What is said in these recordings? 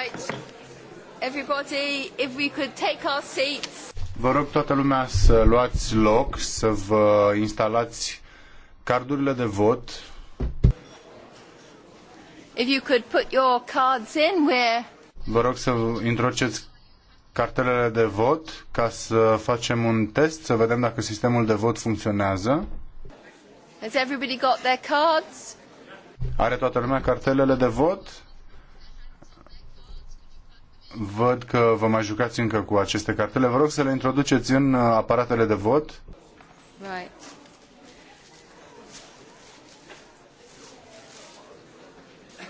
Right. Everybody, if we could take our seats. Vă rog toată lumea să luați loc, să vă instalați cardurile de vot. If you could put your cards in where... Vă rog să introduceți cartelele de vot ca să facem un test, să vedem dacă sistemul de vot funcționează. Has everybody got their cards? Are toată lumea cartelele de vot? Văd că vă mai jucați încă cu aceste cartele. Vă rog să le introduceți în uh, aparatele de vot. Right.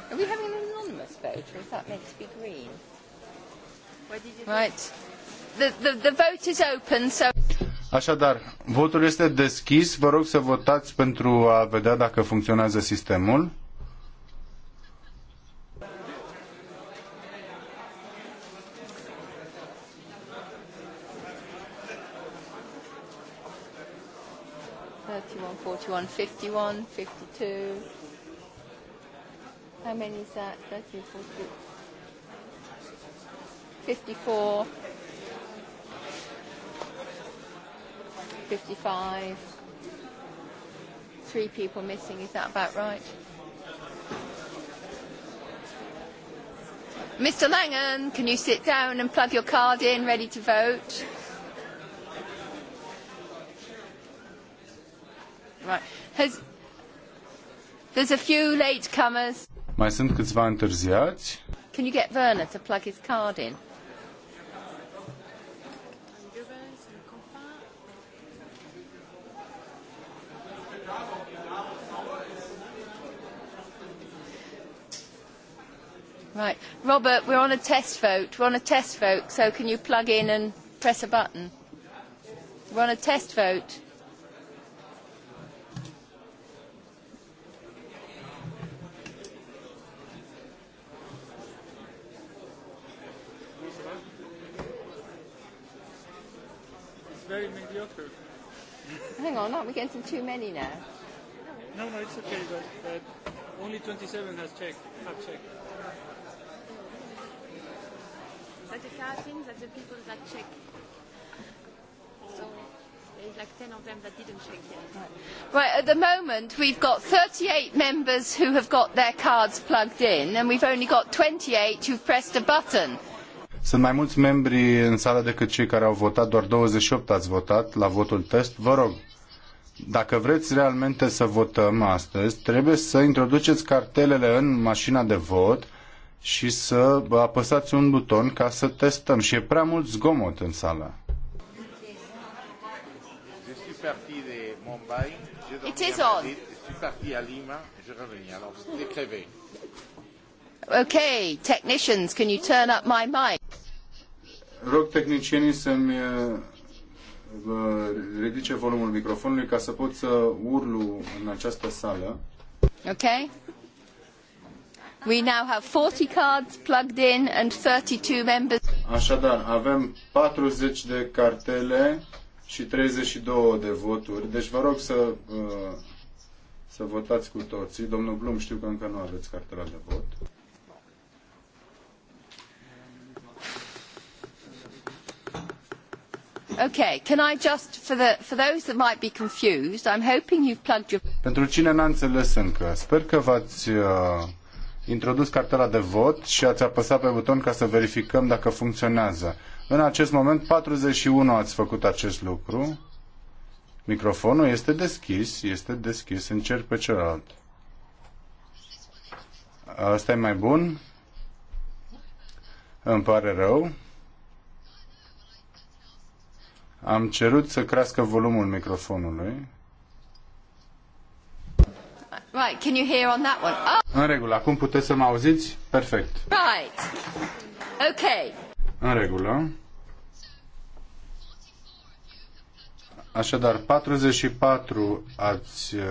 Are we having an anonymous vote or is that meant to be green? Right. The, the, the vote is open, so... Așadar, votul este deschis. Vă rog să votați pentru a vedea dacă funcționează sistemul. 41, 51, 52. How many is that? 13, 40. 54. 55. Three people missing, is that about right? Mr Langan, can you sit down and plug your card in, ready to vote? Has... There's a few latecomers. Mai sunt câțiva întârziați. Can you get Werner to plug his card in? Right. Robert, we're on a test vote. We're on a test vote, so can you plug in and press a button? We're on a test vote. very mediocre. Hang on, aren't we getting too many now? No, no, it's okay, but, but only 27 has checked, have checked. That's the thing that the people that check. So there's like 10 of them that didn't check yet. Right, at the moment we've got 38 members who have got their cards plugged in and we've only got 28 who've pressed a button sunt mai mulți membri în sală decât cei care au votat, doar 28 ați votat la votul test. Vă rog, dacă vreți realmente să votăm astăzi, trebuie să introduceți cartelele în mașina de vot și să apăsați un buton ca să testăm. Și e prea mult zgomot în sală. It is Okay, technicians, can you turn up my Rog tehnicienii să-mi eh, ridice volumul microfonului ca să pot să urlu în această sală. Ok. We now have 40 cards plugged in and 32 members. Așadar, avem 40 de cartele și 32 de voturi. Deci vă rog să eh, să votați cu toții. Domnul Blum, știu că încă nu aveți cartela de vot. Pentru cine n-a înțeles încă, sper că v-ați uh, introdus cartela de vot și ați apăsat pe buton ca să verificăm dacă funcționează. În acest moment, 41 ați făcut acest lucru. Microfonul este deschis, este deschis, încerc pe celălalt. Asta e mai bun? Îmi pare rău. Am cerut să crească volumul microfonului. Right, can you hear on that one? Oh. În regulă, acum puteți să mă auziți? Perfect. Right. Okay. În regulă. Așadar, 44 ați uh,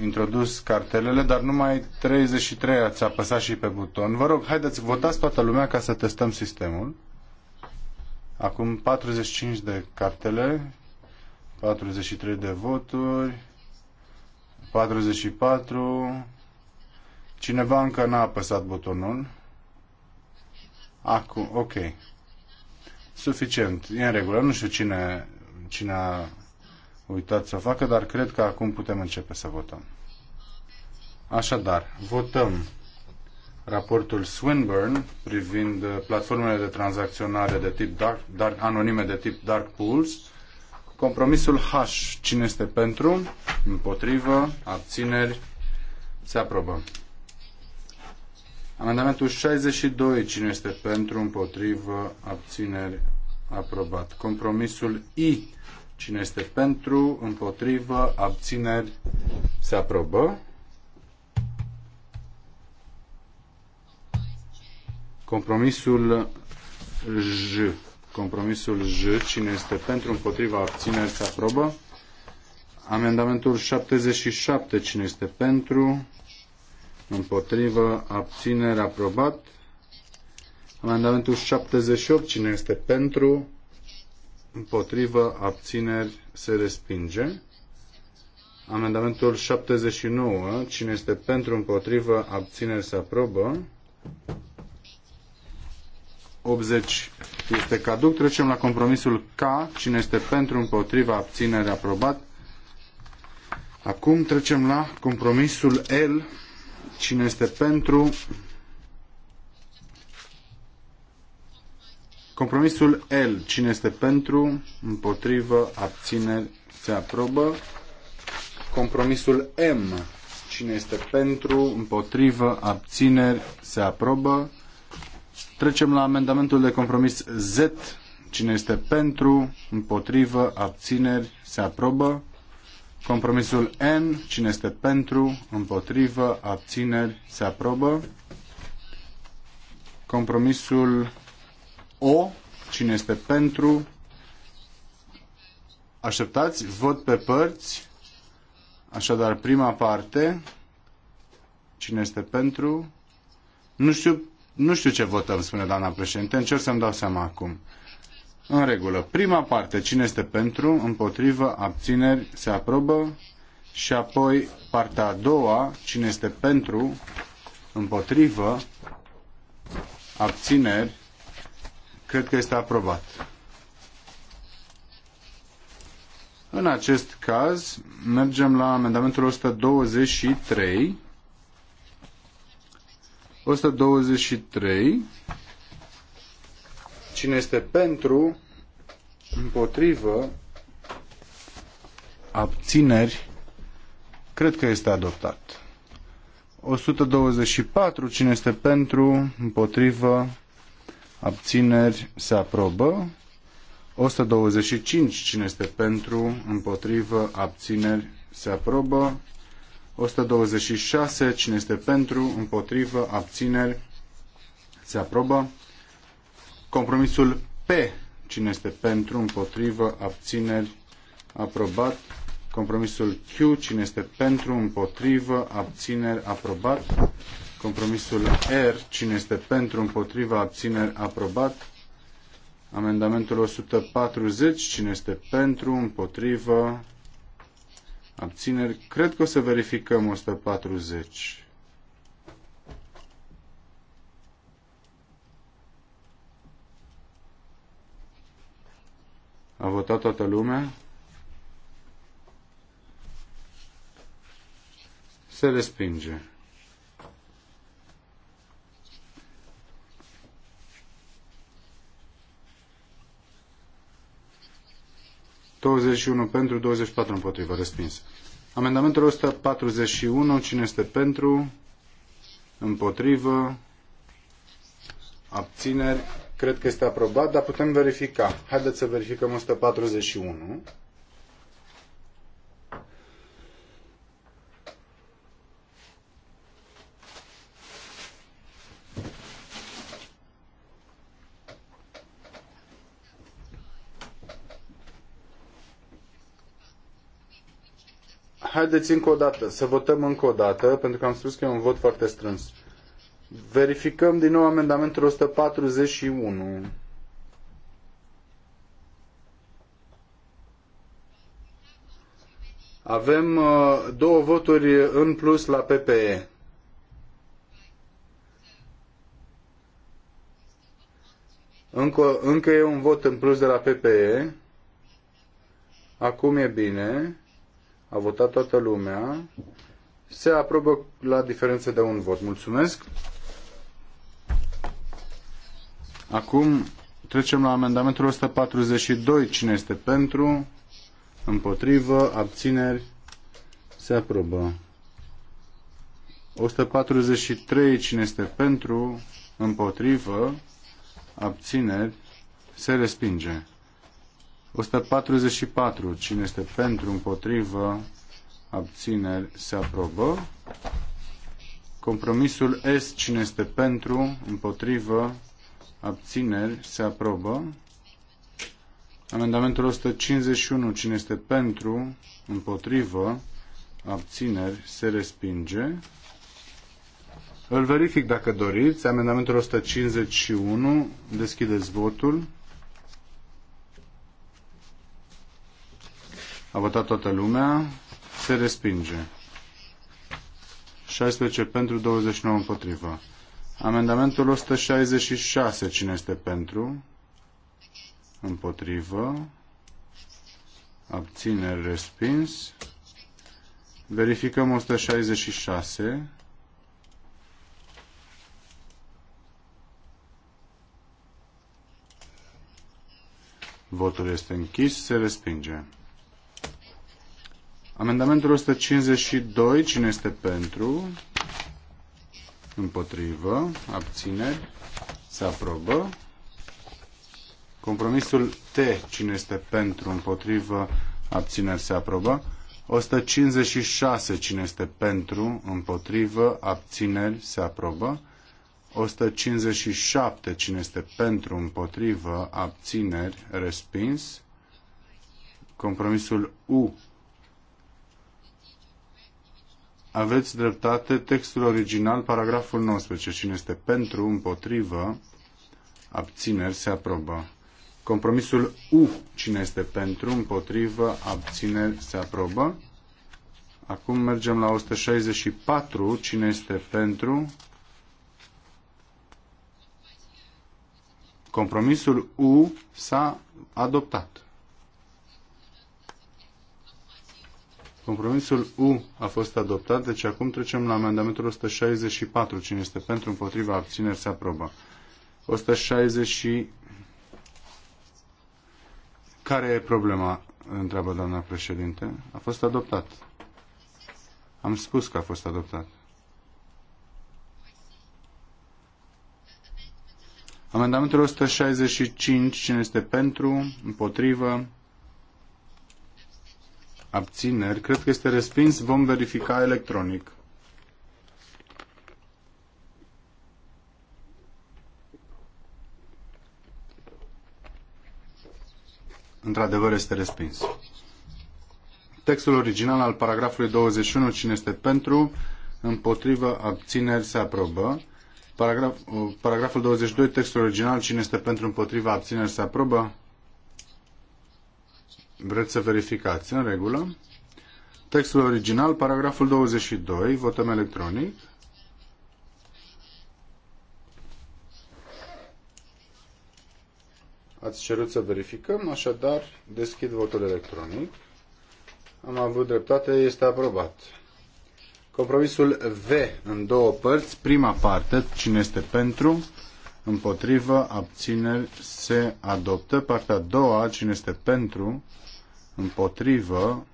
introdus cartelele, dar numai 33 ați apăsat și pe buton. Vă rog, haideți, votați toată lumea ca să testăm sistemul. Acum 45 de cartele, 43 de voturi, 44. Cineva încă n-a apăsat butonul. Acum, ok. Suficient, e în regulă. Nu știu cine, cine a uitat să facă, dar cred că acum putem începe să votăm. Așadar, votăm raportul Swinburne privind uh, platformele de tranzacționare de tip dark, dark, anonime de tip dark pools. Compromisul H. Cine este pentru? Împotrivă? Abțineri? Se aprobă. Amendamentul 62. Cine este pentru? Împotrivă? Abțineri? Aprobat. Compromisul I. Cine este pentru? Împotrivă? Abțineri? Se aprobă. Compromisul J. Compromisul J. Cine este pentru, împotriva, abțineri, se aprobă. Amendamentul 77. Cine este pentru, împotriva abțineri, aprobat. Amendamentul 78. Cine este pentru, împotriva abțineri, se respinge. Amendamentul 79. Cine este pentru, împotriva abțineri, se aprobă. 80 este caduc. Trecem la compromisul K. Cine este pentru, împotriva, abținere, aprobat. Acum trecem la compromisul L. Cine este pentru? Compromisul L. Cine este pentru? Împotrivă, abțineri, se aprobă. Compromisul M. Cine este pentru? Împotrivă, abțineri, se aprobă. Trecem la amendamentul de compromis Z. Cine este pentru, împotrivă, abțineri, se aprobă. Compromisul N. Cine este pentru, împotrivă, abțineri, se aprobă. Compromisul O. Cine este pentru, Așteptați, vot pe părți. Așadar, prima parte. Cine este pentru? Nu știu nu știu ce votăm, spune doamna președinte, încerc să-mi dau seama acum. În regulă. Prima parte, cine este pentru, împotrivă, abțineri, se aprobă. Și apoi partea a doua, cine este pentru, împotrivă, abțineri, cred că este aprobat. În acest caz, mergem la amendamentul 123. 123. Cine este pentru? Împotrivă? Abțineri? Cred că este adoptat. 124. Cine este pentru? Împotrivă? Abțineri? Se aprobă. 125. Cine este pentru? Împotrivă? Abțineri? Se aprobă. 126. Cine este pentru? Împotrivă? Abțineri? Se aprobă. Compromisul P. Cine este pentru? Împotrivă? Abțineri? Aprobat. Compromisul Q. Cine este pentru? Împotrivă? Abțineri? Aprobat. Compromisul R. Cine este pentru? Împotrivă? Abțineri? Aprobat. Amendamentul 140. Cine este pentru? Împotrivă? Abțineri. Cred că o să verificăm 140. A votat toată lumea? Se respinge. 21 pentru, 24 împotrivă, respins. Amendamentul 141, cine este pentru, împotrivă, abțineri, cred că este aprobat, dar putem verifica. Haideți să verificăm 141. Haideți încă o dată, să votăm încă o dată, pentru că am spus că e un vot foarte strâns. Verificăm din nou amendamentul 141. Avem uh, două voturi în plus la PPE. Încă, încă e un vot în plus de la PPE. Acum e bine. A votat toată lumea. Se aprobă la diferență de un vot. Mulțumesc. Acum trecem la amendamentul 142. Cine este pentru? Împotrivă? Abțineri? Se aprobă. 143. Cine este pentru? Împotrivă? Abțineri? Se respinge. 144. Cine este pentru, împotrivă, abțineri, se aprobă. Compromisul S. Cine este pentru, împotrivă, abțineri, se aprobă. Amendamentul 151. Cine este pentru, împotrivă, abțineri, se respinge. Îl verific dacă doriți. Amendamentul 151. Deschideți votul. A votat toată lumea. Se respinge. 16 pentru, 29 împotrivă. Amendamentul 166. Cine este pentru? Împotrivă. Abțineri respins. Verificăm 166. Votul este închis, se respinge. Amendamentul 152, cine este pentru? Împotrivă, abțineri, se aprobă. Compromisul T, cine este pentru, împotrivă, abțineri, se aprobă. 156, cine este pentru, împotrivă, abțineri, se aprobă. 157, cine este pentru, împotrivă, abțineri, respins. Compromisul U, aveți dreptate, textul original, paragraful 19. Cine este pentru, împotrivă, abțineri, se aprobă. Compromisul U. Cine este pentru, împotrivă, abțineri, se aprobă. Acum mergem la 164. Cine este pentru? Compromisul U s-a adoptat. Compromisul U a fost adoptat, deci acum trecem la amendamentul 164. Cine este pentru, împotriva, abțineri, se aprobă. 160 Care e problema? Întreabă doamna președinte. A fost adoptat. Am spus că a fost adoptat. Amendamentul 165, cine este pentru, împotrivă, abțineri, cred că este respins, vom verifica electronic. Într-adevăr este respins. Textul original al paragrafului 21, cine este pentru, împotrivă, abțineri, se aprobă. Paragraf, paragraful 22, textul original, cine este pentru, împotrivă, abțineri, se aprobă. Vreți să verificați? În regulă. Textul original, paragraful 22, votăm electronic. Ați cerut să verificăm, așadar deschid votul electronic. Am avut dreptate, este aprobat. Compromisul V în două părți. Prima parte, cine este pentru, împotrivă, abțineri, se adoptă. Partea a doua, cine este pentru, împotrivă,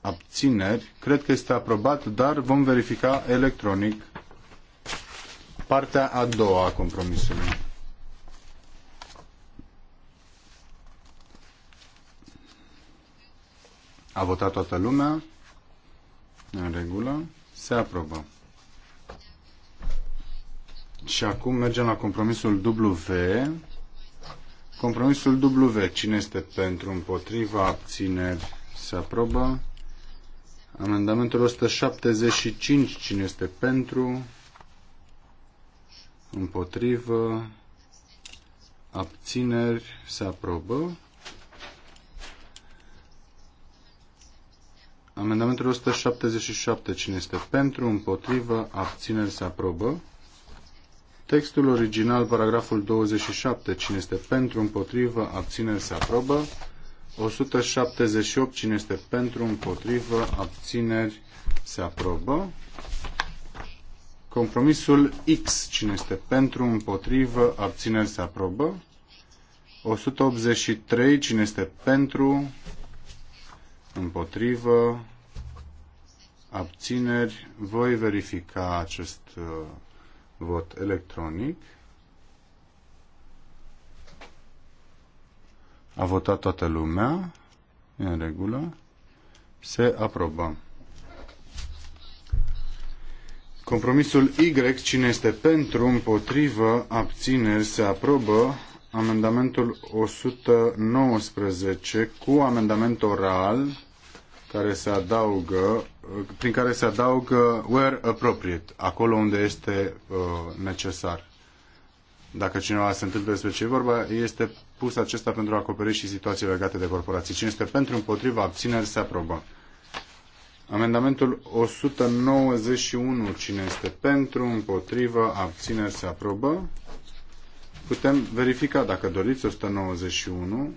abțineri, cred că este aprobat, dar vom verifica electronic partea a doua a compromisului. A votat toată lumea. În regulă. Se aprobă. Și acum mergem la compromisul W. Compromisul W. Cine este pentru? Împotriva? Abțineri? Se aprobă. Amendamentul 175. Cine este pentru? Împotrivă? Abțineri? Se aprobă. Amendamentul 177. Cine este pentru? Împotrivă? Abțineri? Se aprobă. Textul original, paragraful 27, cine este pentru, împotrivă, abțineri, se aprobă. 178, cine este pentru, împotrivă, abțineri, se aprobă. Compromisul X, cine este pentru, împotrivă, abțineri, se aprobă. 183, cine este pentru, împotrivă, abțineri. Voi verifica acest uh, vot electronic. A votat toată lumea. E în regulă. Se aprobă. Compromisul Y, cine este pentru, împotrivă, abțineri, se aprobă amendamentul 119 cu amendament oral care se adaugă, prin care se adaugă where appropriate, acolo unde este uh, necesar. Dacă cineva se întâmplă despre ce vorba, este pus acesta pentru a acoperi și situații legate de corporații. Cine este pentru, împotriva, abțineri, se aprobă. Amendamentul 191. Cine este pentru, împotrivă, abțineri, se aprobă. Putem verifica dacă doriți 191.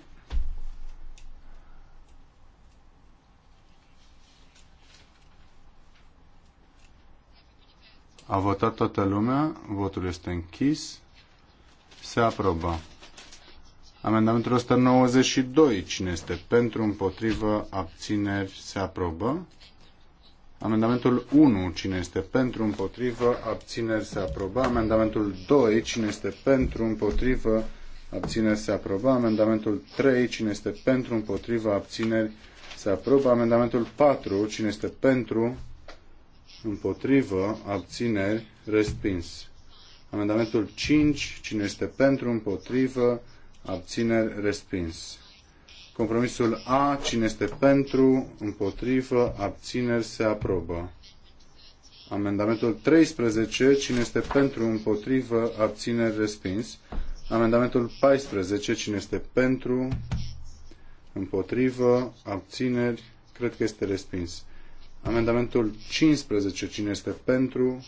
A votat toată lumea, votul este închis, se aprobă. Amendamentul 192, cine este pentru, împotrivă, abțineri, se aprobă. Amendamentul 1, cine este pentru, împotrivă, abțineri, se aprobă. Amendamentul 2, cine este pentru, împotrivă, abțineri, se aprobă. Amendamentul 3, cine este pentru, împotrivă, abțineri, se aprobă. Amendamentul 4, cine este pentru, împotrivă, abțineri, respins. Amendamentul 5, cine este pentru, împotrivă, abțineri, respins. Compromisul A, cine este pentru, împotrivă, abțineri, se aprobă. Amendamentul 13, cine este pentru, împotrivă, abțineri, respins. Amendamentul 14, cine este pentru, împotrivă, abțineri, cred că este respins. Amendamentul 15. Cine este pentru?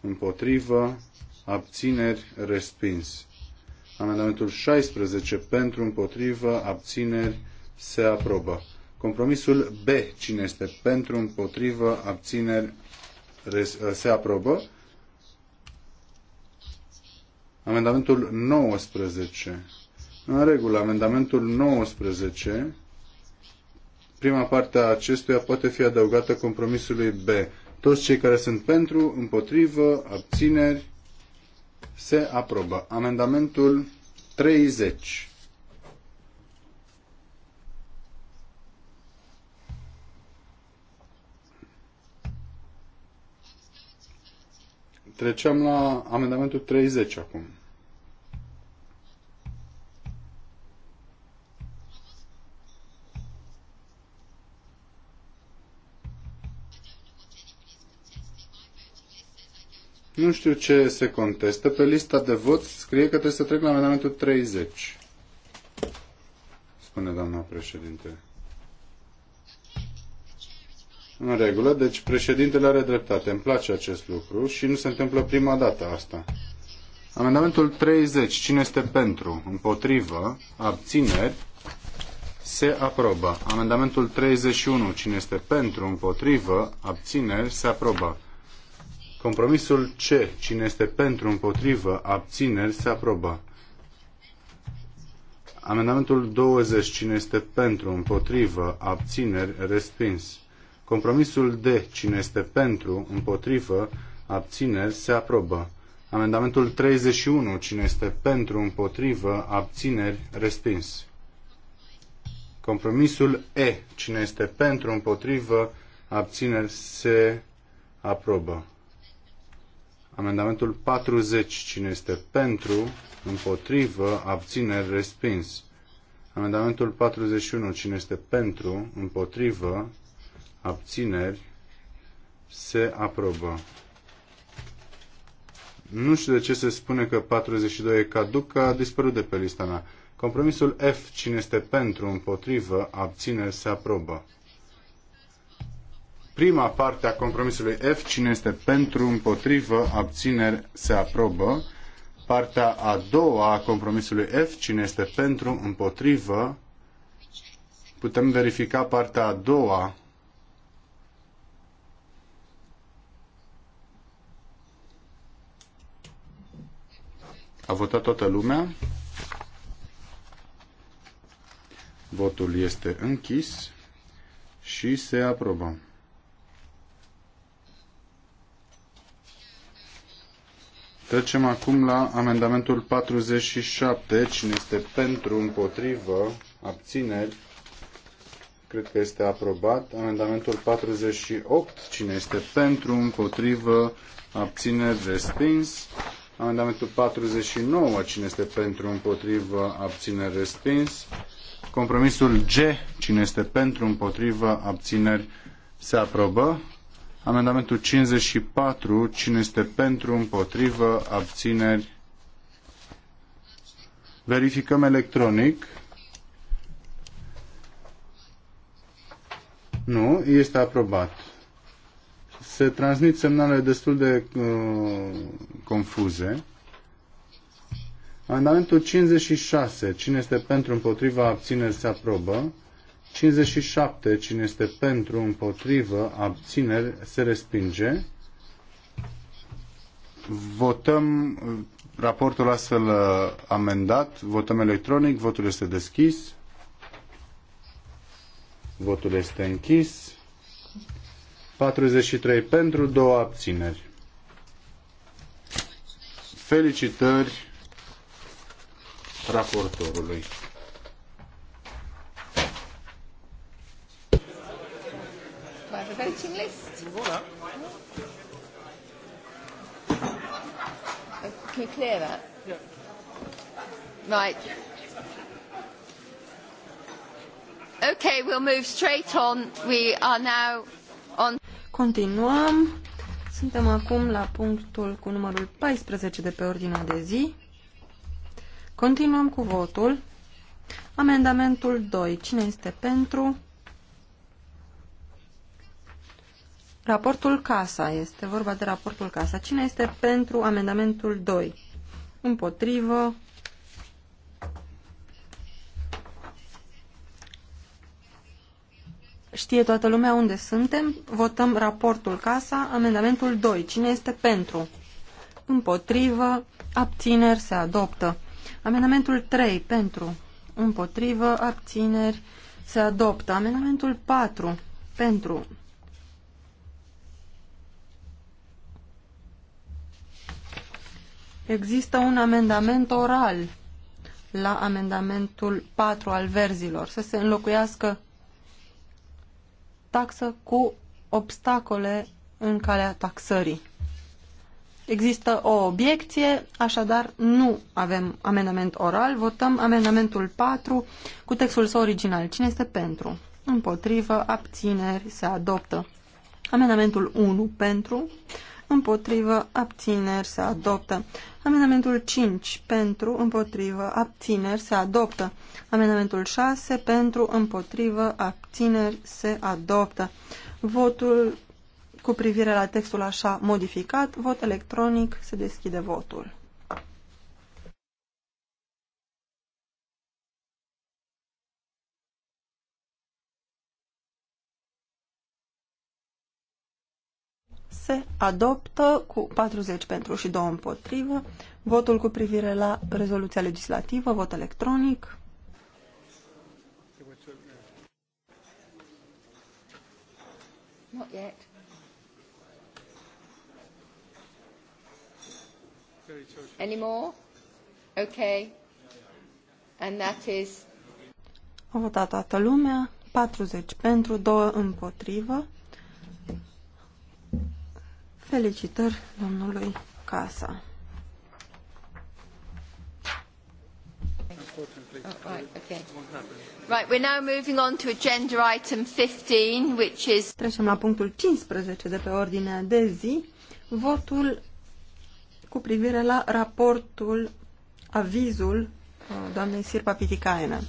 Împotrivă? Abțineri? Respins. Amendamentul 16. Pentru? Împotrivă? Abțineri? Se aprobă. Compromisul B. Cine este pentru? Împotrivă? Abțineri? Uh, se aprobă. Amendamentul 19. În regulă, amendamentul 19 Prima parte a acestuia poate fi adăugată compromisului B. Toți cei care sunt pentru, împotrivă, abțineri, se aprobă. Amendamentul 30. Trecem la amendamentul 30 acum. Nu știu ce se contestă. Pe lista de vot scrie că trebuie să trec la amendamentul 30. Spune doamna președinte. În regulă, deci președintele are dreptate. Îmi place acest lucru și nu se întâmplă prima dată asta. Amendamentul 30. Cine este pentru? Împotrivă? Abțineri? Se aprobă. Amendamentul 31. Cine este pentru? Împotrivă? Abțineri? Se aprobă. Compromisul C. Cine este pentru, împotrivă, abțineri, se aprobă. Amendamentul 20. Cine este pentru, împotrivă, abțineri, respins. Compromisul D. Cine este pentru, împotrivă, abțineri, se aprobă. Amendamentul 31. Cine este pentru, împotrivă, abțineri, respins. Compromisul E. Cine este pentru, împotrivă, abțineri, se aprobă. Amendamentul 40. Cine este pentru? Împotrivă? Abțineri? Respins. Amendamentul 41. Cine este pentru? Împotrivă? Abțineri? Se aprobă. Nu știu de ce se spune că 42 e caduc, că a dispărut de pe lista mea. Compromisul F. Cine este pentru? Împotrivă? Abțineri? Se aprobă prima parte a compromisului F, cine este pentru, împotrivă, abțineri, se aprobă. Partea a doua a compromisului F, cine este pentru, împotrivă, putem verifica partea a doua. A votat toată lumea. Votul este închis și se aprobă. Trecem acum la amendamentul 47. Cine este pentru, împotrivă, abțineri? Cred că este aprobat. Amendamentul 48. Cine este pentru, împotrivă, abțineri, respins? Amendamentul 49. Cine este pentru, împotrivă, abțineri, respins? Compromisul G. Cine este pentru, împotrivă, abțineri, se aprobă. Amendamentul 54, cine este pentru, împotrivă, abțineri. Verificăm electronic. Nu, este aprobat. Se transmit semnale destul de uh, confuze. Amendamentul 56. Cine este pentru, împotrivă, abțineri, se aprobă. 57. Cine este pentru, împotrivă, abțineri, se respinge. Votăm raportul astfel amendat. Votăm electronic. Votul este deschis. Votul este închis. 43 pentru, două abțineri. Felicitări raportorului. list. Voilà. Can you clear that? Yeah. Right. Okay, we'll move straight on. We are now on... Continuăm. Suntem acum la punctul cu numărul 14 de pe ordinea de zi. Continuăm cu votul. Amendamentul 2. Cine este pentru? Raportul CASA. Este vorba de raportul CASA. Cine este pentru amendamentul 2? Împotrivă. Știe toată lumea unde suntem. Votăm raportul CASA, amendamentul 2. Cine este pentru? Împotrivă. Abțineri se adoptă. Amendamentul 3. Pentru. Împotrivă. Abțineri se adoptă. Amendamentul 4. Pentru. Există un amendament oral la amendamentul 4 al verzilor, să se înlocuiască taxă cu obstacole în calea taxării. Există o obiecție, așadar nu avem amendament oral. Votăm amendamentul 4 cu textul său original. Cine este pentru? Împotrivă, abțineri, se adoptă. Amendamentul 1 pentru, împotrivă, abțineri, se adoptă. Amendamentul 5 pentru, împotrivă, abțineri, se adoptă. Amendamentul 6 pentru, împotrivă, abțineri, se adoptă. Votul cu privire la textul așa modificat, vot electronic, se deschide votul. 6 adoptă cu 40 pentru și 2 împotrivă. Votul cu privire la rezoluția legislativă, vot electronic. Not yet. Any more? Okay. And that is... A votat toată lumea, 40 pentru, 2 împotrivă. Felicitări domnului Casa. Right, we're now moving on to agenda item 15, which is... Trecem la punctul 15 de pe ordinea de zi, votul cu privire la raportul, avizul uh, doamnei Sirpa Pitikainen.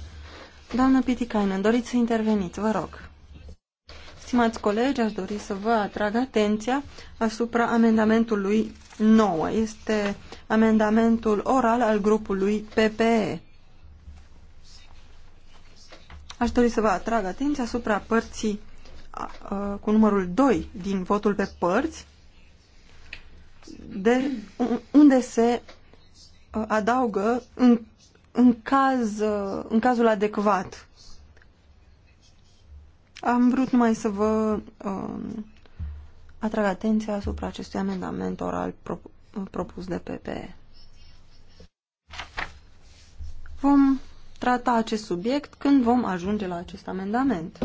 Doamna Pitikainen, doriți să interveniți, vă rog. Stimați colegi, aș dori să vă atrag atenția asupra amendamentului 9. Este amendamentul oral al grupului PPE. Aș dori să vă atrag atenția asupra părții cu numărul 2 din votul pe părți, de unde se adaugă în, în, caz, în cazul adecvat. Am vrut numai să vă uh, atrag atenția asupra acestui amendament oral uh, propus de PPE. Vom trata acest subiect când vom ajunge la acest amendament.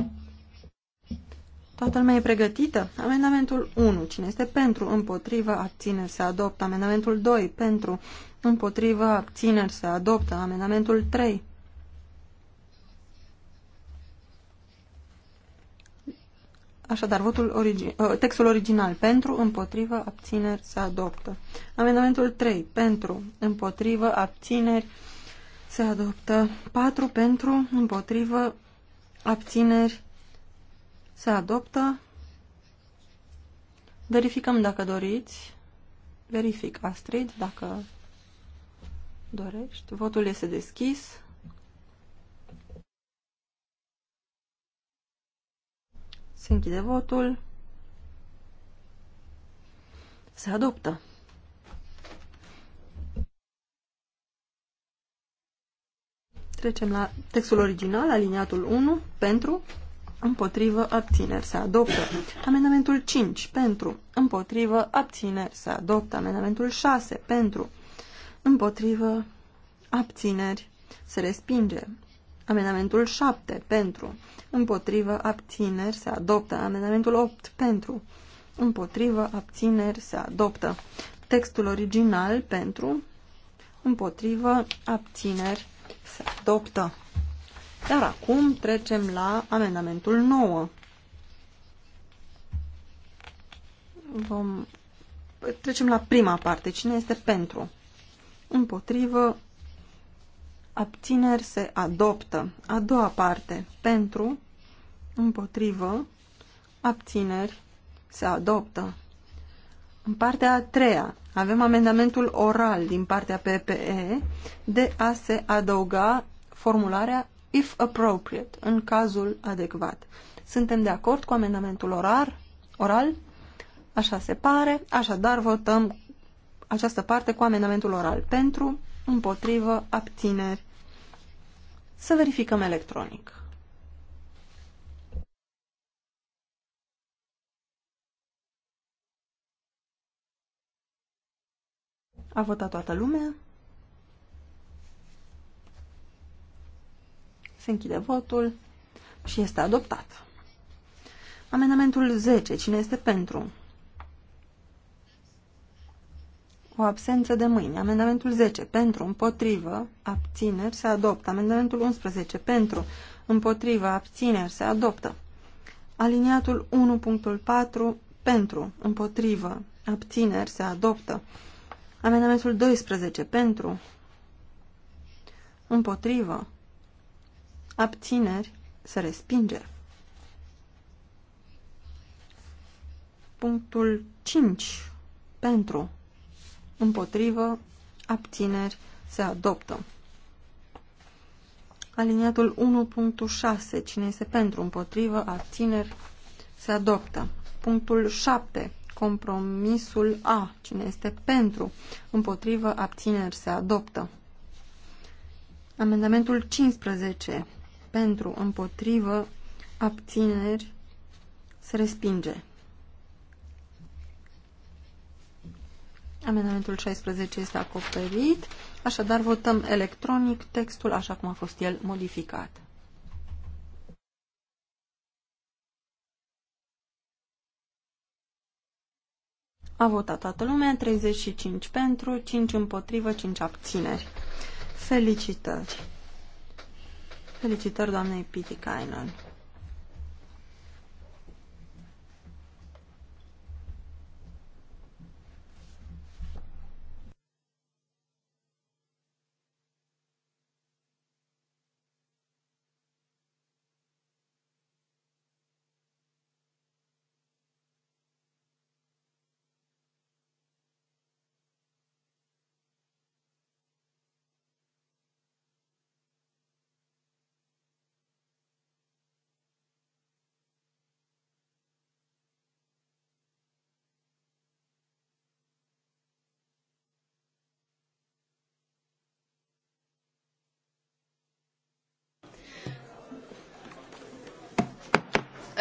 Toată lumea e pregătită? Amendamentul 1. Cine este pentru, împotrivă, abțineri, se adoptă. Amendamentul 2. Pentru, împotrivă, abțineri, se adoptă. Amendamentul 3. Așadar, votul origi uh, textul original pentru, împotrivă, abțineri se adoptă. Amendamentul 3 pentru, împotrivă, abțineri se adoptă. 4 pentru, împotrivă, abțineri se adoptă. Verificăm dacă doriți. Verific, Astrid, dacă dorești. Votul este deschis. Se închide votul. Se adoptă. Trecem la textul original, aliniatul 1, pentru, împotrivă, abțineri, se adoptă. Amendamentul 5, pentru, împotrivă, abțineri, se adoptă. Amendamentul 6, pentru, împotrivă, abțineri, se respinge. Amendamentul 7 pentru. Împotrivă abțineri se adoptă. Amendamentul 8 pentru. Împotrivă abțineri se adoptă. Textul original pentru. Împotrivă abțineri se adoptă. Iar acum trecem la amendamentul 9. Vom... Trecem la prima parte. Cine este pentru? Împotrivă abțineri se adoptă. A doua parte, pentru, împotrivă, abțineri se adoptă. În partea a treia, avem amendamentul oral din partea PPE de a se adăuga formularea if appropriate, în cazul adecvat. Suntem de acord cu amendamentul orar, oral? Așa se pare, așadar votăm această parte cu amendamentul oral pentru, împotrivă, abțineri. Să verificăm electronic. A votat toată lumea. Se închide votul și este adoptat. Amendamentul 10. Cine este pentru? O absență de mâini. Amendamentul 10. Pentru, împotrivă, abțineri, se adoptă. Amendamentul 11. Pentru, împotrivă, abțineri, se adoptă. Aliniatul 1.4. Pentru, împotrivă, abțineri, se adoptă. Amendamentul 12. Pentru, împotrivă, abțineri, se respinge. Punctul 5. Pentru, împotrivă, abțineri, se adoptă. Aliniatul 1.6, cine este pentru, împotrivă, abțineri, se adoptă. Punctul 7, compromisul A, cine este pentru, împotrivă, abțineri, se adoptă. Amendamentul 15, pentru, împotrivă, abțineri, se respinge. Amendamentul 16 este acoperit, așadar votăm electronic textul așa cum a fost el modificat. A votat toată lumea, 35 pentru, 5 împotrivă, 5 abțineri. Felicitări! Felicitări doamnei Pitikainen!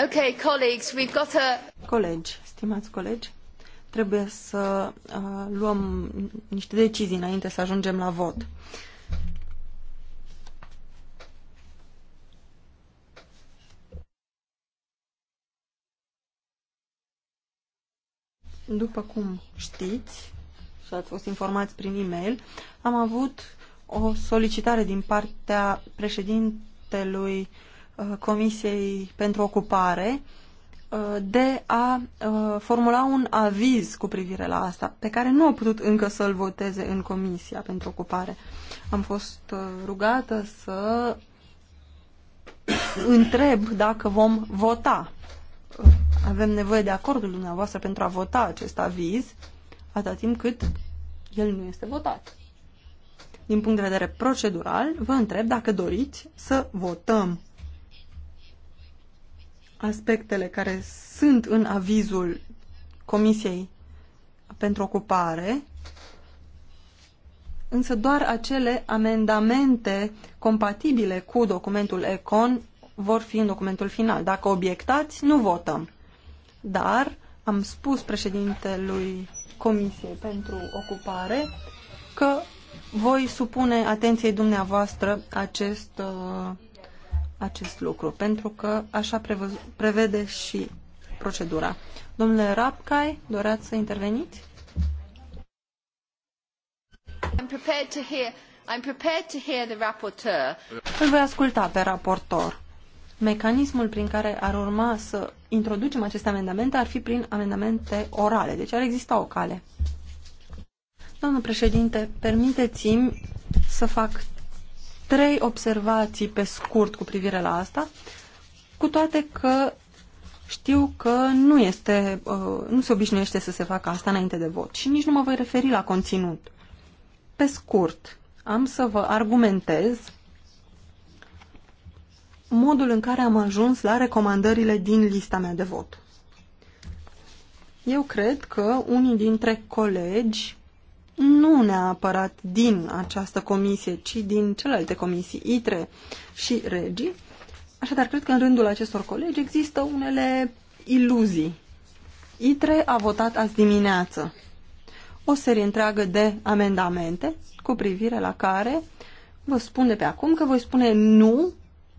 Okay, colleagues, we've got a... Colegi, stimați colegi, trebuie să uh, luăm niște decizii înainte să ajungem la vot. După cum știți și ați fost informați prin e-mail, am avut o solicitare din partea președintelui uh, Uh, Comisiei pentru Ocupare uh, de a uh, formula un aviz cu privire la asta, pe care nu au putut încă să-l voteze în Comisia pentru Ocupare. Am fost rugată să întreb dacă vom vota. Avem nevoie de acordul dumneavoastră pentru a vota acest aviz, atâta timp cât el nu este votat. Din punct de vedere procedural, vă întreb dacă doriți să votăm aspectele care sunt în avizul Comisiei pentru Ocupare, însă doar acele amendamente compatibile cu documentul ECON vor fi în documentul final. Dacă obiectați, nu votăm. Dar am spus președintelui Comisiei pentru Ocupare că voi supune atenției dumneavoastră acest uh, acest lucru, pentru că așa prevede și procedura. Domnule Rapcai, doreați să interveniți? I'm prepared to hear, I'm prepared to hear the rapporteur. Îl voi asculta pe raportor. Mecanismul prin care ar urma să introducem aceste amendamente ar fi prin amendamente orale, deci ar exista o cale. Domnul președinte, permiteți-mi să fac trei observații pe scurt cu privire la asta, cu toate că știu că nu, este, uh, nu se obișnuiește să se facă asta înainte de vot și nici nu mă voi referi la conținut. Pe scurt, am să vă argumentez modul în care am ajuns la recomandările din lista mea de vot. Eu cred că unii dintre colegi nu neapărat din această comisie, ci din celelalte comisii, ITRE și REGI. Așadar, cred că în rândul acestor colegi există unele iluzii. ITRE a votat azi dimineață o serie întreagă de amendamente cu privire la care vă spun de pe acum că voi spune nu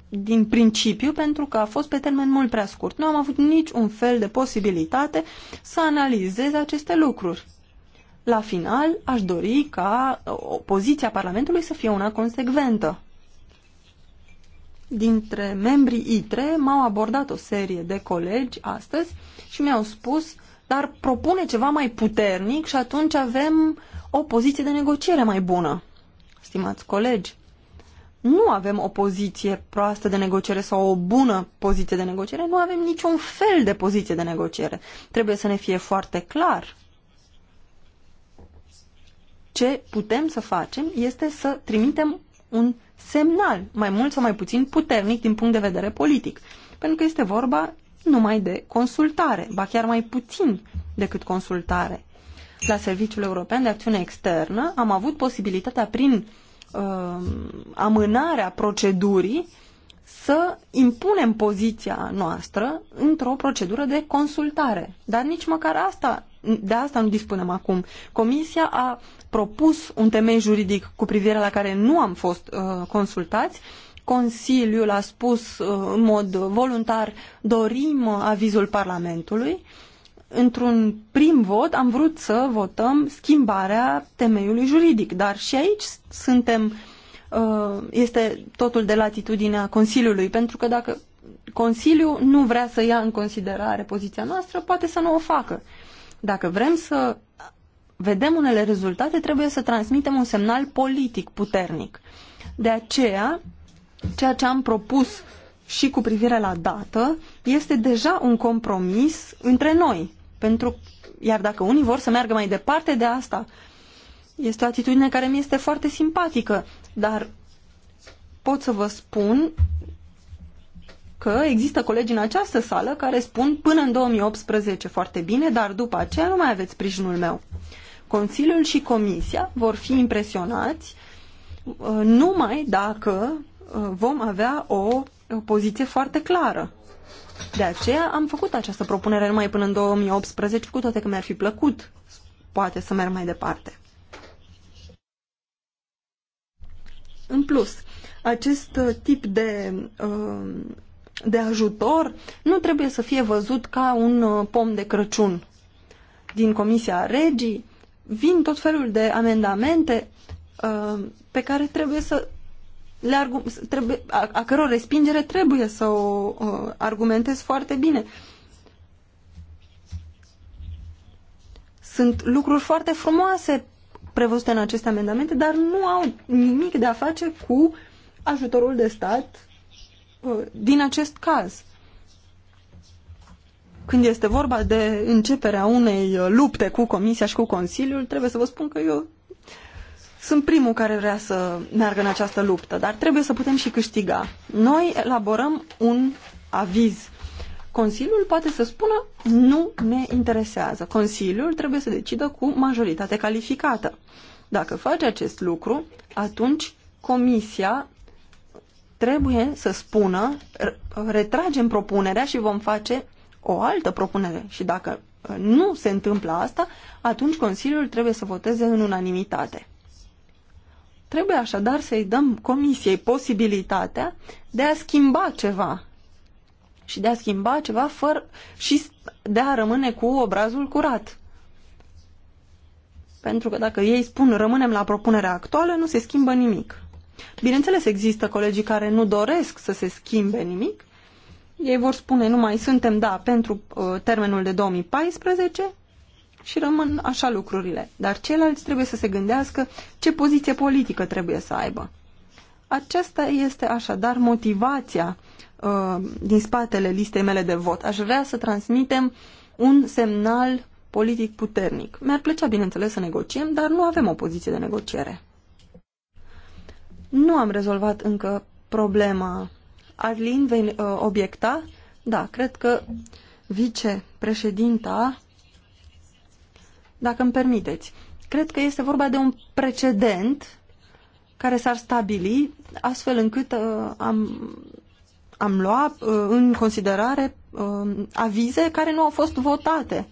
din principiu pentru că a fost pe termen mult prea scurt. Nu am avut niciun fel de posibilitate să analizez aceste lucruri. La final, aș dori ca poziția Parlamentului să fie una consecventă. Dintre membrii ITRE m-au abordat o serie de colegi astăzi și mi-au spus dar propune ceva mai puternic și atunci avem o poziție de negociere mai bună. Stimați colegi, nu avem o poziție proastă de negociere sau o bună poziție de negociere, nu avem niciun fel de poziție de negociere. Trebuie să ne fie foarte clar ce putem să facem este să trimitem un semnal, mai mult sau mai puțin puternic din punct de vedere politic. Pentru că este vorba numai de consultare, ba chiar mai puțin decât consultare. La Serviciul European de Acțiune Externă am avut posibilitatea prin uh, amânarea procedurii să impunem poziția noastră într-o procedură de consultare. Dar nici măcar asta de asta nu dispunem acum. Comisia a propus un temei juridic cu privire la care nu am fost uh, consultați. Consiliul a spus uh, în mod voluntar dorim uh, avizul Parlamentului. Într-un prim vot am vrut să votăm schimbarea temeiului juridic, dar și aici suntem uh, este totul de latitudinea Consiliului, pentru că dacă Consiliul nu vrea să ia în considerare poziția noastră, poate să nu o facă. Dacă vrem să vedem unele rezultate, trebuie să transmitem un semnal politic puternic. De aceea, ceea ce am propus și cu privire la dată este deja un compromis între noi. Pentru, iar dacă unii vor să meargă mai departe de asta, este o atitudine care mi este foarte simpatică, dar pot să vă spun că există colegi în această sală care spun până în 2018 foarte bine, dar după aceea nu mai aveți sprijinul meu. Consiliul și Comisia vor fi impresionați uh, numai dacă uh, vom avea o poziție foarte clară. De aceea am făcut această propunere numai până în 2018, cu toate că mi-ar fi plăcut, poate, să merg mai departe. În plus, acest uh, tip de uh, de ajutor nu trebuie să fie văzut ca un uh, pom de Crăciun. Din Comisia Regii vin tot felul de amendamente uh, pe care trebuie să le trebuie, a, a căror respingere trebuie să o uh, argumentez foarte bine. Sunt lucruri foarte frumoase prevăzute în aceste amendamente, dar nu au nimic de a face cu ajutorul de stat din acest caz. Când este vorba de începerea unei lupte cu Comisia și cu Consiliul, trebuie să vă spun că eu sunt primul care vrea să meargă în această luptă, dar trebuie să putem și câștiga. Noi elaborăm un aviz. Consiliul poate să spună nu ne interesează. Consiliul trebuie să decidă cu majoritate calificată. Dacă face acest lucru, atunci Comisia trebuie să spună retragem propunerea și vom face o altă propunere. Și dacă uh, nu se întâmplă asta, atunci Consiliul trebuie să voteze în unanimitate. Trebuie așadar să-i dăm Comisiei posibilitatea de a schimba ceva și de a schimba ceva fără și de a rămâne cu obrazul curat. Pentru că dacă ei spun rămânem la propunerea actuală, nu se schimbă nimic. Bineînțeles, există colegii care nu doresc să se schimbe nimic. Ei vor spune nu mai suntem, da, pentru uh, termenul de 2014 și rămân așa lucrurile. Dar ceilalți trebuie să se gândească ce poziție politică trebuie să aibă. Aceasta este așadar motivația uh, din spatele listei mele de vot. Aș vrea să transmitem un semnal politic puternic. Mi-ar plăcea, bineînțeles, să negociem, dar nu avem o poziție de negociere. Nu am rezolvat încă problema. Arlin, vei uh, obiecta? Da, cred că vicepreședinta, dacă îmi permiteți, cred că este vorba de un precedent care s-ar stabili astfel încât uh, am, am luat uh, în considerare uh, avize care nu au fost votate.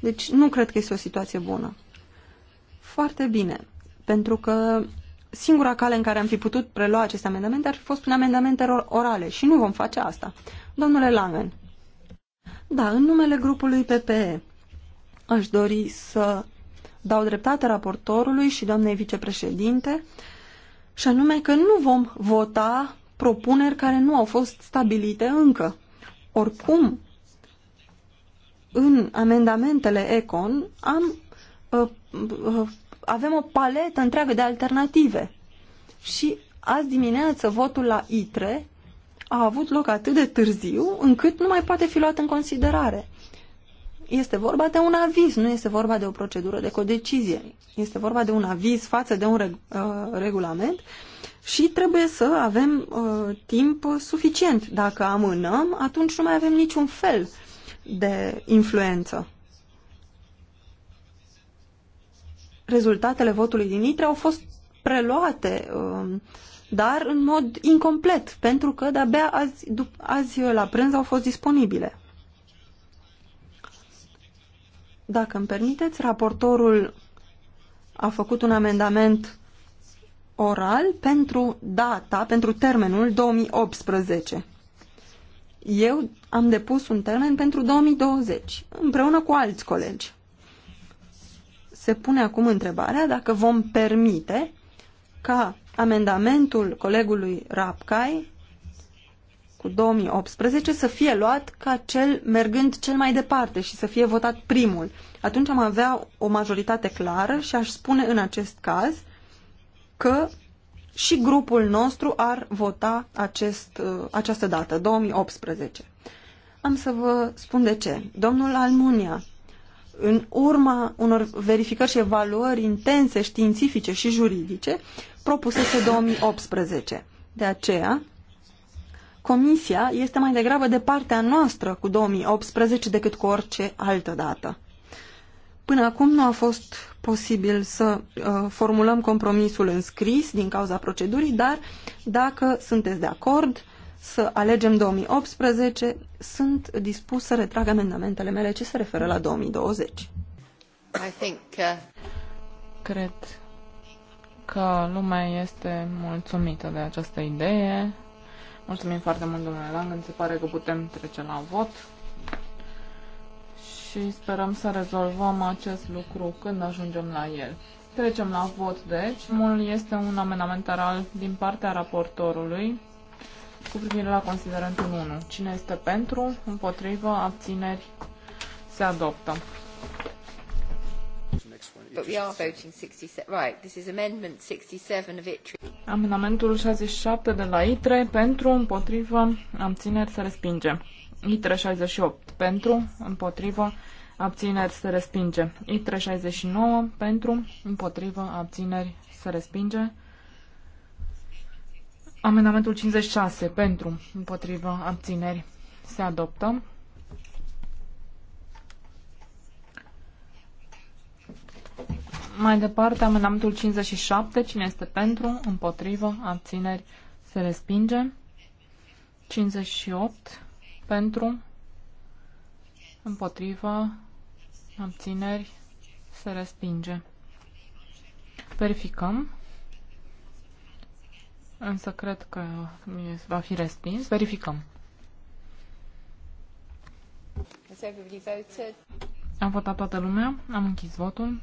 Deci nu cred că este o situație bună. Foarte bine, pentru că singura cale în care am fi putut prelua aceste amendamente ar fi fost prin amendamente orale și nu vom face asta. Domnule Langen. Da, în numele grupului PPE aș dori să dau dreptate raportorului și doamnei vicepreședinte și anume că nu vom vota propuneri care nu au fost stabilite încă. Oricum, în amendamentele ECON am uh, uh, avem o paletă întreagă de alternative. Și azi dimineață votul la ITRE a avut loc atât de târziu încât nu mai poate fi luat în considerare. Este vorba de un aviz, nu este vorba de o procedură de codecizie. Este vorba de un aviz față de un reg uh, regulament și trebuie să avem uh, timp suficient. Dacă amânăm, atunci nu mai avem niciun fel de influență. rezultatele votului din Nitra au fost preluate, um, dar în mod incomplet, pentru că de-abia azi, azi la prânz au fost disponibile. Dacă îmi permiteți, raportorul a făcut un amendament oral pentru data, pentru termenul 2018. Eu am depus un termen pentru 2020, împreună cu alți colegi. Se pune acum întrebarea dacă vom permite ca amendamentul colegului Rapcai cu 2018 să fie luat ca cel mergând cel mai departe și să fie votat primul. Atunci am avea o majoritate clară și aș spune în acest caz că și grupul nostru ar vota acest, uh, această dată, 2018. Am să vă spun de ce. Domnul Almunia în urma unor verificări și evaluări intense științifice și juridice propusese 2018. De aceea, Comisia este mai degrabă de partea noastră cu 2018 decât cu orice altă dată. Până acum nu a fost posibil să uh, formulăm compromisul în scris din cauza procedurii, dar dacă sunteți de acord, să alegem 2018, sunt dispus să retrag amendamentele mele ce se referă la 2020. I think, uh... Cred că lumea este mulțumită de această idee. Mulțumim foarte mult, domnule Lang. Îmi se pare că putem trece la vot și sperăm să rezolvăm acest lucru când ajungem la el. Trecem la vot, deci. Mul este un amenamentar al din partea raportorului cu privire la considerentul 1. Cine este pentru, împotrivă, abțineri, se adoptă. Amendamentul 67 de la ITRE pentru, împotrivă, abțineri se respinge. ITRE 68 pentru, împotrivă, abțineri se respinge. ITRE 69 pentru, împotrivă, abțineri se respinge. Amendamentul 56 pentru, împotrivă, abțineri se adoptă. Mai departe, amendamentul 57, cine este pentru, împotrivă, abțineri se respinge. 58 pentru, împotrivă, abțineri se respinge. Verificăm. Însă cred că va fi respins. Verificăm. Am votat toată lumea, am închis votul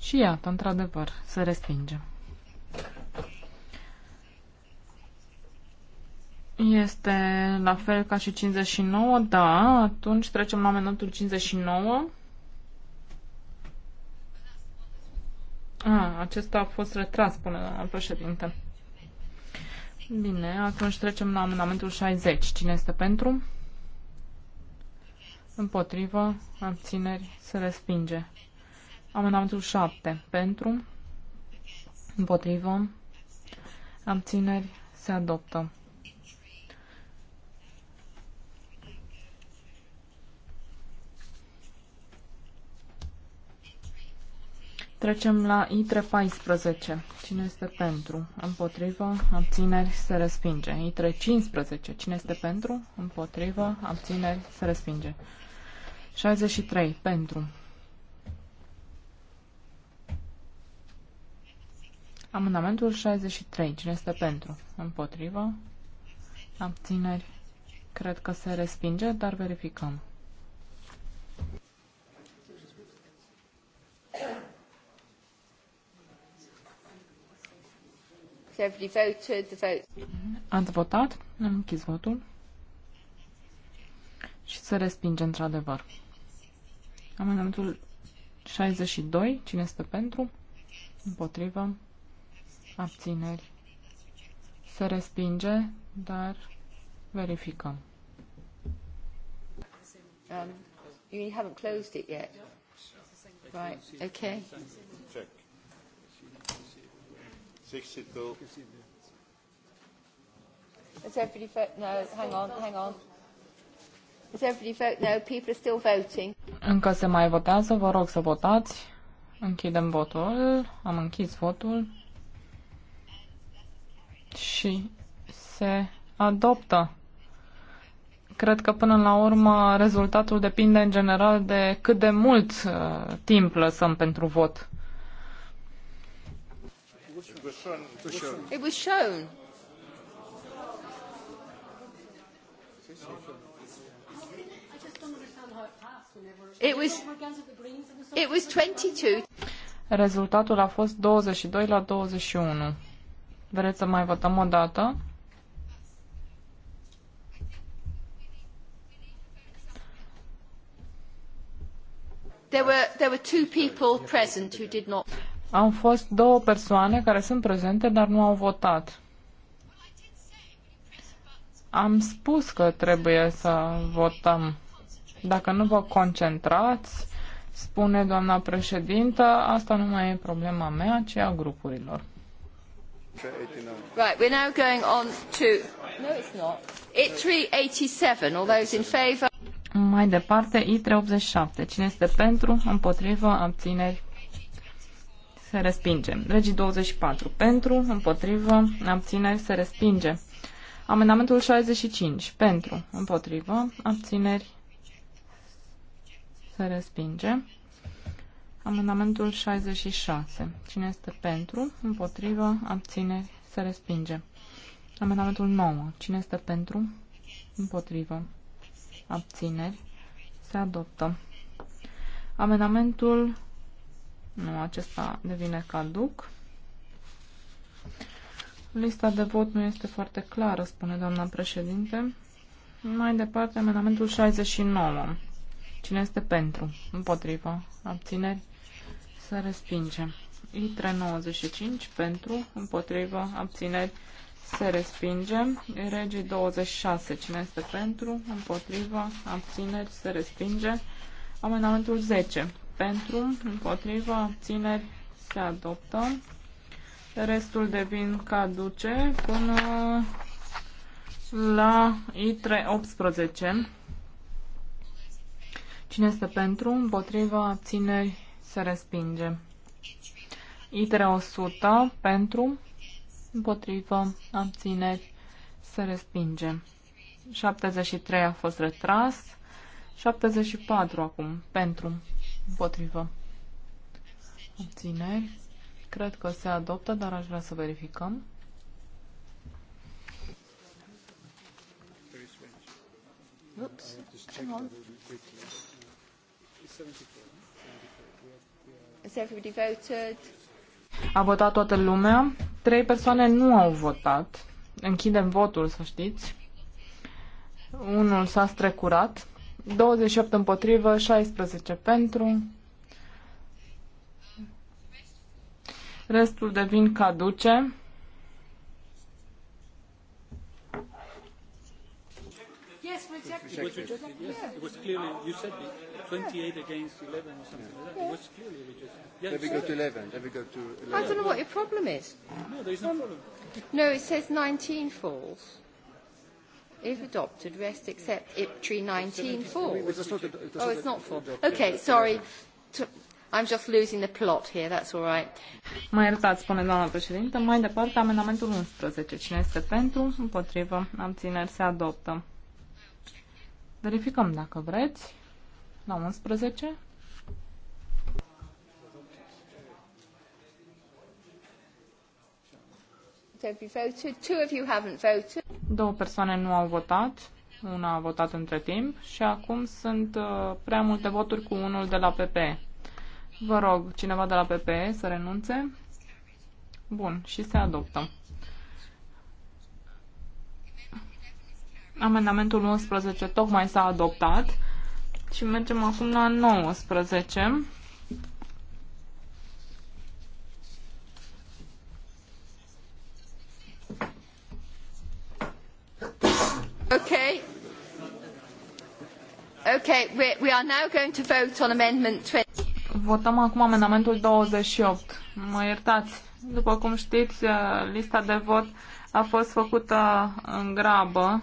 și iată, într-adevăr, se respinge. Este la fel ca și 59, da, atunci trecem la amendamentul 59. A, ah, acesta a fost retras, până la președinte. Bine, atunci trecem la amendamentul 60. Cine este pentru? Împotrivă, abțineri, se respinge. Amendamentul 7. Pentru, împotrivă, abțineri, se adoptă. Trecem la ITRE 14. Cine este pentru? Împotrivă? Abțineri? Se respinge. ITRE 15. Cine este pentru? Împotrivă? Abțineri? Se respinge. 63. Pentru. Amendamentul 63. Cine este pentru? Împotrivă? Abțineri? Cred că se respinge, dar verificăm. Everybody voted, the vote. Ați votat, am închis votul și se respinge într-adevăr. Amendamentul 62, cine este pentru? Împotrivă, abțineri. Se respinge, dar verificăm. Um, you haven't closed it yet. Right, okay everybody No, hang on, hang on. everybody No, people are still voting. Încă se mai votează, vă rog să votați. Închidem votul, am închis votul și se adoptă. Cred că până la urmă rezultatul depinde în general de cât de mult uh, timp lăsăm pentru vot was shown. It was shown. It was shown. It was, it was 22. Rezultatul a fost 22 la 21. Vreți să mai votăm o dată? There were, there were two people present who did not. Au fost două persoane care sunt prezente, dar nu au votat. Am spus că trebuie să votăm. Dacă nu vă concentrați, spune doamna președintă, asta nu mai e problema mea, ci a grupurilor. Right, we're now going on to... No, it's not. It 387, all those in favor... Mai departe, I387. Cine este pentru, împotrivă, abțineri, se respinge. Regii 24 pentru, împotrivă, abțineri, se respinge. Amendamentul 65 pentru, împotrivă, abțineri, se respinge. Amendamentul 66. Cine este pentru, împotrivă, abțineri, se respinge. Amendamentul 9. Cine este pentru, împotrivă, abțineri, se adoptă. Amendamentul nu, acesta devine caduc. Lista de vot nu este foarte clară, spune doamna președinte. Mai departe, amendamentul 69. Cine este pentru? Împotrivă. Abțineri? Se respinge. I395 pentru, împotrivă, abțineri, se respinge. Regii 26, cine este pentru, împotrivă, abțineri, se respinge. Amendamentul 10, pentru, împotriva, țineri, se adoptă. Restul devin caduce până la I3 18. Cine este pentru, împotriva, țineri, se respinge. I3 100, pentru, împotriva, abțineri, se respinge. 73 a fost retras. 74 acum, pentru, Împotrivă. Obțineri. Cred că se adoptă, dar aș vrea să verificăm. Oops. A votat toată lumea. Trei persoane nu au votat. Închidem votul, să știți. Unul s-a strecurat. 28 împotrivă, 16 pentru. Restul devin caduce. Yes, it was clearly. You said 28 against 11 or something like that. It was clearly rejected. go to 11. go to 11. I don't know what your problem is. No, there is no um, problem. No, it says 19 falls. If adopted, rest except IPTRI 19 falls. Oh, it's not fall. Okay, sorry. I'm just losing the plot here, that's all right. Mă iertați, spune doamna președintă. Mai departe, amendamentul 11. Cine este pentru? Împotrivă. Abțineri se adoptă. Verificăm dacă vreți. La 11. Două persoane nu au votat. Una a votat între timp și acum sunt uh, prea multe voturi cu unul de la PP. Vă rog, cineva de la PP să renunțe? Bun, și se adoptă. Amendamentul 11 tocmai s-a adoptat și mergem acum la 19. we, are now going to vote on amendment 20. Votăm acum amendamentul 28. Mă iertați. După cum știți, uh, lista de vot a fost făcută în grabă.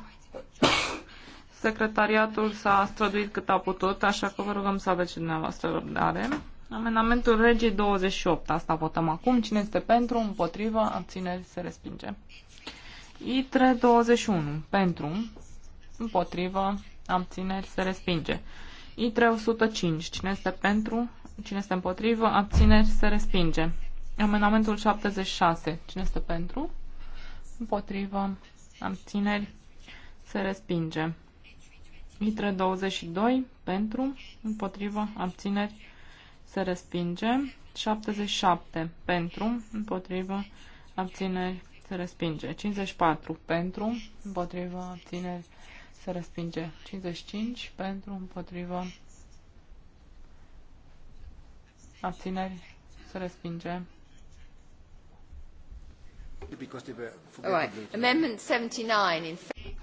Secretariatul s-a străduit cât a putut, așa că vă rugăm să aveți dumneavoastră răbdare. Amendamentul regii 28. Asta votăm acum. Cine este pentru, împotrivă, abțineri, se respinge. ITRE 21. Pentru. Împotrivă. Abțineri. Se respinge. ITRE 105. Cine este pentru? Cine este împotrivă? Abțineri. Se respinge. Amendamentul 76. Cine este pentru? Împotrivă. Abțineri. Se respinge. ITRE 22. Pentru. Împotrivă. Abțineri. Se respinge. 77. Pentru. Împotrivă. Abțineri se respinge. 54 pentru, împotrivă, abțineri, se respinge. 55 pentru, împotrivă, abțineri, se respinge.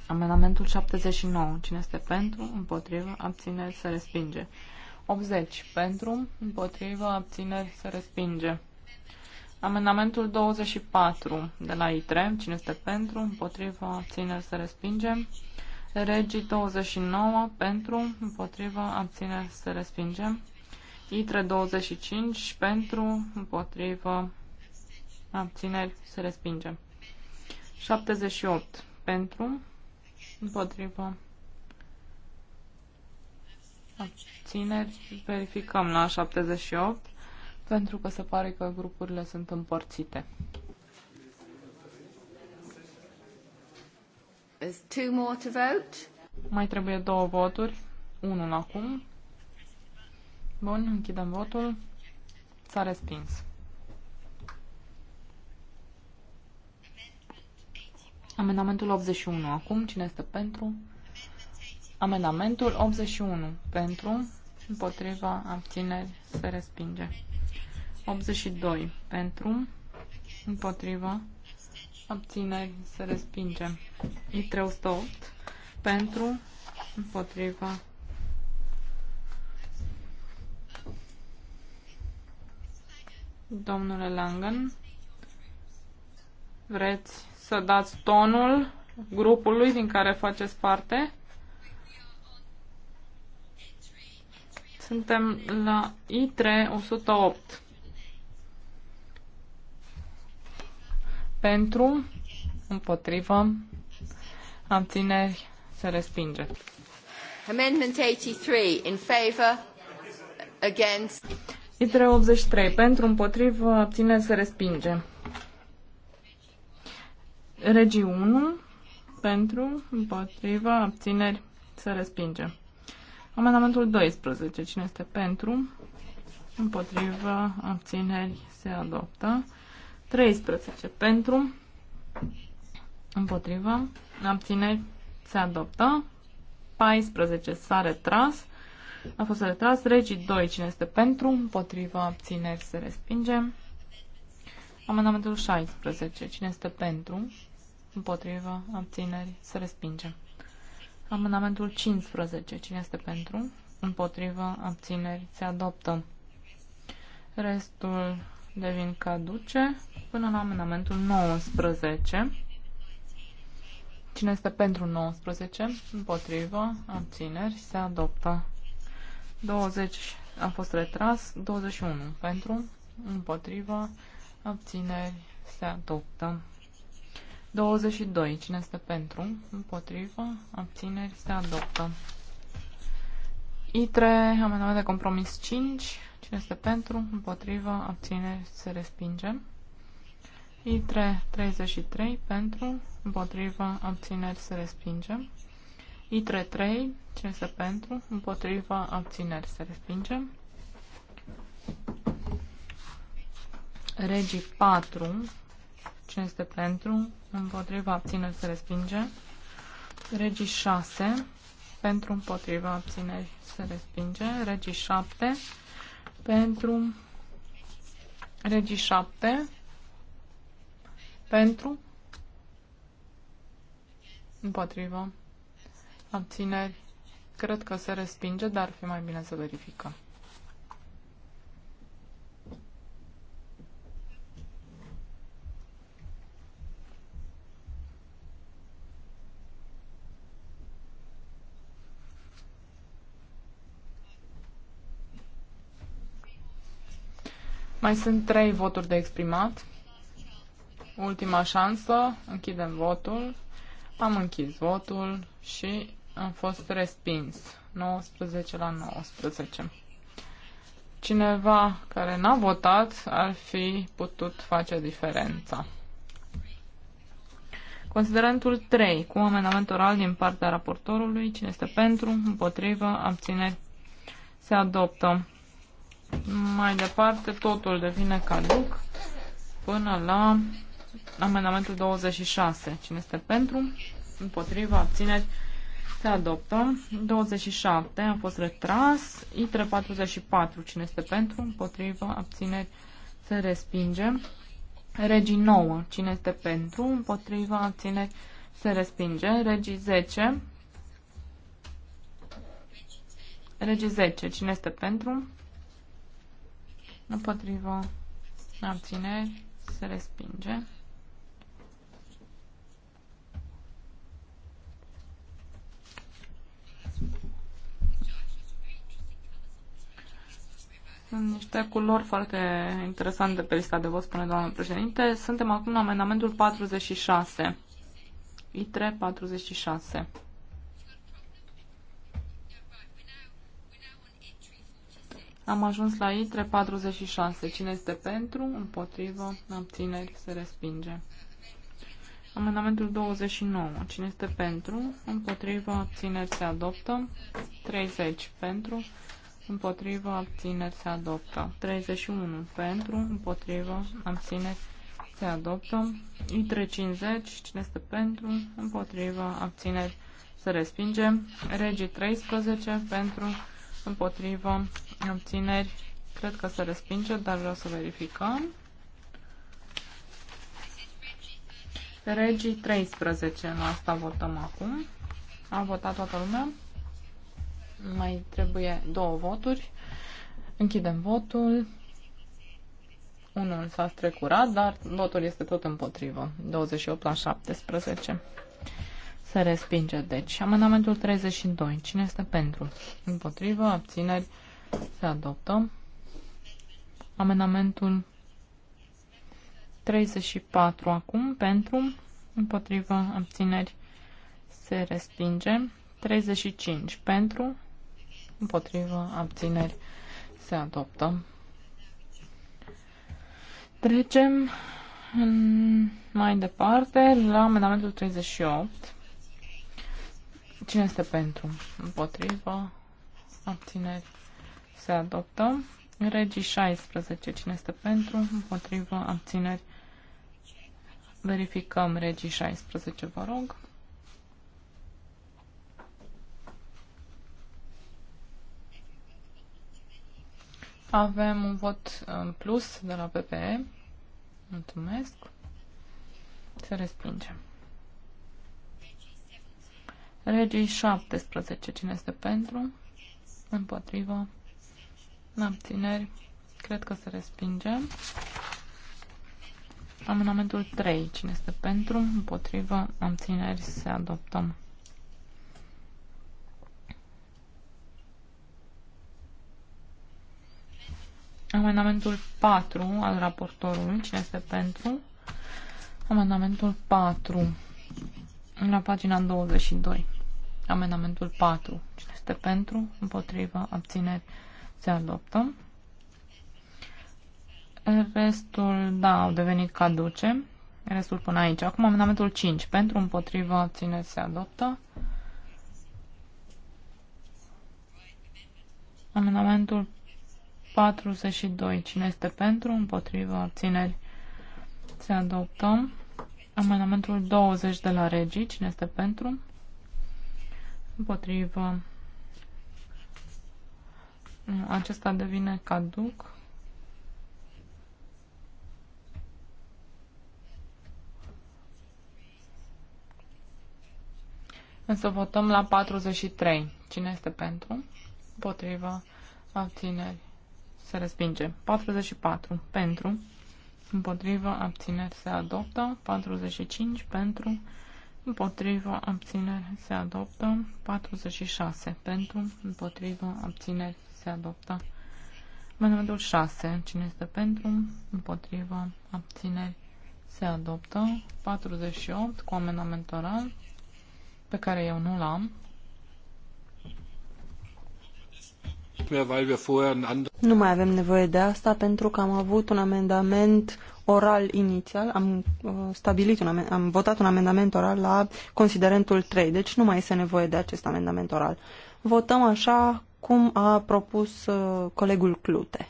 Amendamentul 79. Cine este pentru, împotrivă, abțineri, se respinge. 80. Pentru, împotrivă, abțineri, se respinge. Amendamentul 24 de la ITRE. Cine este pentru? Împotriva abțineri se respinge. Regii 29 pentru, împotriva abțineri se respinge. ITRE 25 pentru, împotriva abțineri se respinge. 78 pentru, împotriva abțineri. Verificăm la 78 pentru că se pare că grupurile sunt împărțite. two more to vote. Mai trebuie două voturi. Unul acum. Bun, închidem votul. S-a respins. Amendamentul 81. Acum, cine este pentru? Amendamentul 81. Pentru, împotriva, abțineri, se respinge. 82 pentru, împotrivă, abțineri, se respinge. i 308 pentru, împotrivă, Domnule Langen, vreți să dați tonul grupului din care faceți parte? Suntem la I3 108. Pentru, împotrivă, abțineri, se respinge. Amendment 83, in favor, against... ITRE 83, pentru, împotrivă, abțineri, se respinge. Regii 1, pentru, împotrivă, abțineri, se respinge. Amendamentul 12. Cine este pentru? Împotrivă, abțineri, se adoptă. 13 pentru, împotrivă, abțineri, se adoptă. 14 s-a retras, a fost retras. Regii 2, cine este pentru, împotrivă, abțineri, se respinge. Amendamentul 16, cine este pentru, împotrivă, abțineri, se respinge. Amendamentul 15, cine este pentru, împotrivă, abțineri, se adoptă. Restul devin caduce până la amendamentul 19. Cine este pentru 19? Împotrivă. Abțineri. Se adoptă. 20 a fost retras. 21 pentru. Împotrivă. Abțineri. Se adoptă. 22. Cine este pentru? Împotrivă. Abțineri. Se adoptă. I3, amendament de compromis 5. Cine este pentru? Împotrivă. Abțineri. Se respinge. I3 33 pentru, împotriva, abțineri se respinge. i 3, ce este pentru, împotriva, abțineri se respinge. Regii 4, ce este pentru, împotriva, abțineri se respinge. Regii 6, pentru, împotriva, abțineri se respinge. Regii 7, pentru, regii 7, pentru? Împotrivă. Abțineri. Cred că se respinge, dar ar fi mai bine să verificăm. Mai sunt trei voturi de exprimat. Ultima șansă, închidem votul. Am închis votul și am fost respins. 19 la 19. Cineva care n-a votat ar fi putut face diferența. Considerentul 3, cu amendament oral din partea raportorului, cine este pentru, împotrivă, abțineri, se adoptă. Mai departe, totul devine caduc până la amendamentul 26. Cine este pentru? Împotriva, abțineri, se adoptă. 27 a fost retras. I344. Cine este pentru? Împotriva, abțineri, se respinge. Regii 9. Cine este pentru? Împotriva, abțineri, se respinge. Regii 10. Regii 10. Cine este pentru? Împotriva, abțineri, se respinge. Sunt niște culori foarte interesante pe lista de vot, spune doamna președinte. Suntem acum la amendamentul 46. ITRE 46. Am ajuns la ITRE 46. Cine este pentru? Împotrivă? Abțineri? Se respinge. Amendamentul 29. Cine este pentru? Împotrivă? Abțineri? Se adoptă. 30. Pentru? împotriva, abțineri, se adoptă. 31 pentru, împotriva, abțineri, se adoptă. I350, cine este pentru, împotriva, abțineri, se respinge. Regii 13 pentru, împotriva, abțineri, cred că se respinge, dar vreau să verificăm. Regii 13, la asta votăm acum. A votat toată lumea. Mai trebuie două voturi. Închidem votul. Unul s-a strecurat, dar votul este tot împotrivă. 28 la 17. Se respinge, deci. Amendamentul 32. Cine este pentru? Împotrivă, abțineri, se adoptă. Amendamentul 34 acum, pentru, împotrivă, abțineri, se respinge. 35 pentru, împotrivă, abțineri, se adoptă. Trecem mai departe la amendamentul 38. Cine este pentru? Împotrivă, abțineri, se adoptă. Regii 16. Cine este pentru? Împotrivă, abțineri. Verificăm regii 16, vă rog. Avem un vot în plus de la PPE. Mulțumesc. Se respinge. Regii 17. Cine este pentru? Împotrivă. Abțineri. Cred că se respinge. Amendamentul 3. Cine este pentru? Împotrivă. Abțineri. Se adoptăm Amendamentul 4 al raportorului. Cine este pentru? Amendamentul 4. La pagina 22. Amendamentul 4. Cine este pentru? Împotrivă? Abțineri? Se adoptă. Restul, da, au devenit caduce. Restul până aici. Acum amendamentul 5. Pentru, împotrivă, abțineri se adoptă. Amendamentul 42. Cine este pentru? Împotrivă. Abțineri. Se adoptă. Amendamentul 20 de la Regi. Cine este pentru? Împotrivă. Acesta devine caduc. Însă votăm la 43. Cine este pentru? Împotrivă. Abțineri se respinge. 44 pentru, împotrivă, abțineri se adoptă. 45 pentru, împotrivă, abțineri se adoptă. 46 pentru, împotrivă, abțineri se adoptă. Amendamentul 6. Cine este pentru? Împotrivă. Abțineri. Se adoptă. 48. Cu amendament oral, pe care eu nu l-am. Nu mai avem nevoie de asta pentru că am avut un amendament oral inițial, am uh, stabilit un am votat un amendament oral la considerentul 3, deci nu mai este nevoie de acest amendament oral. Votăm așa cum a propus uh, colegul Clute.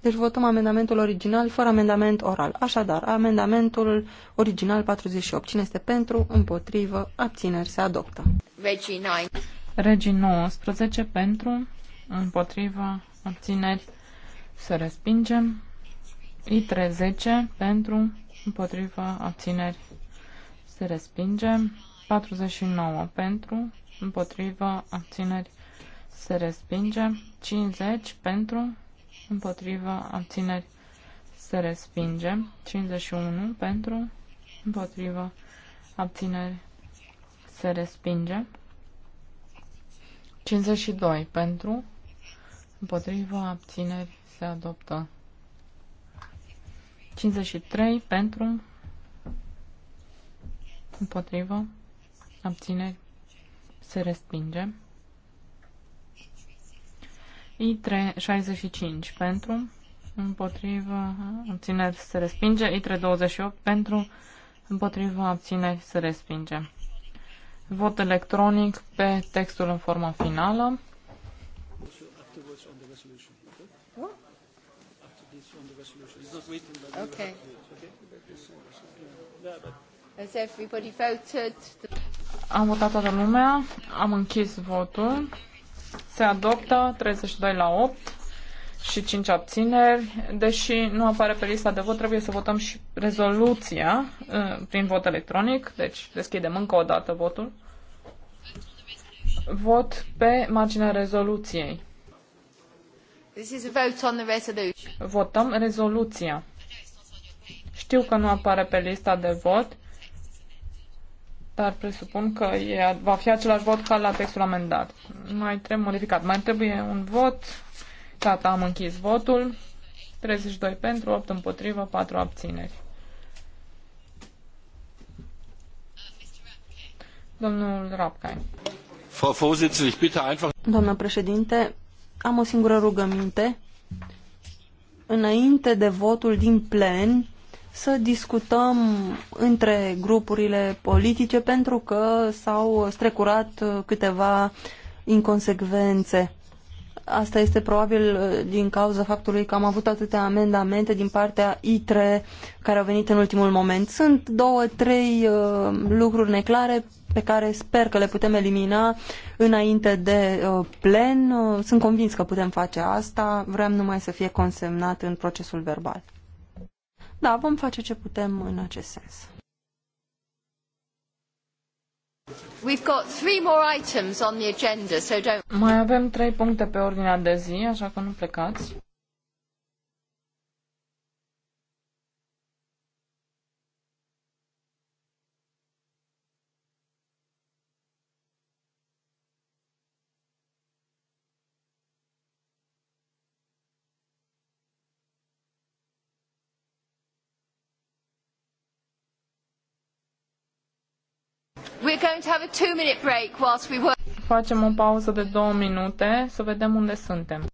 Deci votăm amendamentul original fără amendament oral. Așadar, amendamentul original 48. Cine este pentru, împotrivă, abțineri, se adoptă. Regii Regii 19 pentru, împotriva, abțineri, să respingem. I30 pentru, împotriva, abțineri, se respingem. 49 pentru, împotriva, abțineri, se respingem. 50 pentru, împotriva, abțineri, se respingem. 51 pentru, împotriva, abțineri, se respinge. 52 pentru, împotriva abțineri se adoptă. 53 pentru, împotriva abțineri se respinge. i 65 pentru, împotriva abțineri se respinge. i 28 pentru, împotriva abțineri se respinge. Vot electronic pe textul în forma finală. Okay. Am votat toată lumea, am închis votul. Se adoptă 32 la 8 și 5 abțineri. Deși nu apare pe lista de vot, trebuie să votăm și rezoluția uh, prin vot electronic. Deci deschidem încă o dată votul. Vot pe marginea rezoluției. This is a vote on the resolution. Votăm rezoluția. Știu că nu apare pe lista de vot, dar presupun că e, va fi același vot ca la textul amendat. Mai trebuie modificat. Mai trebuie un vot. Gata, am închis votul. 32 pentru, 8 împotrivă, 4 abțineri. Domnul Rapcai. Doamnă președinte, am o singură rugăminte. Înainte de votul din plen, să discutăm între grupurile politice pentru că s-au strecurat câteva inconsecvențe. Asta este probabil uh, din cauza faptului că am avut atâtea amendamente din partea ITRE care au venit în ultimul moment. Sunt două, trei uh, lucruri neclare pe care sper că le putem elimina înainte de uh, plen. Uh, sunt convins că putem face asta. Vrem numai să fie consemnat în procesul verbal. Da, vom face ce putem în acest sens. We've got three more items on the agenda, so don't... Mai avem trei puncte pe ordinea de zi, așa că nu plecați. We're going to have a two minute break whilst we work. Facem o pauză de două minute să vedem unde suntem.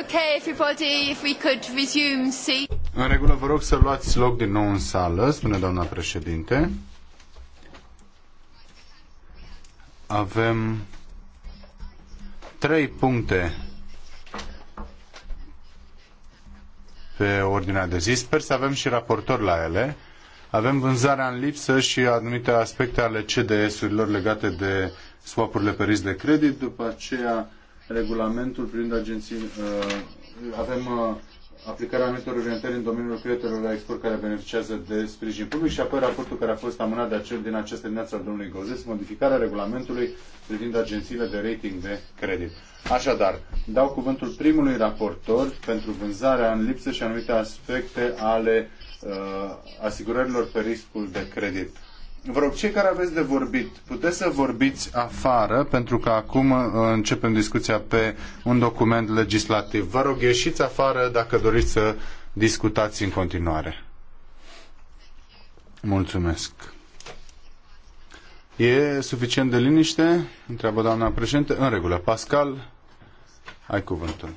Okay, everybody, if we could resume seat. În regulă, vă rog să luați loc din nou în sală, spune doamna președinte. Avem trei puncte pe ordinea de zi. Sper să avem și raportori la ele. Avem vânzarea în lipsă și anumite aspecte ale CDS-urilor legate de swapurile pe risc de credit, după aceea regulamentul privind agenții, uh, avem uh, aplicarea anumitor orientări în domeniul creatorilor la export care beneficiază de sprijin public și apoi raportul care a fost amânat de acel din această dimineață al domnului Gozes, modificarea regulamentului privind agențiile de rating de credit. Așadar, dau cuvântul primului raportor pentru vânzarea în lipsă și anumite aspecte ale uh, asigurărilor pe riscul de credit. Vă rog, cei care aveți de vorbit, puteți să vorbiți afară, pentru că acum uh, începem discuția pe un document legislativ. Vă rog, ieșiți afară dacă doriți să discutați în continuare. Mulțumesc. E suficient de liniște? Întreabă doamna președinte. În regulă. Pascal, ai cuvântul.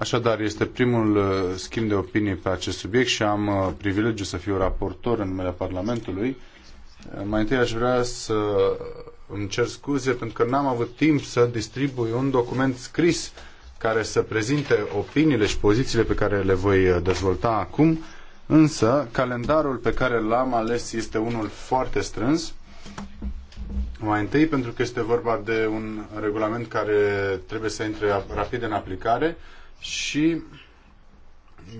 Așadar, este primul uh, schimb de opinii pe acest subiect și am uh, privilegiu să fiu raportor în numele Parlamentului. Uh, mai întâi aș vrea să îmi cer scuze pentru că n-am avut timp să distribui un document scris care să prezinte opiniile și pozițiile pe care le voi dezvolta acum, însă calendarul pe care l-am ales este unul foarte strâns. Mai întâi pentru că este vorba de un regulament care trebuie să intre rapid în aplicare, și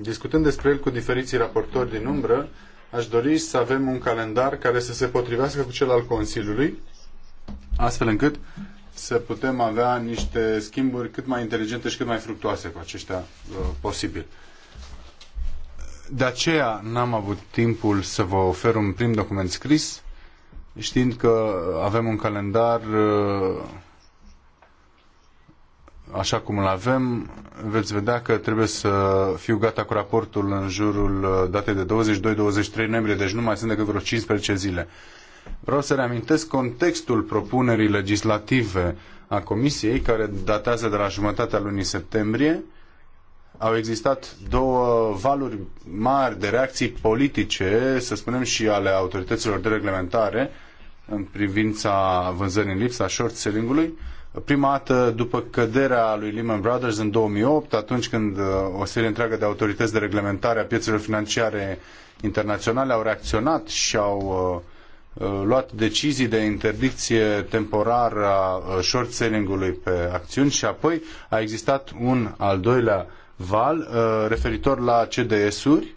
discutând despre el cu diferiții raportori din umbră, aș dori să avem un calendar care să se potrivească cu cel al Consiliului, astfel încât să putem avea niște schimburi cât mai inteligente și cât mai fructuoase cu aceștia uh, posibil. De aceea n-am avut timpul să vă ofer un prim document scris, știind că avem un calendar uh, așa cum îl avem, veți vedea că trebuie să fiu gata cu raportul în jurul uh, datei de 22-23 noiembrie, deci nu mai sunt decât vreo 15 zile. Vreau să reamintesc contextul propunerii legislative a Comisiei, care datează de la jumătatea lunii septembrie. Au existat două valuri mari de reacții politice, să spunem și ale autorităților de reglementare, în privința vânzării în lipsa short selling-ului Prima dată după căderea lui Lehman Brothers în 2008, atunci când uh, o serie întreagă de autorități de reglementare a piețelor financiare internaționale au reacționat și au uh, uh, luat decizii de interdicție temporară a short selling-ului pe acțiuni și apoi a existat un al doilea val referitor la CDS-uri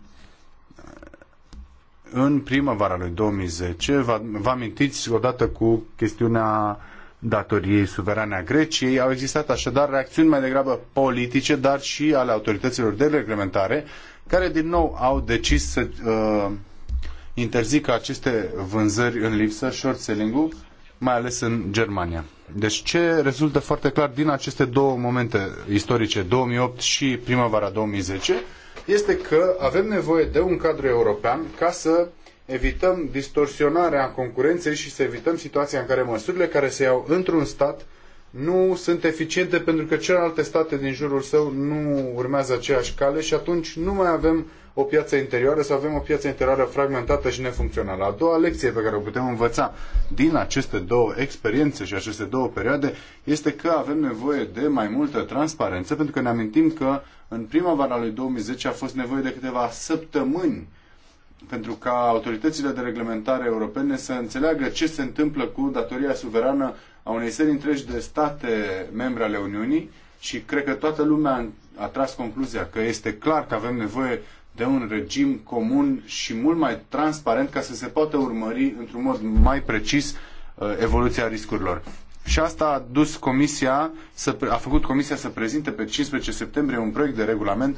în primăvara lui 2010. Vă amintiți odată cu chestiunea datoriei suverane a Greciei. Au existat așadar reacțiuni mai degrabă politice, dar și ale autorităților de reglementare, care din nou au decis să uh, interzică aceste vânzări în lipsă, short selling-ul, mai ales în Germania. Deci ce rezultă foarte clar din aceste două momente istorice, 2008 și primăvara 2010, este că avem nevoie de un cadru european ca să evităm distorsionarea concurenței și să evităm situația în care măsurile care se iau într-un stat nu sunt eficiente pentru că celelalte state din jurul său nu urmează aceeași cale și atunci nu mai avem o piață interioară sau avem o piață interioară fragmentată și nefuncțională. A doua lecție pe care o putem învăța din aceste două experiențe și aceste două perioade este că avem nevoie de mai multă transparență pentru că ne amintim că în primăvara lui 2010 a fost nevoie de câteva săptămâni pentru ca autoritățile de reglementare europene să înțeleagă ce se întâmplă cu datoria suverană a unei serii întregi de state membre ale Uniunii și cred că toată lumea a tras concluzia că este clar că avem nevoie de un regim comun și mult mai transparent ca să se poată urmări într-un mod mai precis uh, evoluția riscurilor. Și asta a dus comisia, să, a făcut comisia să prezinte pe 15 septembrie un proiect de regulament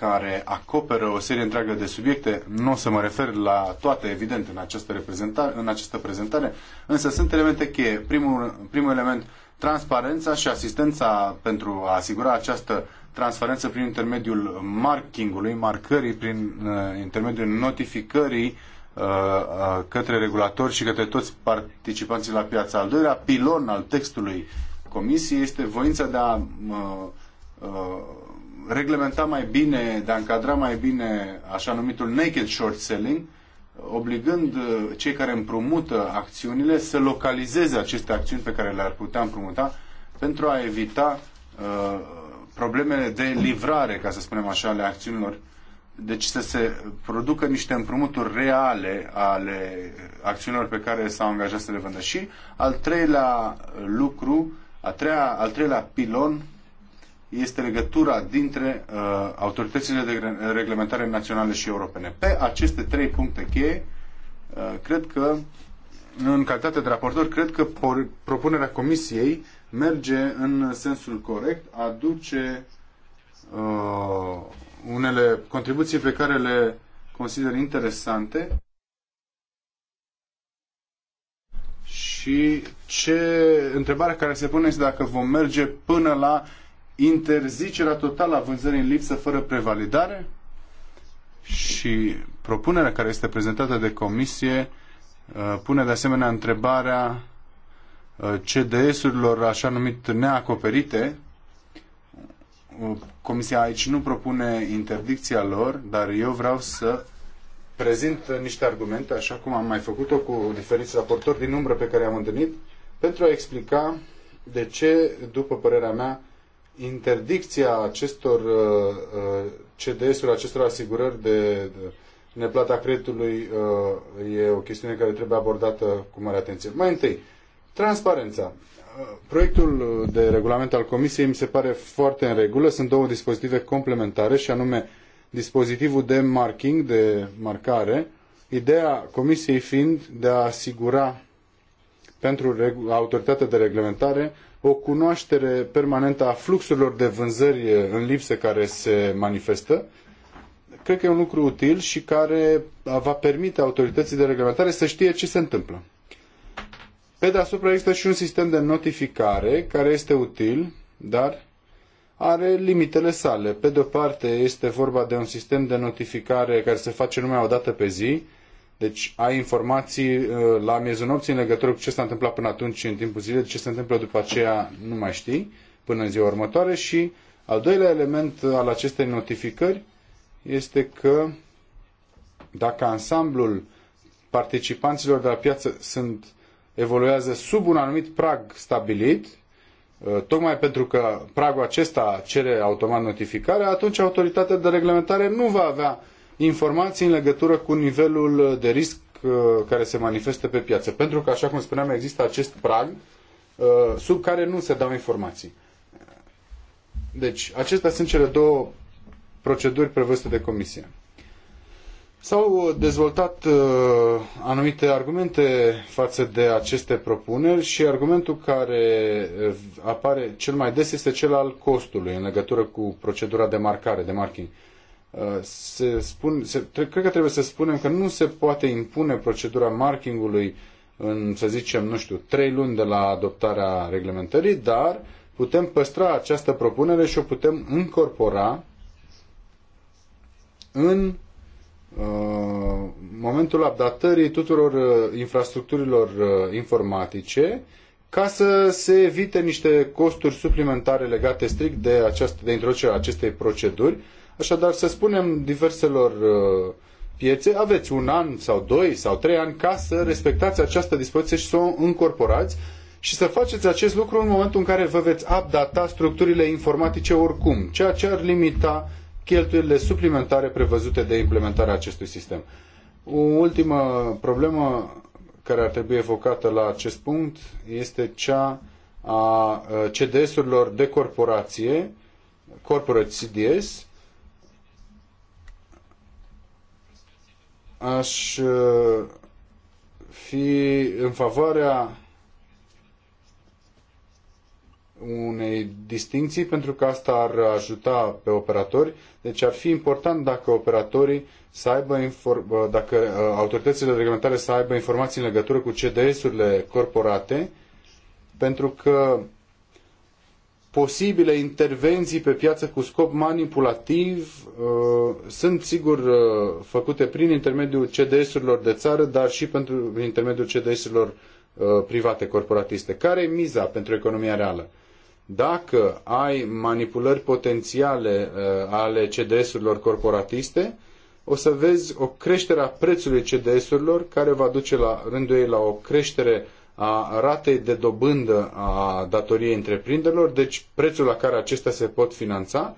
care acoperă o serie întreagă de subiecte. Nu o să mă refer la toate, evident, în această, reprezentare, în această prezentare, însă sunt elemente cheie. Primul, primul element, transparența și asistența pentru a asigura această transparență prin intermediul markingului, marcării, prin uh, intermediul notificării uh, uh, către regulatori și către toți participanții la piața. Al doilea pilon al textului comisiei este voința de a uh, uh, reglementa mai bine, de a încadra mai bine așa numitul naked short selling, obligând uh, cei care împrumută acțiunile să localizeze aceste acțiuni pe care le-ar putea împrumuta pentru a evita uh, problemele de livrare, ca să spunem așa, ale acțiunilor. Deci să se producă niște împrumuturi reale ale acțiunilor pe care s-au angajat să le vândă. Și al treilea lucru, a treia, al treilea pilon este legătura dintre uh, autoritățile de reglementare naționale și europene. Pe aceste trei puncte cheie, uh, cred că, în calitate de raportor, cred că propunerea Comisiei merge în sensul corect, aduce uh, unele contribuții pe care le consider interesante și ce întrebarea care se pune este dacă vom merge până la interzicerea totală a vânzării în lipsă fără prevalidare și propunerea care este prezentată de comisie uh, pune de asemenea întrebarea uh, CDS-urilor așa numit neacoperite. Uh, comisia aici nu propune interdicția lor, dar eu vreau să prezint niște argumente, așa cum am mai făcut-o cu diferiți raportori din umbră pe care am întâlnit, pentru a explica de ce, după părerea mea, interdicția acestor uh, uh, CDS-uri, acestor asigurări de neplata creditului uh, e o chestiune care trebuie abordată cu mare atenție. Mai întâi, transparența. Proiectul de regulament al Comisiei mi se pare foarte în regulă. Sunt două dispozitive complementare și anume dispozitivul de marking, de marcare, ideea Comisiei fiind de a asigura pentru autoritatea de reglementare o cunoaștere permanentă a fluxurilor de vânzări eh, în lipsă care se manifestă, cred că e un lucru util și care eh, va permite autorității de reglementare să știe ce se întâmplă. Pe deasupra există și un sistem de notificare care este util, dar are limitele sale. Pe de o parte este vorba de un sistem de notificare care se face numai o dată pe zi, deci ai informații uh, la miezul nopții în legătură cu ce s-a întâmplat până atunci în timpul zilei, ce se întâmplă după aceea nu mai știi până în ziua următoare și al doilea element uh, al acestei notificări este că dacă ansamblul participanților de la piață sunt, evoluează sub un anumit prag stabilit, uh, tocmai pentru că pragul acesta cere automat notificare, atunci autoritatea de reglementare nu va avea informații în legătură cu nivelul de risc uh, care se manifestă pe piață. Pentru că, așa cum spuneam, există acest prag uh, sub care nu se dau informații. Deci, acestea sunt cele două proceduri prevăzute de comisie. S-au dezvoltat uh, anumite argumente față de aceste propuneri și argumentul care apare cel mai des este cel al costului în legătură cu procedura de marcare, de marking. Uh, se spun, se, cred că trebuie să spunem că nu se poate impune procedura markingului în, să zicem, nu știu, trei luni de la adoptarea reglementării, dar putem păstra această propunere și o putem incorpora în uh, momentul updatării tuturor uh, infrastructurilor uh, informatice ca să se evite niște costuri suplimentare legate strict de, această, de introducerea acestei proceduri Așadar, să spunem diverselor uh, piețe, aveți un an sau doi sau trei ani ca să respectați această dispoziție și să o încorporați și să faceți acest lucru în momentul în care vă veți updata structurile informatice oricum, ceea ce ar limita cheltuielile suplimentare prevăzute de implementarea acestui sistem. O ultimă problemă care ar trebui evocată la acest punct este cea a uh, CDS-urilor de corporație, corporate CDS, aș uh, fi în favoarea unei distinții pentru că asta ar ajuta pe operatori. Deci ar fi important dacă operatorii să aibă uh, dacă uh, autoritățile de reglementare să aibă informații în legătură cu CDS-urile corporate pentru că posibile intervenții pe piață cu scop manipulativ uh, sunt sigur uh, făcute prin intermediul CDS-urilor de țară, dar și pentru, prin intermediul CDS-urilor uh, private, corporatiste. Care e miza pentru economia reală? Dacă ai manipulări potențiale uh, ale CDS-urilor corporatiste, o să vezi o creștere a prețului CDS-urilor care va duce la rândul ei la o creștere a ratei de dobândă a datoriei întreprinderilor, deci prețul la care acestea se pot finanța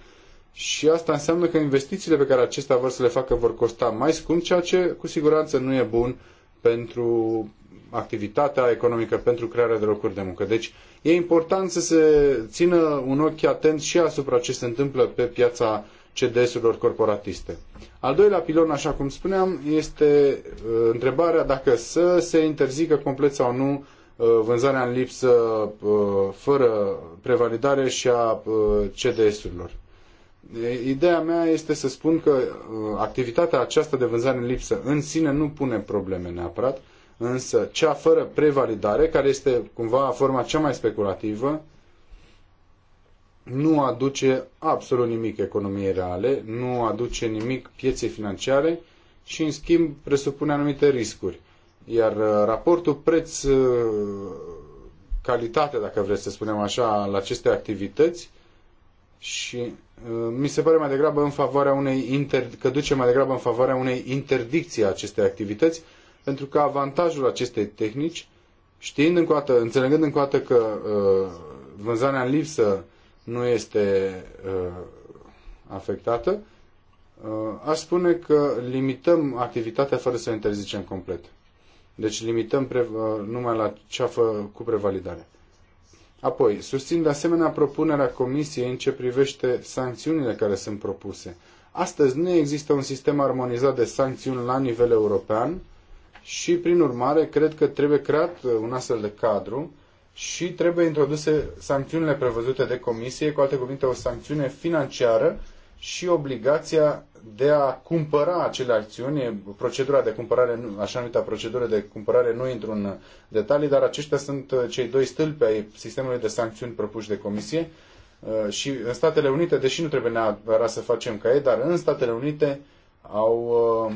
și asta înseamnă că investițiile pe care acestea vor să le facă vor costa mai scump, ceea ce cu siguranță nu e bun pentru activitatea economică, pentru crearea de locuri de muncă. Deci e important să se țină un ochi atent și asupra ce se întâmplă pe piața CDS-urilor corporatiste. Al doilea pilon, așa cum spuneam, este uh, întrebarea dacă să se interzică complet sau nu uh, vânzarea în lipsă uh, fără prevalidare și a CDS-urilor. Ideea mea este să spun că activitatea aceasta de vânzare în lipsă în sine nu pune probleme neapărat, însă cea fără prevalidare, care este cumva forma cea mai speculativă, nu aduce absolut nimic economiei reale, nu aduce nimic pieței financiare și, în schimb, presupune anumite riscuri. Iar uh, raportul preț-calitate, uh, dacă vreți să spunem așa, la aceste activități și uh, mi se pare mai degrabă în favoarea unei inter... că duce mai degrabă în favoarea unei interdicții a acestei activități, pentru că avantajul acestei tehnici, știind încă înțelegând încă că uh, vânzarea în lipsă nu este uh, afectată, uh, aș spune că limităm activitatea fără să o interzicem complet. Deci limităm uh, numai la cea cu prevalidare. Apoi, susțin de asemenea propunerea Comisiei în ce privește sancțiunile care sunt propuse. Astăzi nu există un sistem armonizat de sancțiuni la nivel european și, prin urmare, cred că trebuie creat un astfel de cadru și trebuie introduse sancțiunile prevăzute de comisie, cu alte cuvinte o sancțiune financiară și obligația de a cumpăra acele acțiuni, procedura de cumpărare, așa numită procedură de cumpărare, nu intru în detalii, dar aceștia sunt uh, cei doi stâlpi ai sistemului de sancțiuni propuși de comisie uh, și în Statele Unite, deși nu trebuie neapărat să facem ca ei, dar în Statele Unite au uh,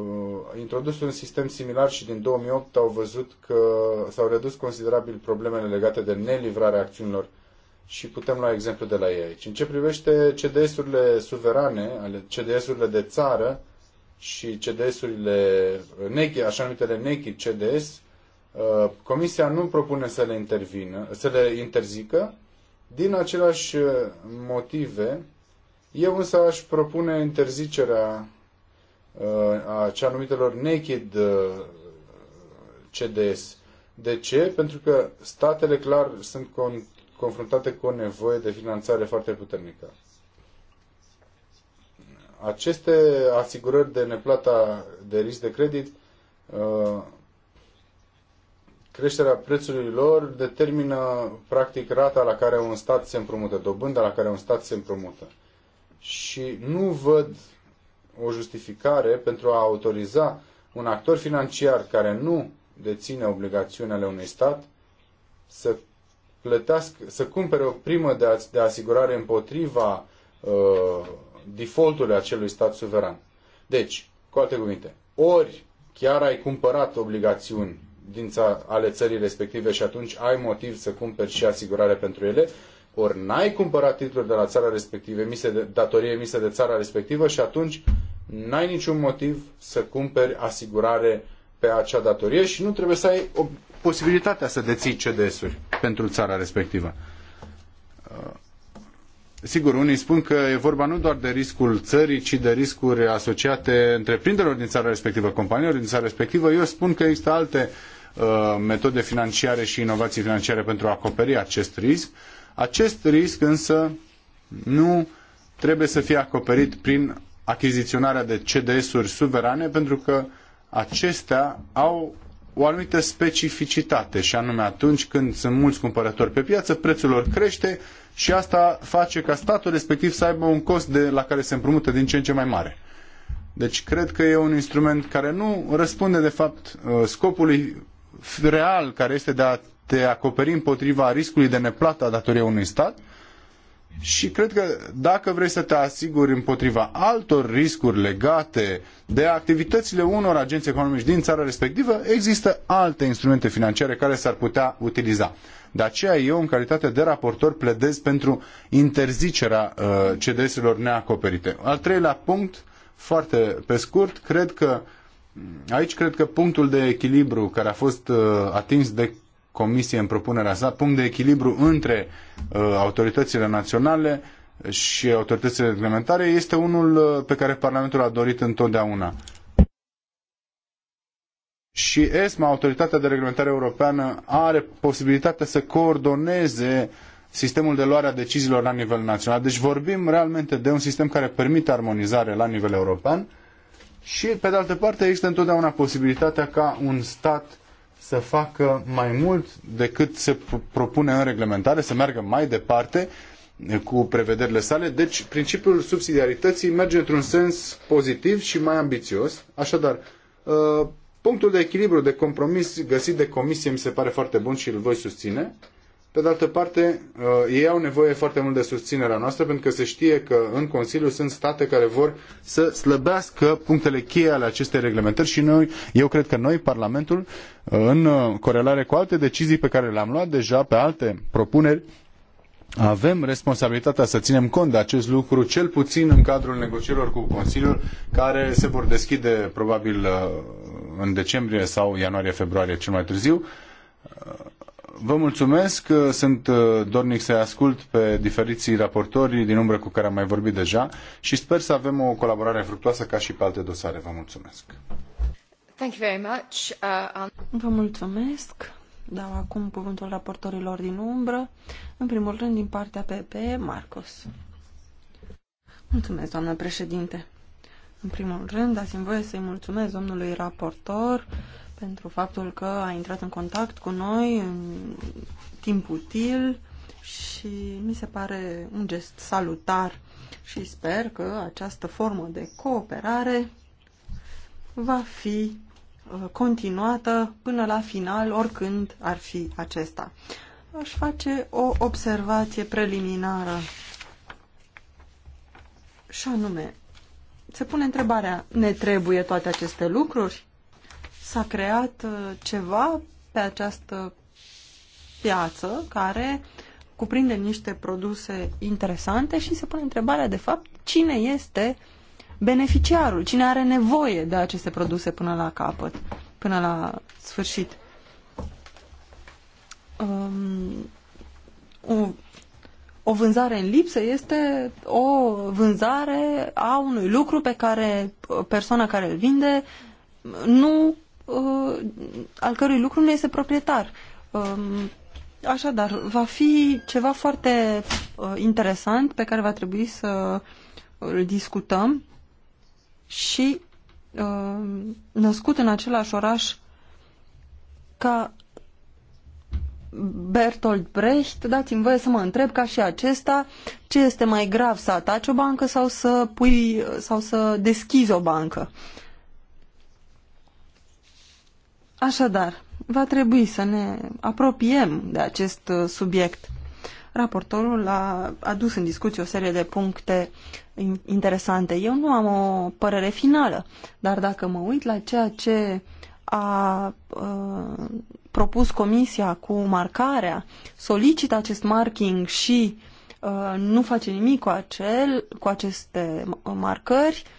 Uh, introdus un sistem similar și din 2008 au văzut că s-au redus considerabil problemele legate de nelivrarea acțiunilor și putem lua exemplu de la ei aici. În ce privește CDS-urile suverane, ale CDS-urile de țară și CDS-urile, așa numitele naked CDS, uh, Comisia nu propune să le, intervină, să le interzică din aceleași motive. Eu însă aș propune interzicerea a cea numitelor naked uh, CDS. De ce? Pentru că statele clar sunt con- confruntate cu o nevoie de finanțare foarte puternică. Aceste asigurări de neplata de risc de credit, uh, creșterea prețului lor determină practic rata la care un stat se împrumută, dobânda la care un stat se împrumută. Și nu văd o justificare pentru a autoriza un actor financiar care nu deține obligațiunile unui stat să plătească, să cumpere o primă de, de asigurare împotriva uh, defaultului acelui stat suveran. Deci, cu alte cuvinte, ori chiar ai cumpărat obligațiuni din ța- ale țării respective și atunci ai motiv să cumperi și asigurare pentru ele, ori n-ai cumpărat titluri de la țara respectivă, de, datorie emise de țara respectivă și atunci n-ai niciun motiv să cumperi asigurare pe acea datorie și nu trebuie să ai o posibilitatea să deții CDS-uri pentru țara respectivă. Uh, sigur, unii spun că e vorba nu doar de riscul țării, ci de riscuri asociate întreprinderilor din țara respectivă, companiilor din țara respectivă. Eu spun că există alte uh, metode financiare și inovații financiare pentru a acoperi acest risc. Acest risc însă nu trebuie să fie acoperit prin achiziționarea de CDS-uri suverane pentru că acestea au o anumită specificitate și anume atunci când sunt mulți cumpărători pe piață, prețul lor crește și asta face ca statul respectiv să aibă un cost de, la care se împrumută din ce în ce mai mare. Deci cred că e un instrument care nu răspunde de fapt uh, scopului real care este de a te acoperi împotriva riscului de neplată a datoriei unui stat, și cred că dacă vrei să te asiguri împotriva altor riscuri legate de activitățile unor agenți economici din țara respectivă, există alte instrumente financiare care s-ar putea utiliza. De aceea eu, în calitate de raportor, pledez pentru interzicerea uh, CDS-urilor neacoperite. Al treilea punct, foarte pe scurt, cred că Aici cred că punctul de echilibru care a fost uh, atins de Comisie în propunerea sa, punct de echilibru între uh, autoritățile naționale și autoritățile reglementare, este unul uh, pe care Parlamentul a dorit întotdeauna. Și ESMA, Autoritatea de Reglementare Europeană, are posibilitatea să coordoneze sistemul de luare a deciziilor la nivel național. Deci vorbim realmente de un sistem care permite armonizare la nivel european și, pe de altă parte, există întotdeauna posibilitatea ca un stat să facă mai mult decât se propune în reglementare, să meargă mai departe cu prevederile sale. Deci, principiul subsidiarității merge într-un sens pozitiv și mai ambițios. Așadar, uh, punctul de echilibru, de compromis găsit de comisie mi se pare foarte bun și îl voi susține. Pe de altă parte, uh, ei au nevoie foarte mult de susținerea noastră pentru că se știe că în Consiliu sunt state care vor să slăbească punctele cheie ale acestei reglementări și noi, eu cred că noi, Parlamentul, uh, în uh, corelare cu alte decizii pe care le-am luat deja pe alte propuneri, avem responsabilitatea să ținem cont de acest lucru, cel puțin în cadrul negocierilor cu Consiliul, care se vor deschide probabil în decembrie sau ianuarie-februarie cel mai târziu Vă mulțumesc, uh, sunt uh, dornic să-i ascult pe diferiții raportori din umbră cu care am mai vorbit deja și sper să avem o colaborare fructuoasă ca și pe alte dosare. Vă mulțumesc. Thank you very much. Uh, um, Vă mulțumesc. Dau acum cuvântul raportorilor din umbră. În primul rând, din partea PP, Marcos. Mulțumesc, doamnă președinte. În primul rând, dați-mi voie să-i mulțumesc domnului raportor pentru faptul că a intrat în contact cu noi în timp util și mi se pare un gest salutar și sper că această formă de cooperare va fi uh, continuată până la final, oricând ar fi acesta. Aș face o observație preliminară și anume, se pune întrebarea, ne trebuie toate aceste lucruri? S-a creat uh, ceva pe această piață care cuprinde niște produse interesante și se pune întrebarea, de fapt, cine este beneficiarul, cine are nevoie de aceste produse până la capăt, până la sfârșit. Um, o, o vânzare în lipsă este o vânzare a unui lucru pe care persoana care îl vinde nu Uh, al cărui lucru nu este proprietar. Um, așadar, va fi ceva foarte uh, interesant pe care va trebui să îl discutăm și uh, născut în același oraș ca Bertolt Brecht, dați-mi voie să mă întreb ca și acesta ce este mai grav să ataci o bancă sau să, pui, sau să deschizi o bancă. Uh, Așadar, va trebui să ne apropiem de acest uh, subiect. Raportorul a adus în discuție o serie de puncte interesante. Eu nu am o părere finală, dar dacă mă uit la ceea ce a uh, propus comisia cu marcarea, solicită acest marking și uh, nu face nimic cu, acel, cu aceste marcări, uh,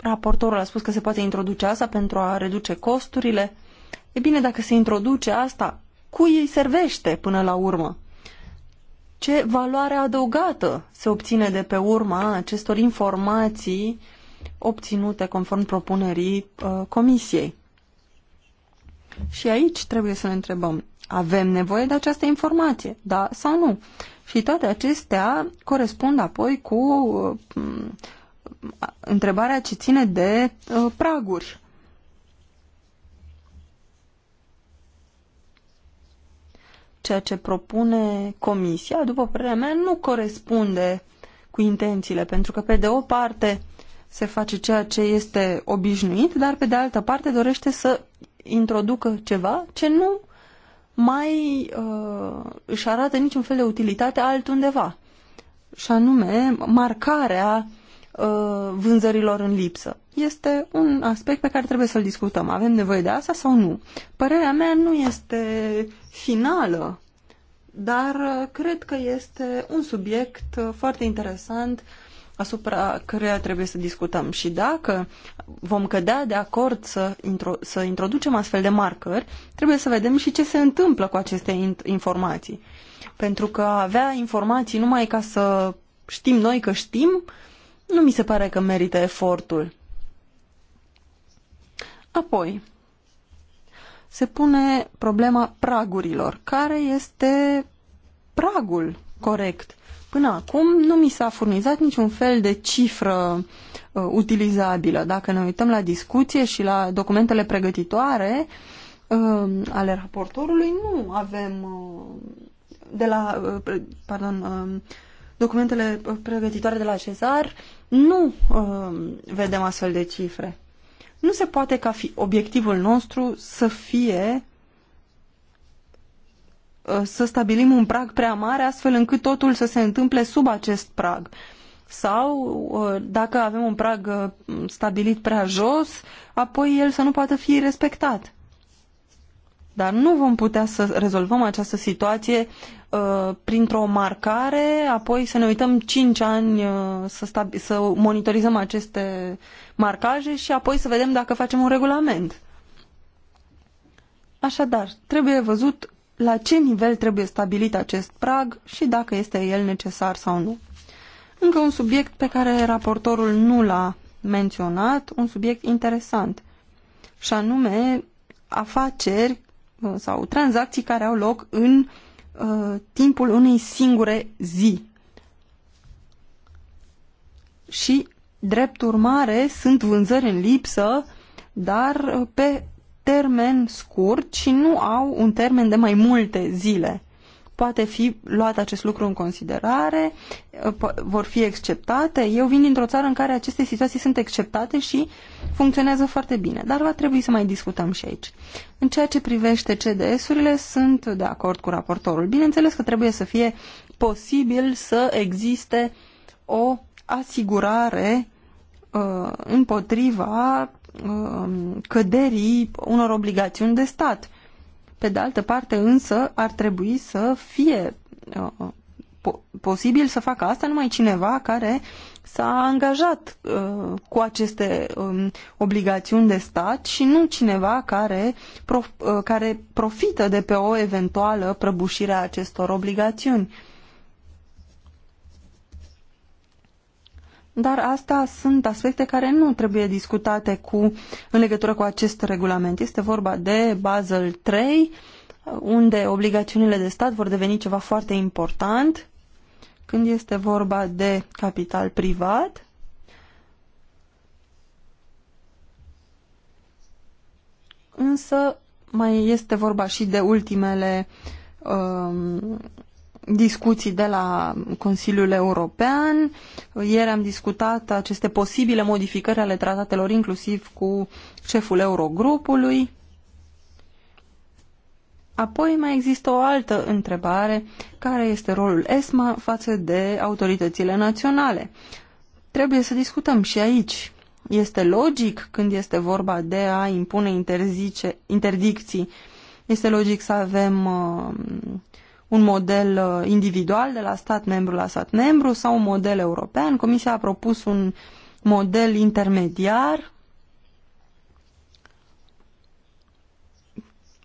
Raportorul a spus că se poate introduce asta pentru a reduce costurile. E bine, dacă se introduce asta, cui îi servește până la urmă? Ce valoare adăugată se obține de pe urma acestor informații obținute conform propunerii uh, comisiei? Și aici trebuie să ne întrebăm, avem nevoie de această informație, da sau nu? Și toate acestea corespund apoi cu uh, întrebarea ce ține de uh, praguri. Ceea ce propune Comisia, după părerea mea, nu corespunde cu intențiile, pentru că, pe de o parte, se face ceea ce este obișnuit, dar, pe de altă parte, dorește să introducă ceva ce nu mai uh, își arată niciun fel de utilitate altundeva. Și anume, marcarea uh, Uh, vânzărilor în lipsă. Este un aspect pe care trebuie să-l discutăm. Avem nevoie de asta sau nu? Părerea mea nu este finală, dar uh, cred că este un subiect uh, foarte interesant asupra căreia trebuie să discutăm. Și dacă vom cădea de acord să, intro, să introducem astfel de marcări, trebuie să vedem și ce se întâmplă cu aceste informații. Pentru că avea informații numai ca să știm noi că știm, uh, nu mi se pare că merită efortul. Apoi, se pune problema pragurilor. Care este pragul corect? Până acum nu mi s-a furnizat niciun fel de cifră uh, utilizabilă. Dacă ne uităm la discuție și la documentele pregătitoare uh, ale raportorului, nu avem uh, de la, uh, pardon, uh, documentele uh, pregătitoare de la Cezar nu uh, vedem astfel de cifre. Nu se poate ca fi, obiectivul nostru să fie uh, să stabilim un prag prea mare astfel încât totul să se întâmple sub acest prag. Sau uh, dacă avem un prag uh, stabilit prea jos, apoi el să nu poată fi respectat. Dar nu vom putea să rezolvăm această situație uh, printr-o marcare, apoi să ne uităm 5 ani uh, să, să monitorizăm aceste marcaje și apoi să vedem dacă facem un regulament. Așadar, trebuie văzut la ce nivel trebuie stabilit acest prag și dacă este el necesar sau nu. Încă un subiect pe care raportorul nu l-a menționat, un subiect interesant, și anume afaceri Uh, sau tranzacții care au loc în uh, timpul unei singure zi. Și, drept urmare, sunt vânzări în lipsă, dar uh, pe termen scurt și nu au un termen de mai multe zile poate fi luat acest lucru în considerare, uh, vor fi acceptate. Eu vin dintr-o țară în care aceste situații sunt acceptate și funcționează foarte bine, dar va trebui să mai discutăm și aici. În ceea ce privește CDS-urile, sunt de acord cu raportorul. Bineînțeles că trebuie să fie posibil să existe o asigurare uh, împotriva uh, căderii unor obligațiuni de stat pe de altă parte, însă, ar trebui să fie uh, uh, posibil să facă asta numai cineva care s-a angajat uh, cu aceste um, obligațiuni de stat și nu cineva care, prof, uh, care profită de pe o eventuală prăbușire a acestor obligațiuni. Uh, dar asta sunt aspecte care nu trebuie discutate cu, în legătură cu acest regulament. Este vorba de Basel 3, unde obligațiunile de stat vor deveni ceva foarte important când este vorba de capital privat. Însă mai este vorba și de ultimele um, discuții de la Consiliul European. Ieri am discutat aceste posibile modificări ale tratatelor, inclusiv cu șeful Eurogrupului. Apoi mai există o altă întrebare, care este rolul ESMA față de autoritățile naționale. Trebuie să discutăm și aici. Este logic când este vorba de a impune interzice, interdicții, este logic să avem uh, un model uh, individual de la stat membru la stat membru sau un model european. Comisia a propus un model intermediar.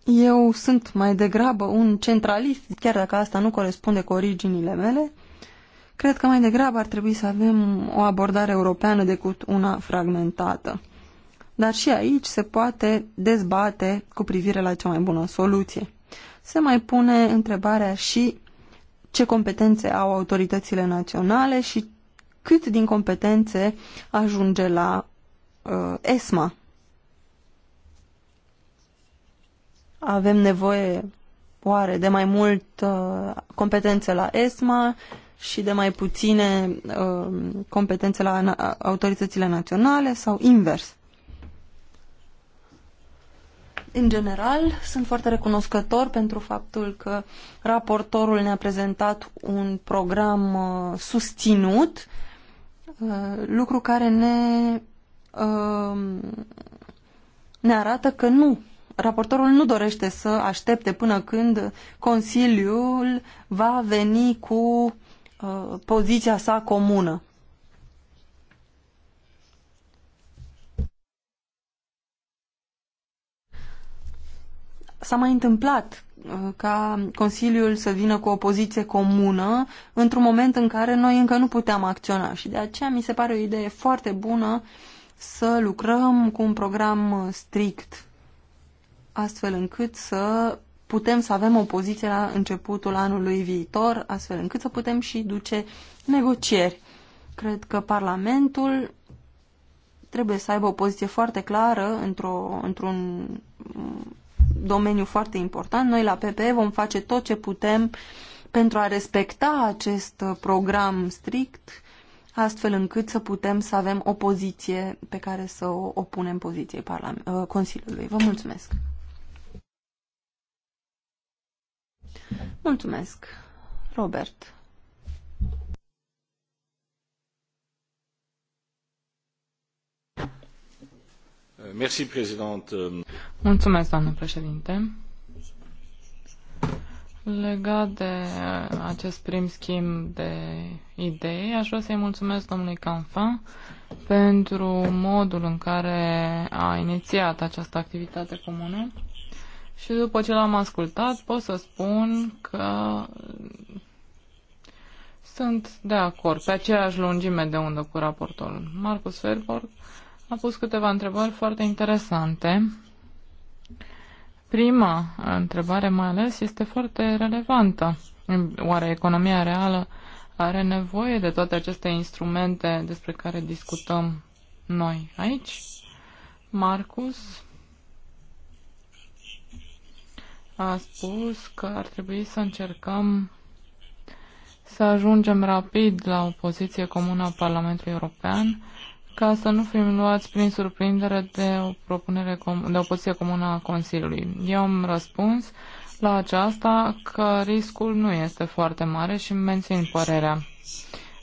Eu sunt mai degrabă un centralist, chiar dacă asta nu corespunde cu originile mele. Cred că mai degrabă ar trebui să avem o abordare europeană decât una fragmentată. Dar și aici se poate dezbate cu privire la cea mai bună soluție se mai pune întrebarea și ce competențe au autoritățile naționale și cât din competențe ajunge la uh, ESMA. Avem nevoie oare de mai mult uh, competențe la ESMA și de mai puține uh, competențe la na autoritățile naționale sau invers? În general, sunt foarte recunoscător pentru faptul că raportorul ne-a prezentat un program uh, susținut, uh, lucru care ne, uh, ne arată că nu raportorul nu dorește să aștepte până când Consiliul va veni cu uh, poziția sa comună. S-a mai întâmplat uh, ca Consiliul să vină cu o poziție comună într-un moment în care noi încă nu puteam acționa și de aceea mi se pare o idee foarte bună să lucrăm cu un program strict astfel încât să putem să avem o poziție la începutul anului viitor, astfel încât să putem și duce negocieri. Cred că Parlamentul trebuie să aibă o poziție foarte clară într-un într domeniu foarte important. Noi la PPE vom face tot ce putem pentru a respecta acest program strict, astfel încât să putem să avem o poziție pe care să o opunem poziției ă, Consiliului. Vă mulțumesc! Mulțumesc, Robert! Mulțumesc, președinte. Legat de acest prim schimb de idei, aș vrea să-i mulțumesc domnului Canfan pentru modul în care a inițiat această activitate comună. Și după ce l-am ascultat, pot să spun că sunt de acord, pe aceeași lungime de undă cu raportorul. Marcus Ferber a pus câteva întrebări foarte interesante. Prima întrebare mai ales este foarte relevantă. Oare economia reală are nevoie de toate aceste instrumente despre care discutăm noi aici? Marcus a spus că ar trebui să încercăm să ajungem rapid la o poziție comună a Parlamentului European ca să nu fim luați prin surprindere de o propunere de o poziție comună a Consiliului. Eu am răspuns la aceasta că riscul nu este foarte mare și mențin părerea.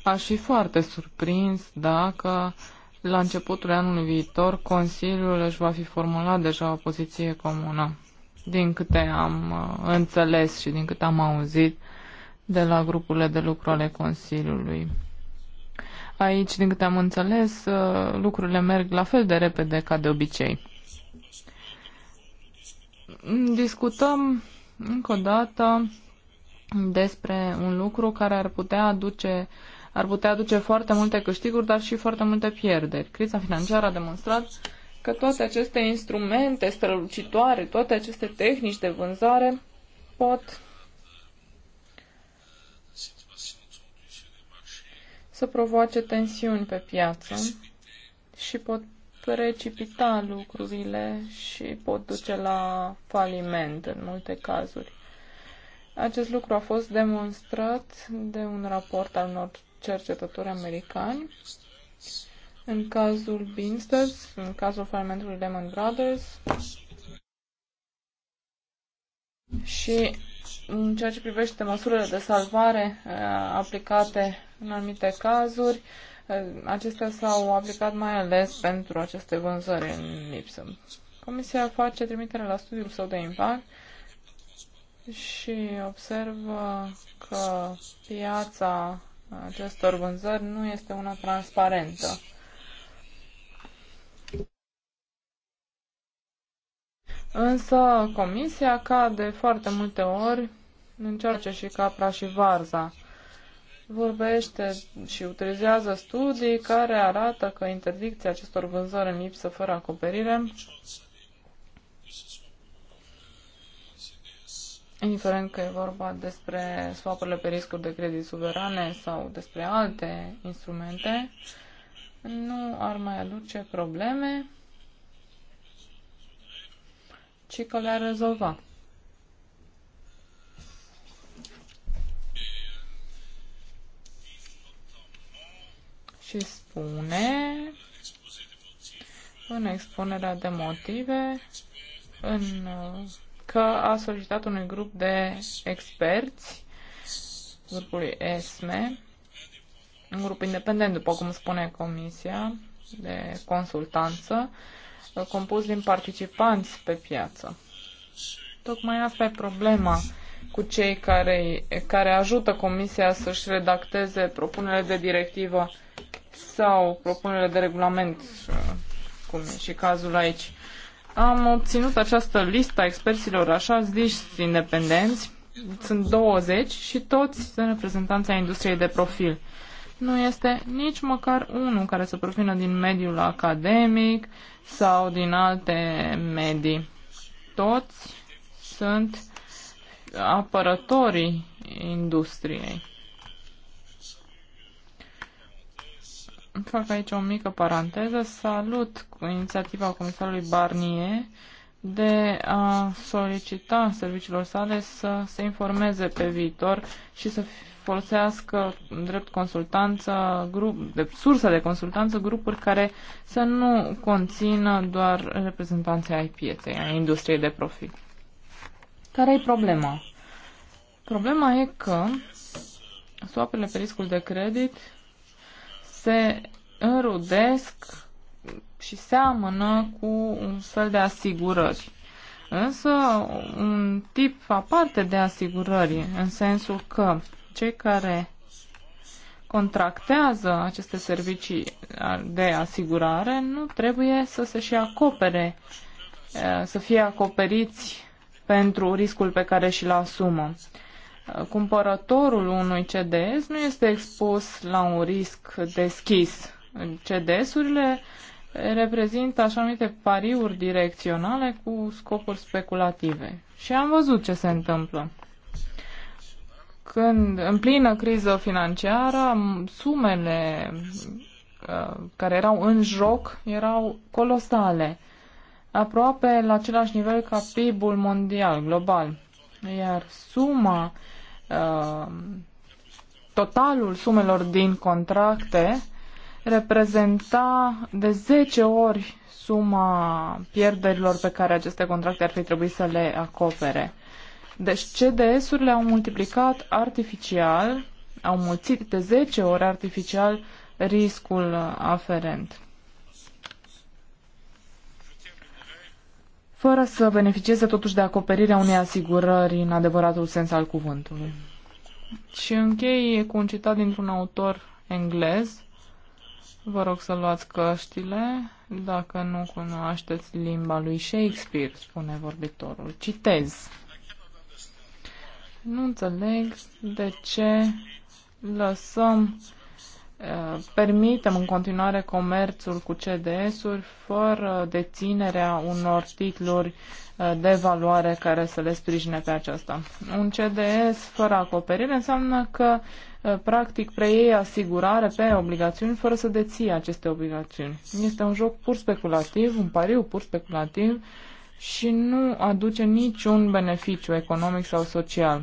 Aș fi foarte surprins dacă la începutul anului viitor Consiliul își va fi formulat deja o poziție comună. Din câte am uh, înțeles și din câte am auzit de la grupurile de lucru ale Consiliului. Aici, din câte am înțeles, uh, lucrurile merg la fel de repede ca de obicei. Discutăm încă o dată despre un lucru care ar putea aduce ar putea aduce foarte multe câștiguri, dar și foarte multe pierderi. Criza financiară a demonstrat că toate aceste instrumente strălucitoare, toate aceste tehnici de vânzare pot să provoace tensiuni pe piață și pot precipita lucrurile și pot duce la faliment în multe cazuri. Acest lucru a fost demonstrat de un raport al unor cercetători americani. În cazul Beansters, în cazul falimentului Lehman Brothers și în ceea ce privește măsurile de salvare uh, aplicate în anumite cazuri, uh, acestea s-au aplicat mai ales pentru aceste vânzări în lipsă. Comisia face trimitere la studiul său de impact și observă că piața acestor vânzări nu este una transparentă. Însă Comisia, ca de foarte multe ori, încearcă și capra și varza. Vorbește și utilizează studii care arată că interdicția acestor vânzări în lipsă fără acoperire, indiferent că e vorba despre swapurile pe riscuri de credit suverane sau despre alte instrumente, nu ar mai aduce probleme, ci că le-ar rezolva. și spune în expunerea de motive în, că a solicitat unui grup de experți grupului ESME, un grup independent, după cum spune Comisia, de consultanță, compus din participanți pe piață. Tocmai asta e problema cu cei care, care ajută Comisia să-și redacteze propunerea de directivă sau propunerile de regulament, uh, cum e și cazul aici. Am obținut această listă a experților așa zis independenți, sunt 20 și toți sunt reprezentanții industriei de profil. Nu este nici măcar unul care să provină din mediul academic sau din alte medii. Toți sunt apărătorii industriei. fac aici o mică paranteză. Salut cu inițiativa comisarului Barnier de a solicita serviciilor sale să se informeze pe viitor și să folosească drept consultanță, grup, de sursă de consultanță, grupuri care să nu conțină doar reprezentanții ai pieței, ai industriei de profit. Care e problema? Problema e că soapele pe riscul de credit se înrudesc și seamănă cu un fel de asigurări. Însă un tip aparte de asigurări, în sensul că cei care contractează aceste servicii de asigurare nu trebuie să se și acopere, să fie acoperiți pentru riscul pe care și-l asumă cumpărătorul unui CDS nu este expus la un risc deschis. CDS-urile reprezintă așa numite pariuri direcționale cu scopuri speculative. Și am văzut ce se întâmplă. Când, în plină criză financiară, sumele uh, care erau în joc erau colosale, aproape la același nivel ca PIB-ul mondial, global iar suma, uh, totalul sumelor din contracte reprezenta de 10 ori suma pierderilor pe care aceste contracte ar fi trebuit să le acopere. Deci CDS-urile au multiplicat artificial, au mulțit de 10 ori artificial riscul aferent. fără să beneficieze totuși de acoperirea unei asigurări în adevăratul sens al cuvântului. Și închei cu un citat dintr-un autor englez. Vă rog să luați căștile dacă nu cunoașteți limba lui Shakespeare, spune vorbitorul. Citez. Nu înțeleg de ce lăsăm Uh, permitem în continuare comerțul cu CDS-uri fără deținerea unor titluri uh, de valoare care să le sprijine pe aceasta. Un CDS fără acoperire înseamnă că uh, practic preiei asigurare pe obligațiuni fără să deții aceste obligațiuni. Este un joc pur speculativ, un pariu pur speculativ și nu aduce niciun beneficiu economic sau social.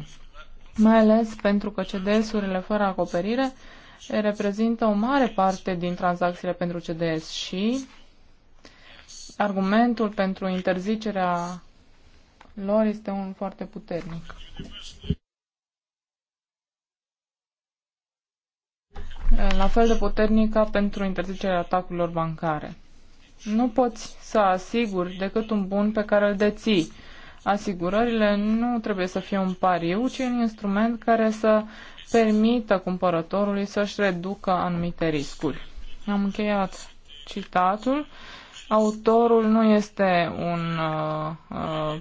Mai ales pentru că CDS-urile fără acoperire uh, reprezintă o mare parte din tranzacțiile pentru CDS și argumentul pentru interzicerea lor este unul foarte puternic. La fel de puternic ca pentru interzicerea atacurilor bancare. Nu poți să asiguri decât un bun pe care îl deții. Asigurările nu trebuie să fie un pariu, ci un instrument care să permită cumpărătorului să-și reducă anumite riscuri. Am încheiat citatul. Autorul nu este un uh, uh,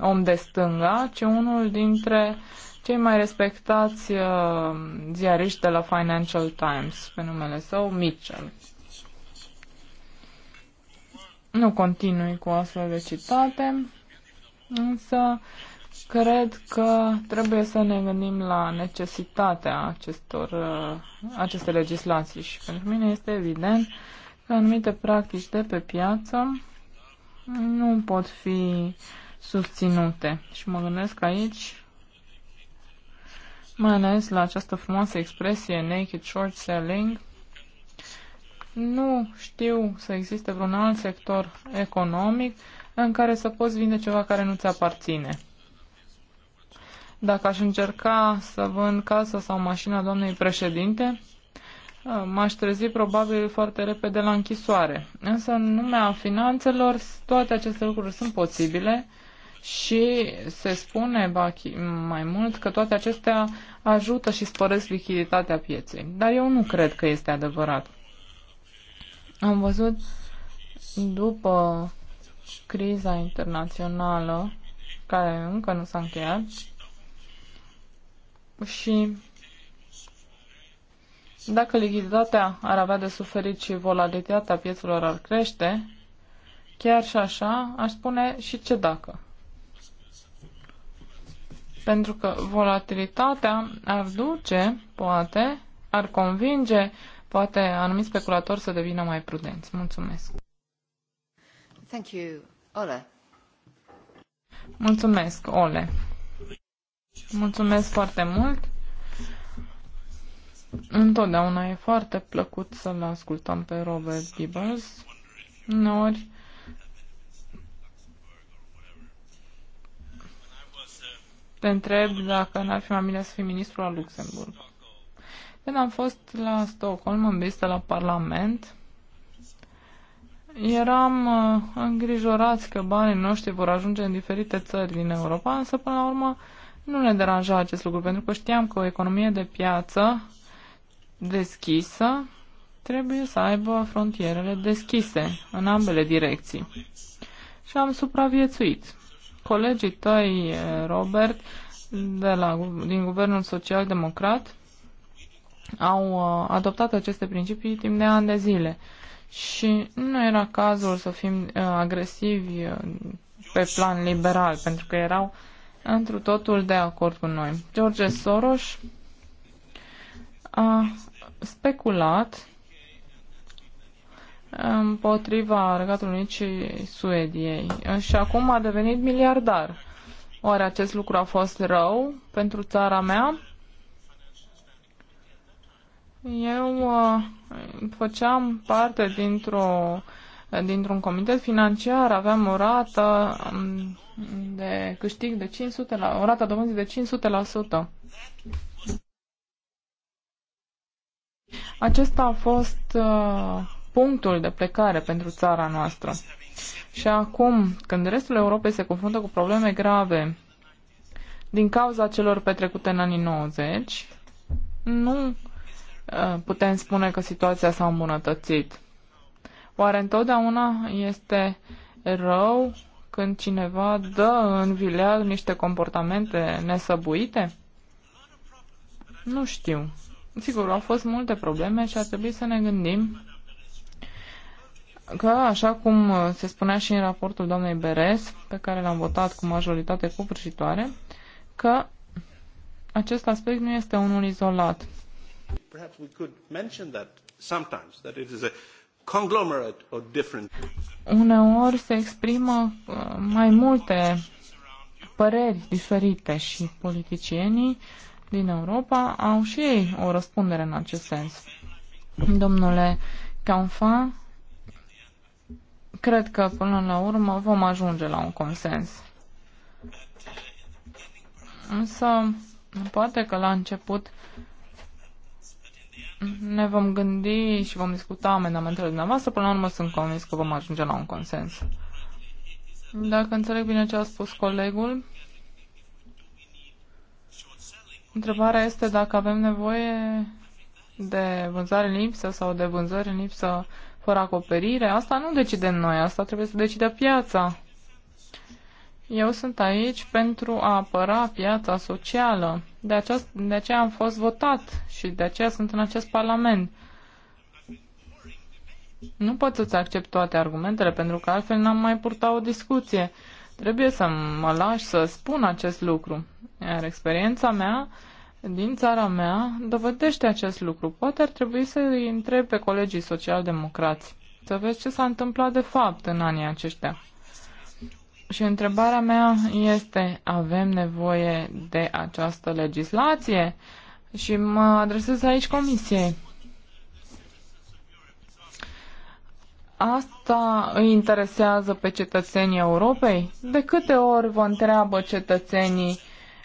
om de stânga, ci unul dintre cei mai respectați uh, ziariști de la Financial Times, pe numele său Mitchell. Nu continui cu astfel de citate, însă Cred că trebuie să ne gândim la necesitatea acestor, uh, aceste legislații și pentru mine este evident că anumite practici de pe piață nu pot fi susținute. Și mă gândesc aici mai ales la această frumoasă expresie naked short selling. Nu știu să existe vreun alt sector economic în care să poți vinde ceva care nu ți aparține. Dacă aș încerca să vând casa sau mașina doamnei președinte, m-aș trezi probabil foarte repede la închisoare. Însă în lumea finanțelor toate aceste lucruri sunt posibile și se spune mai mult că toate acestea ajută și sporesc lichiditatea pieței. Dar eu nu cred că este adevărat. Am văzut după criza internațională, care încă nu s-a încheiat, și dacă lichiditatea ar avea de suferit și volatilitatea piețelor ar crește, chiar și așa aș spune și ce dacă. Pentru că volatilitatea ar duce, poate, ar convinge, poate, anumiți speculatori să devină mai prudenți. Mulțumesc. Thank you, Ole. Mulțumesc, Ole. Mulțumesc foarte mult. Întotdeauna e foarte plăcut să-l ascultăm pe Robert Gibbons. Uneori te întreb dacă n-ar fi mai bine să fii ministru la Luxemburg. Când am fost la Stockholm, în vizită la Parlament, eram uh, îngrijorați că banii noștri vor ajunge în diferite țări din Europa, însă până la urmă nu ne deranja acest lucru, pentru că știam că o economie de piață deschisă trebuie să aibă frontierele deschise în ambele direcții. Și am supraviețuit. Colegii tăi, Robert, de la, din Guvernul Social Democrat, au uh, adoptat aceste principii timp de ani de zile. Și nu era cazul să fim uh, agresivi uh, pe plan liberal, pentru că erau uh, întru totul de acord cu noi. George Soros a speculat împotriva Regatului Unit și Suediei și acum a devenit miliardar. Oare acest lucru a fost rău pentru țara mea? Eu uh, făceam parte dintr-o dintr-un comitet financiar aveam o rată um, de câștig de 500 la, o rată dobânzii de 500%. la Acesta a fost uh, punctul de plecare pentru țara noastră. Și acum, când restul Europei se confruntă cu probleme grave din cauza celor petrecute în anii 90, nu uh, putem spune că situația s-a îmbunătățit. Oare întotdeauna este rău când cineva dă în vileag niște comportamente nesăbuite? Nu știu. Sigur, au fost multe probleme și ar trebui să ne gândim că, așa cum se spunea și în raportul doamnei Beres, pe care l-am votat cu majoritate covârșitoare, că acest aspect nu este unul izolat. Perhaps we could mention that sometimes, that it is a conglomerate of different Uneori se exprimă uh, mai multe păreri diferite și politicienii din Europa au și ei o răspundere în acest sens. Domnule Canfa, cred că până la urmă vom ajunge la un consens. Însă, poate că la început ne vom gândi și vom discuta amendamentele dumneavoastră. Până la urmă sunt convins că vom ajunge la un consens. Dacă înțeleg bine ce a spus colegul, întrebarea este dacă avem nevoie de vânzare în lipsă sau de vânzări în lipsă fără acoperire. Asta nu decidem noi, asta trebuie să decide piața. Eu sunt aici pentru a apăra piața socială. De, aceast, de aceea am fost votat și de aceea sunt în acest parlament. Nu pot să-ți accept toate argumentele, pentru că altfel n-am mai purta o discuție. Trebuie să mă lași să spun acest lucru. Iar experiența mea din țara mea dovedește acest lucru. Poate ar trebui să îi întreb pe colegii social-democrați să vezi ce s-a întâmplat de fapt în anii aceștia. Și întrebarea mea este, avem nevoie de această legislație? Și mă adresez aici Comisiei. Asta îi interesează pe cetățenii Europei? De câte ori vă întreabă cetățenii,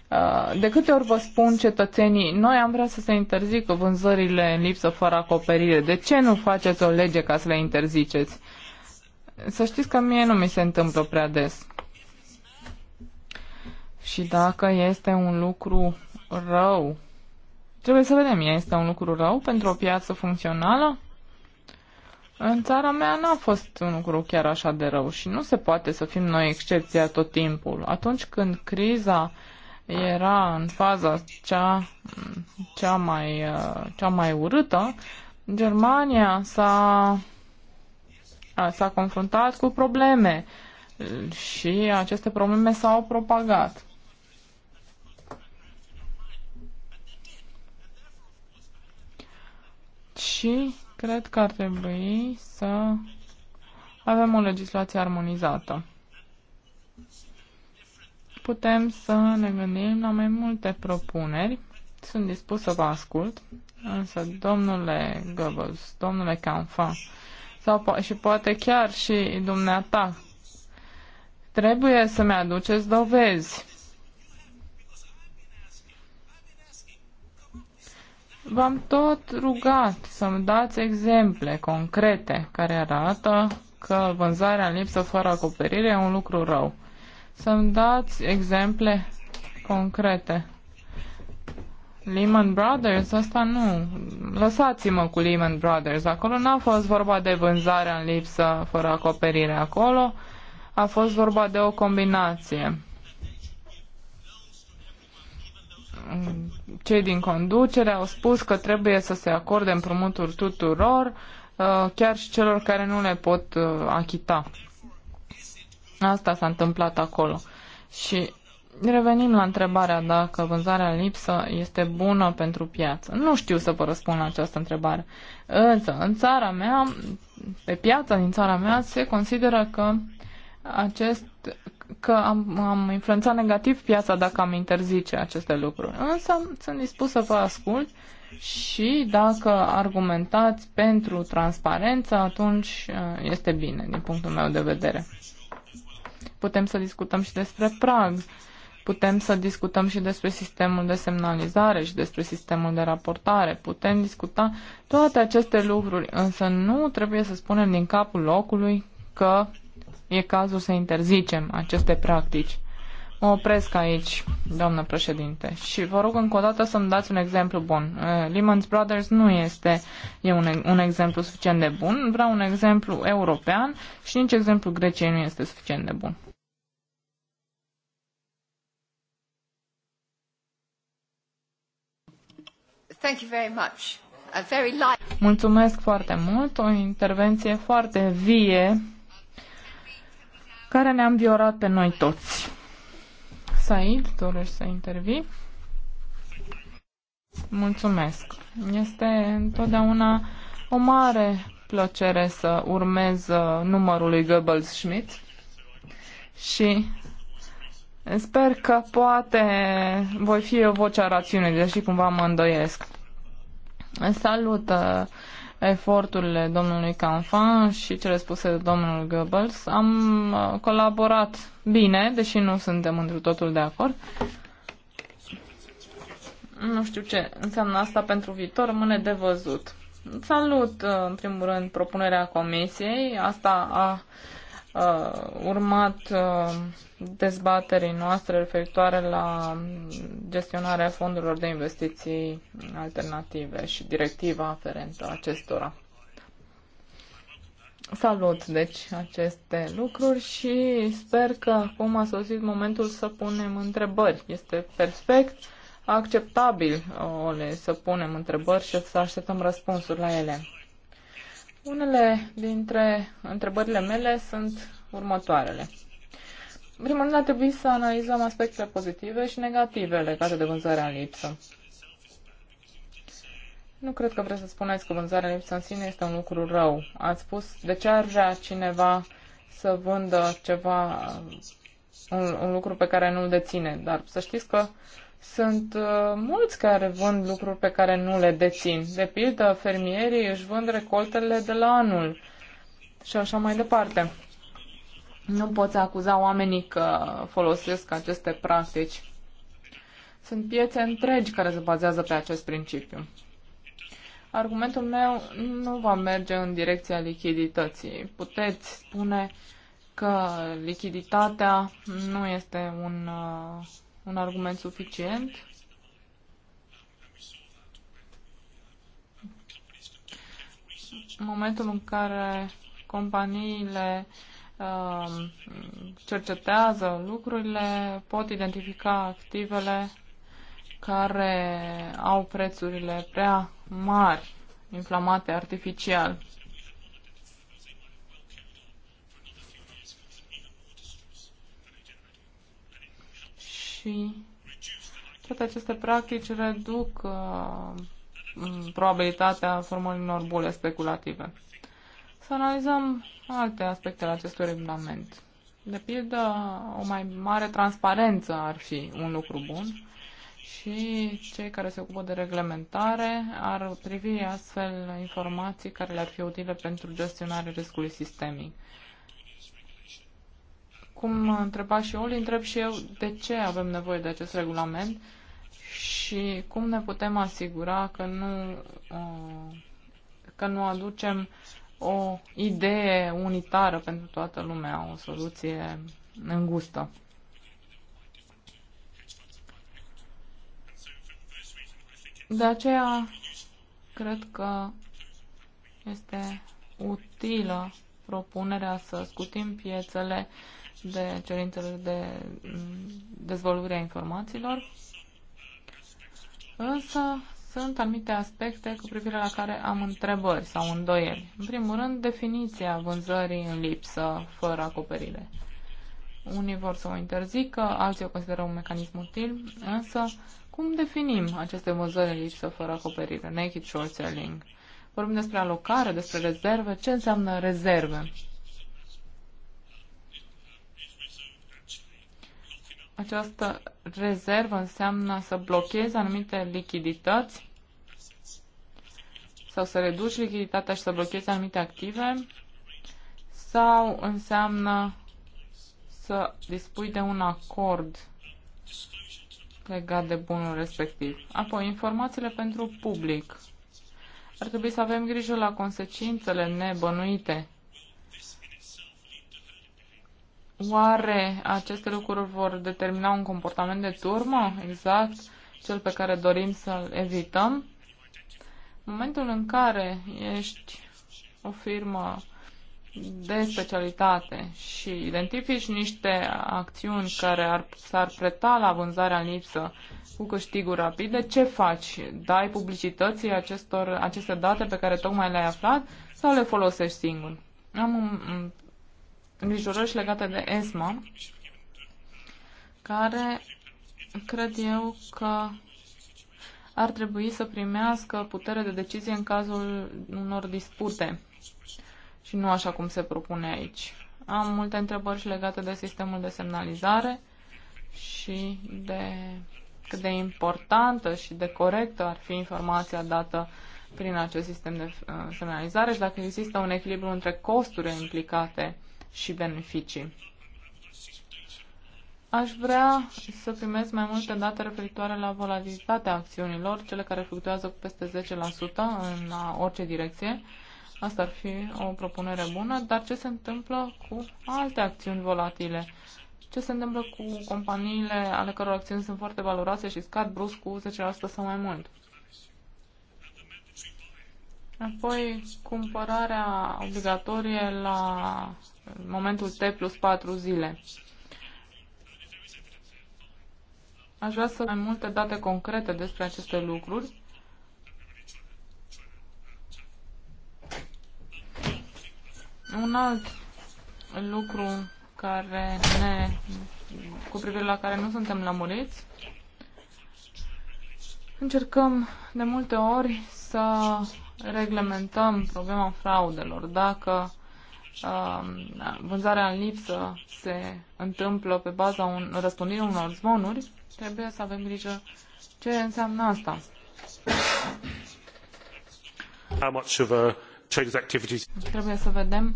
uh, de câte ori vă spun cetățenii, noi am vrea să se interzică vânzările în lipsă fără acoperire. De ce nu faceți o lege ca să le interziceți? Să știți că mie nu mi se întâmplă prea des și dacă este un lucru rău. Trebuie să vedem, este un lucru rău pentru o piață funcțională? În țara mea n-a fost un lucru chiar așa de rău și nu se poate să fim noi excepția tot timpul. Atunci când criza era în faza cea, cea, mai, cea mai urâtă, Germania s-a, s-a confruntat cu probleme și aceste probleme s-au propagat. și cred că ar trebui să avem o legislație armonizată. Putem să ne gândim la mai multe propuneri. Sunt dispus să vă ascult, însă domnule Goebbels, domnule Canfa, sau po- și poate chiar și dumneata, trebuie să-mi aduceți dovezi V-am tot rugat să-mi dați exemple concrete care arată că vânzarea în lipsă fără acoperire e un lucru rău. Să-mi dați exemple concrete. Lehman Brothers, asta nu. Lăsați-mă cu Lehman Brothers. Acolo n-a fost vorba de vânzare în lipsă, fără acoperire. Acolo a fost vorba de o combinație. cei din conducere au spus că trebuie să se acorde împrumuturi tuturor, uh, chiar și celor care nu le pot uh, achita. Asta s-a întâmplat acolo. Și revenim la întrebarea dacă vânzarea lipsă este bună pentru piață. Nu știu să vă răspund la această întrebare. Însă, în țara mea, pe piața din țara mea, se consideră că acest că am, am influențat negativ piața dacă am interzice aceste lucruri. Însă sunt dispus să vă ascult și dacă argumentați pentru transparență, atunci uh, este bine, din punctul meu de vedere. Putem să discutăm și despre prag, putem să discutăm și despre sistemul de semnalizare și despre sistemul de raportare, putem discuta toate aceste lucruri, însă nu trebuie să spunem din capul locului că e cazul să interzicem aceste practici. Mă opresc aici, doamnă președinte, și vă rog încă o dată să-mi dați un exemplu bun. Uh, Lehman Brothers nu este e un, un exemplu suficient de bun, vreau un exemplu european și nici exemplu Greciei nu este suficient de bun. Thank you very much. A very light... Mulțumesc foarte mult, o intervenție foarte vie care ne-am viorat pe noi toți. Said, dorești să intervii? Mulțumesc. Este întotdeauna o mare plăcere să urmez uh, numărul lui Goebbels Schmidt și sper că poate voi fi voce vocea rațiunii, deși cumva mă îndoiesc. Salut uh, eforturile domnului Canfan și cele spuse de domnul Goebbels. Am uh, colaborat bine, deși nu suntem într totul de acord. Nu știu ce înseamnă asta pentru viitor, rămâne de văzut. Salut, uh, în primul rând, propunerea comisiei. Asta a uh, urmat uh, dezbaterii noastre referitoare la gestionarea fondurilor de investiții alternative și directiva aferentă acestora. Salut, deci, aceste lucruri și sper că acum a sosit momentul să punem întrebări. Este perfect acceptabil, Ole, să punem întrebări și să așteptăm răspunsuri la ele. Unele dintre întrebările mele sunt următoarele. În primul rând, ar trebui să analizăm aspectele pozitive și negative legate de vânzarea în lipsă. Nu cred că vreți să spuneți că vânzarea în lipsă în sine este un lucru rău. Ați spus de ce ar vrea cineva să vândă ceva, un, un lucru pe care nu-l deține. Dar să știți că sunt uh, mulți care vând lucruri pe care nu le dețin. De pildă, fermierii își vând recoltele de la anul și așa mai departe. Nu poți acuza oamenii că folosesc aceste practici. Sunt piețe întregi care se bazează pe acest principiu. Argumentul meu nu va merge în direcția lichidității. Puteți spune că lichiditatea nu este un uh, un argument suficient. În momentul în care companiile uh, cercetează lucrurile, pot identifica activele care au prețurile prea mari, inflamate artificial. și toate aceste practici reduc uh, probabilitatea formării unor bule speculative. Să analizăm alte aspecte ale acestui regulament. De pildă, o mai mare transparență ar fi un lucru bun și cei care se ocupă de reglementare ar privi astfel informații care le-ar fi utile pentru gestionarea riscului sistemic cum întreba și Oli, întreb și eu de ce avem nevoie de acest regulament și cum ne putem asigura că nu, uh, că nu aducem o idee unitară pentru toată lumea, o soluție îngustă. De aceea, cred că este utilă propunerea să scutim piețele uh, de cerințele de mm, dezvolvire a informațiilor, însă sunt anumite aspecte cu privire la care am întrebări sau îndoieli. În primul rând, definiția vânzării în lipsă, fără acoperire. Unii vor să o interzică, alții o consideră un mecanism util, însă cum definim aceste vânzări în lipsă, fără acoperire, naked short selling? Vorbim despre alocare, despre rezerve. Ce înseamnă rezerve? Această rezervă înseamnă să blochezi anumite lichidități sau să reduci lichiditatea și să blochezi anumite active sau înseamnă să dispui de un acord legat de bunul respectiv. Apoi, informațiile pentru public. Ar trebui să avem grijă la consecințele nebănuite Oare aceste lucruri vor determina un comportament de turmă exact cel pe care dorim să-l evităm? În momentul în care ești o firmă de specialitate și identifici niște acțiuni care ar, s-ar preta la vânzarea în lipsă cu câștiguri rapide, ce faci? Dai publicității acestor, aceste date pe care tocmai le-ai aflat sau le folosești singur? Am îngrijorări și legate de ESMA, care cred eu că ar trebui să primească putere de decizie în cazul unor dispute și nu așa cum se propune aici. Am multe întrebări și legate de sistemul de semnalizare și de cât de importantă și de corectă ar fi informația dată prin acest sistem de uh, semnalizare și dacă există un echilibru între costurile implicate și beneficii. Aș vrea să primesc mai multe date referitoare la volatilitatea acțiunilor, cele care fluctuează cu peste 10% în orice direcție. Asta ar fi o propunere bună, dar ce se întâmplă cu alte acțiuni volatile? Ce se întâmplă cu companiile ale căror acțiuni sunt foarte valoroase și scad brusc cu 10% sau mai mult? Apoi, cumpărarea obligatorie la în momentul T plus 4 zile. Aș vrea să mai multe date concrete despre aceste lucruri. Un alt lucru care ne, cu privire la care nu suntem lămuriți, încercăm de multe ori să reglementăm problema fraudelor. Dacă Um, vânzarea în lipsă se întâmplă pe baza un, răspândirii unor zvonuri, trebuie să avem grijă ce înseamnă asta. How much of, a trade's activities? Trebuie să vedem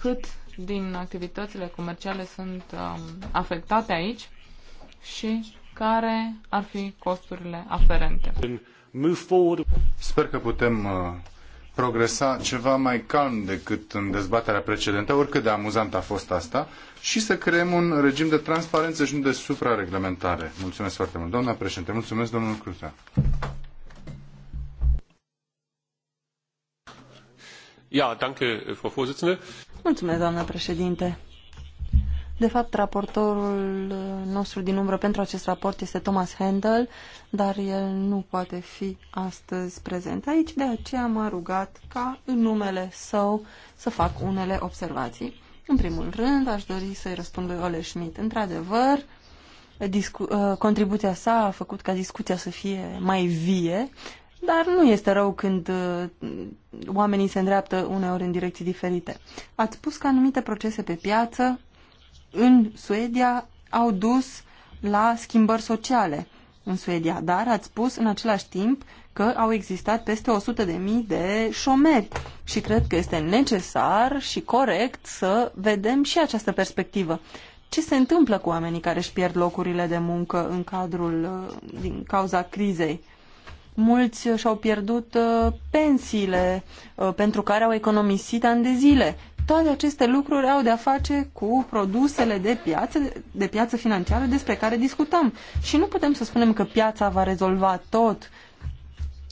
cât din activitățile comerciale sunt um, afectate aici și care ar fi costurile aferente. Sper că putem uh progresa ceva mai calm decât în dezbaterea precedentă, oricât de amuzant a fost asta, și să creăm un regim de transparență și nu de suprareglementare. Mulțumesc foarte mult. Doamna președinte, mulțumesc domnul Cruța. Ja, danke, Frau Vorsitzende. Mulțumesc, doamnă președinte. De fapt, raportorul uh, nostru din umbră pentru acest raport este Thomas Handel, dar el nu poate fi astăzi prezent aici, de aceea m-a rugat ca în numele său să fac unele observații. În primul rând, aș dori să-i răspund lui Ole Schmidt. Într-adevăr, uh, contribuția sa a făcut ca discuția să fie mai vie, dar nu este rău când uh, oamenii se îndreaptă uneori în direcții diferite. Ați spus că anumite procese pe piață în Suedia au dus la schimbări sociale în Suedia, dar ați spus în același timp că au existat peste 100.000 de șomeri și cred că este necesar și corect să vedem și această perspectivă. Ce se întâmplă cu oamenii care își pierd locurile de muncă în cadrul, uh, din cauza crizei? Mulți și-au pierdut uh, pensiile uh, pentru care au economisit ani de zile. Toate aceste lucruri au de-a face cu produsele de piață, de piață financiară despre care discutăm. Și nu putem să spunem că piața va rezolva tot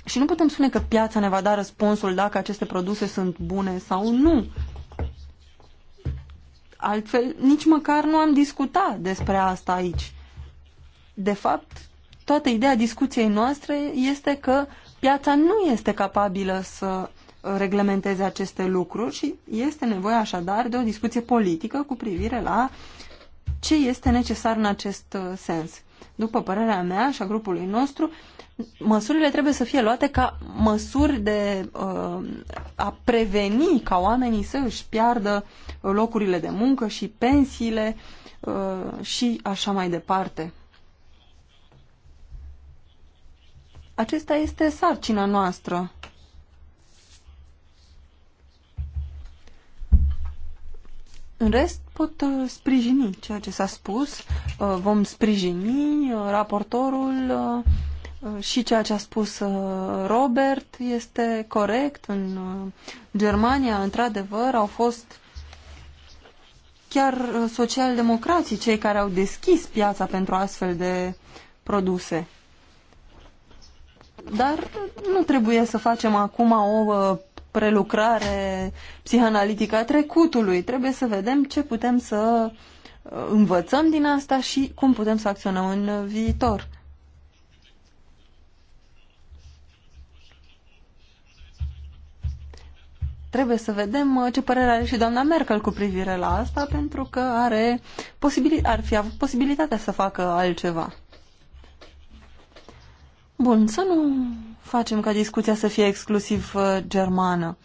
și nu putem spune că piața ne va da răspunsul dacă aceste produse sunt bune sau nu. Altfel, nici măcar nu am discutat despre asta aici. De fapt, toată ideea discuției noastre este că piața nu este capabilă să reglementeze aceste lucruri și este nevoie așadar de o discuție politică cu privire la ce este necesar în acest uh, sens. După părerea mea și a grupului nostru, măsurile trebuie să fie luate ca măsuri de uh, a preveni ca oamenii să își piardă locurile de muncă și pensiile uh, și așa mai departe. Acesta este sarcina noastră În rest, pot uh, sprijini ceea ce s-a spus. Uh, vom sprijini uh, raportorul și ceea ce a spus Robert este corect. În Germania, într-adevăr, au fost chiar socialdemocrații cei care au deschis piața pentru astfel de produse. Dar nu trebuie să facem acum o prelucrare psihanalitică a trecutului. Trebuie să vedem ce putem să uh, învățăm din asta și cum putem să acționăm în viitor. trebuie să vedem uh, ce părere are și doamna Merkel cu privire la asta, pentru că are posibil ar fi avut posibilitatea să facă altceva. Bun, să nu facem ca discuția să fie exclusiv uh, germană.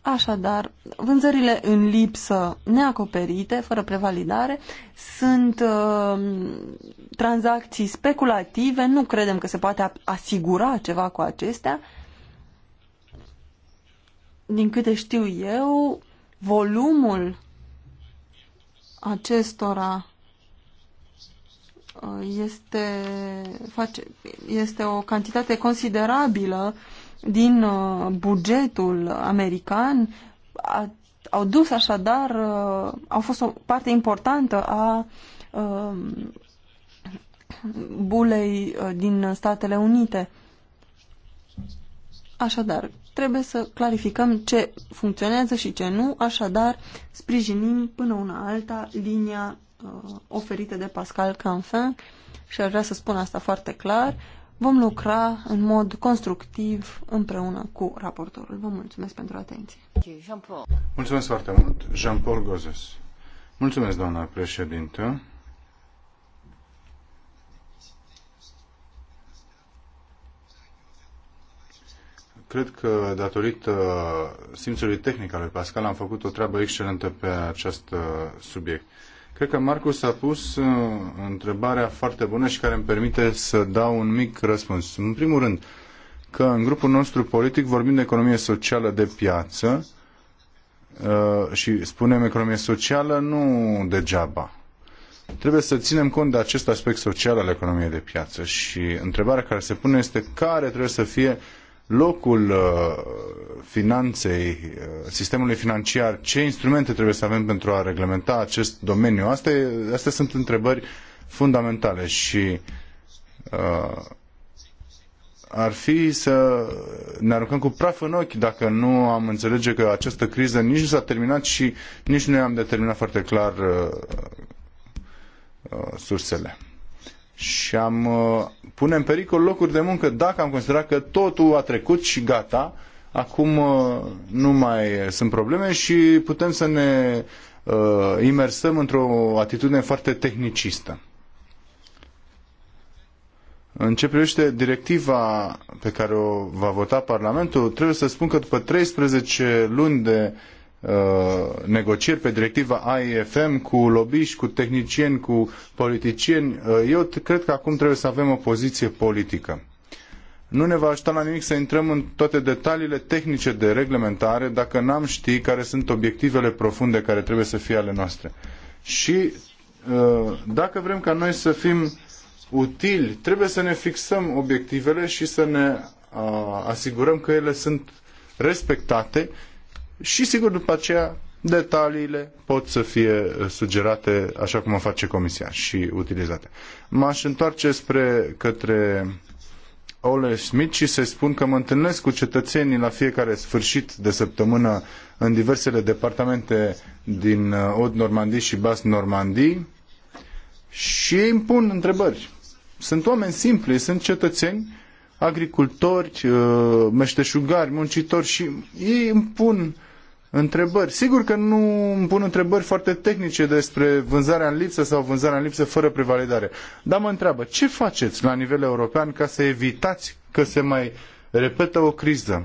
Așadar, vânzările în lipsă neacoperite, fără prevalidare, sunt uh, tranzacții speculative, nu credem că se poate asigura ceva cu acestea. Din câte știu eu, volumul acestora este, face, este o cantitate considerabilă din uh, bugetul american. A, au dus așadar, uh, au fost o parte importantă a um, bulei uh, din Statele Unite. Așadar, trebuie să clarificăm ce funcționează și ce nu, așadar sprijinim până una alta linia uh, oferite de Pascal Canfin și aș vrea să spun asta foarte clar. Vom lucra în mod constructiv împreună cu raportorul. Vă mulțumesc pentru atenție. Mulțumesc foarte mult, Jean-Paul Gozes. Mulțumesc, doamna președintă. cred că datorită simțului tehnic al lui Pascal am făcut o treabă excelentă pe acest uh, subiect. Cred că Marcus a pus uh, întrebarea foarte bună și care îmi permite să dau un mic răspuns. În primul rând, că în grupul nostru politic vorbim de economie socială de piață uh, și spunem economie socială nu degeaba. Trebuie să ținem cont de acest aspect social al economiei de piață și întrebarea care se pune este care trebuie să fie uh, locul uh, finanței, uh, sistemului financiar, ce instrumente trebuie să avem pentru a reglementa acest domeniu? Astea, astea sunt întrebări fundamentale și uh, ar fi să ne aruncăm cu praf în ochi dacă nu am înțelege că această criză nici nu s-a terminat și nici nu am determinat foarte clar uh, uh, sursele și am uh, pune în pericol locuri de muncă dacă am considerat că totul a trecut și gata, acum uh, nu mai sunt probleme și putem să ne uh, imersăm într-o atitudine foarte tehnicistă. În ce privește directiva pe care o va vota Parlamentul, trebuie să spun că după 13 luni de Uh, negocieri pe directiva AIFM cu lobiști, cu tehnicieni, cu politicieni. Uh, eu cred că acum trebuie să avem o poziție politică. Nu ne va ajuta la nimic să intrăm în toate detaliile tehnice de reglementare dacă n-am ști care sunt obiectivele profunde care trebuie să fie ale noastre. Și uh, dacă vrem ca noi să fim utili, trebuie să ne fixăm obiectivele și să ne asigurăm că ele sunt respectate și sigur după aceea detaliile pot să fie uh, sugerate așa cum o face comisia și utilizate. M-aș întoarce spre către Ole Schmidt și să spun că mă întâlnesc cu cetățenii la fiecare sfârșit de săptămână în diversele departamente din Od uh, Normandie și Bas Normandie și ei îmi pun întrebări. Sunt oameni simpli, sunt cetățeni agricultori, uh, meșteșugari, muncitori și ei îmi pun întrebări. Sigur că nu îmi pun întrebări foarte tehnice despre vânzarea în lipsă sau vânzarea în lipsă fără prevalidare. Dar mă întreabă, ce faceți la nivel european ca să evitați că se mai repetă o criză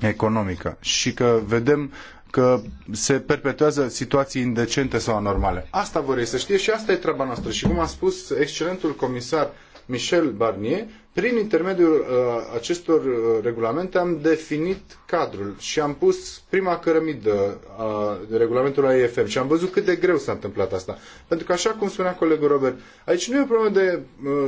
economică și că vedem că se perpetuează situații indecente sau anormale. Asta vor să știe și asta e treaba noastră. Și cum a spus excelentul comisar Michel Barnier, prin intermediul uh, acestor uh, regulamente am definit cadrul și am pus prima cărămidă uh, de regulamentul AIFM și am văzut cât de greu s-a întâmplat asta. Pentru că, așa cum spunea colegul Robert, aici nu e o problemă de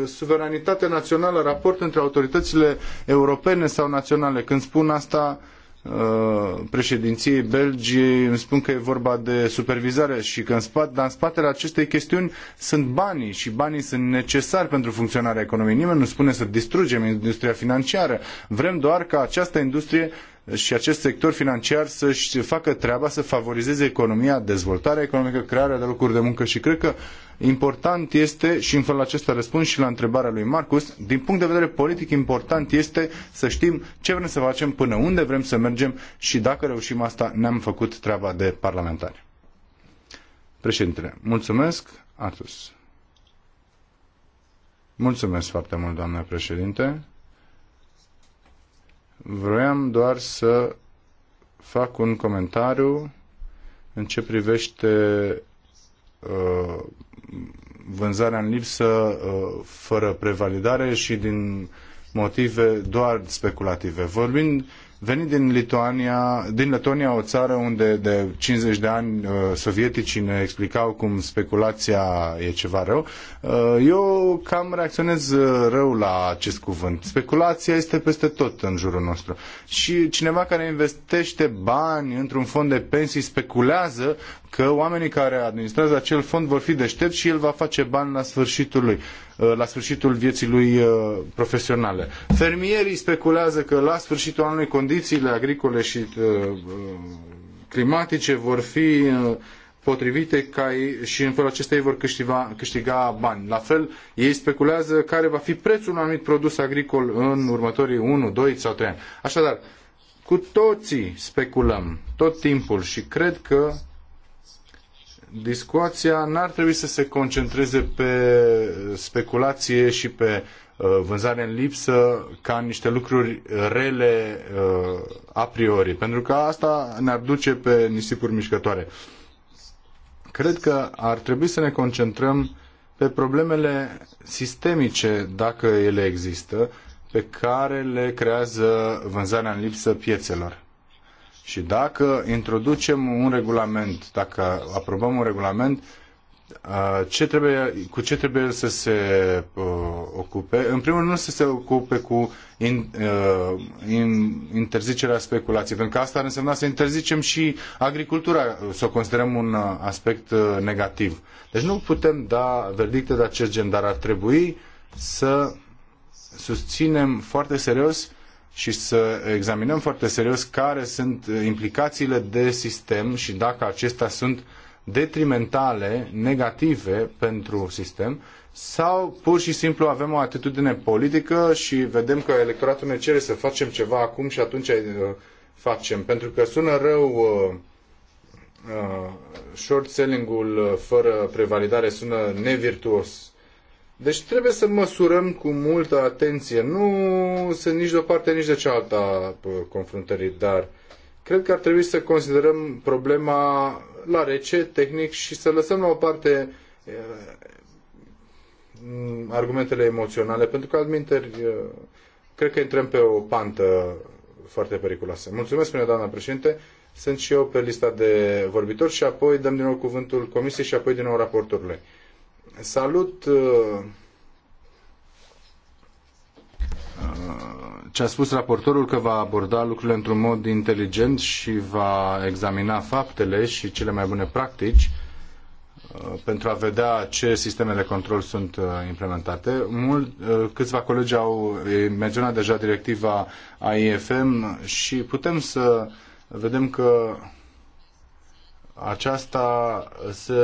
suveranitate națională, raport între autoritățile europene sau naționale. Când spun asta, uh, Uh, președinției Belgiei îmi spun că e vorba de supervizare și că în, spate, dar în spatele acestei chestiuni sunt banii și banii sunt necesari pentru funcționarea economiei. Nimeni nu spune să distrugem industria financiară. Vrem doar ca această industrie și acest sector financiar să-și facă treaba, să favorizeze economia, dezvoltarea economică, crearea de locuri de muncă și cred că important este, și în felul acesta răspund și la întrebarea lui Marcus, din punct de vedere politic important este să știm ce vrem să facem, până unde vrem să mergem și dacă reușim asta, ne-am făcut treaba de parlamentari. Președintele, mulțumesc, Artus. Mulțumesc foarte mult, doamnă președinte. Vroiam doar să fac un comentariu în ce privește uh, vânzarea în lipsă uh, fără prevalidare și din motive doar speculative. Vorbind venit din, Lituania, din Letonia, o țară unde de 50 de ani uh, sovieticii ne explicau cum speculația e ceva rău, uh, eu cam reacționez uh, rău la acest cuvânt. Speculația este peste tot în jurul nostru. Și cineva care investește bani într-un fond de pensii speculează că oamenii care administrează acel fond vor fi deștepți și el va face bani la sfârșitul lui. Uh, la sfârșitul vieții lui uh, profesionale. Fermierii speculează că la sfârșitul anului condițiile agricole și uh, climatice vor fi potrivite ca ei, și în felul acesta ei vor câștiga, câștiga bani. La fel, ei speculează care va fi prețul unui anumit produs agricol în următorii 1, 2 sau 3 ani. Așadar, cu toții speculăm tot timpul și cred că discuția n-ar trebui să se concentreze pe speculație și pe uh, vânzare în lipsă ca niște lucruri rele uh, a priori, pentru că asta ne-ar duce pe nisipuri mișcătoare. Cred că ar trebui să ne concentrăm pe problemele sistemice, dacă ele există, pe care le creează vânzarea în lipsă piețelor. Și dacă introducem un regulament, dacă aprobăm un regulament, uh, ce trebuie, cu ce trebuie să se uh, ocupe? În primul rând, să se ocupe cu in, uh, in, interzicerea speculației, pentru că asta ar însemna să interzicem și agricultura, să o considerăm un uh, aspect uh, negativ. Deci nu putem da verdicte de acest gen, dar ar trebui să susținem foarte serios și să examinăm foarte serios care sunt implicațiile de sistem și dacă acestea sunt detrimentale, negative pentru sistem sau pur și simplu avem o atitudine politică și vedem că electoratul ne cere să facem ceva acum și atunci uh, facem. Pentru că sună rău uh, uh, short selling-ul fără prevalidare sună nevirtuos deci trebuie să măsurăm cu multă atenție. Nu sunt nici de o parte, nici de cealaltă confruntării, dar cred că ar trebui să considerăm problema la rece, tehnic și să lăsăm la o parte eh, argumentele emoționale, pentru că adminteri eh, cred că intrăm pe o pantă foarte periculoasă. Mulțumesc, spune doamna președinte. Sunt și eu pe lista de vorbitori și apoi dăm din nou cuvântul comisiei și apoi din nou raporturile. Salut uh, uh, ce a spus raportorul că va aborda lucrurile într-un mod inteligent și va examina faptele și cele mai bune practici uh, pentru a vedea ce sisteme de control sunt implementate. Mult, câțiva colegi au menționat deja directiva AIFM și putem să vedem că aceasta se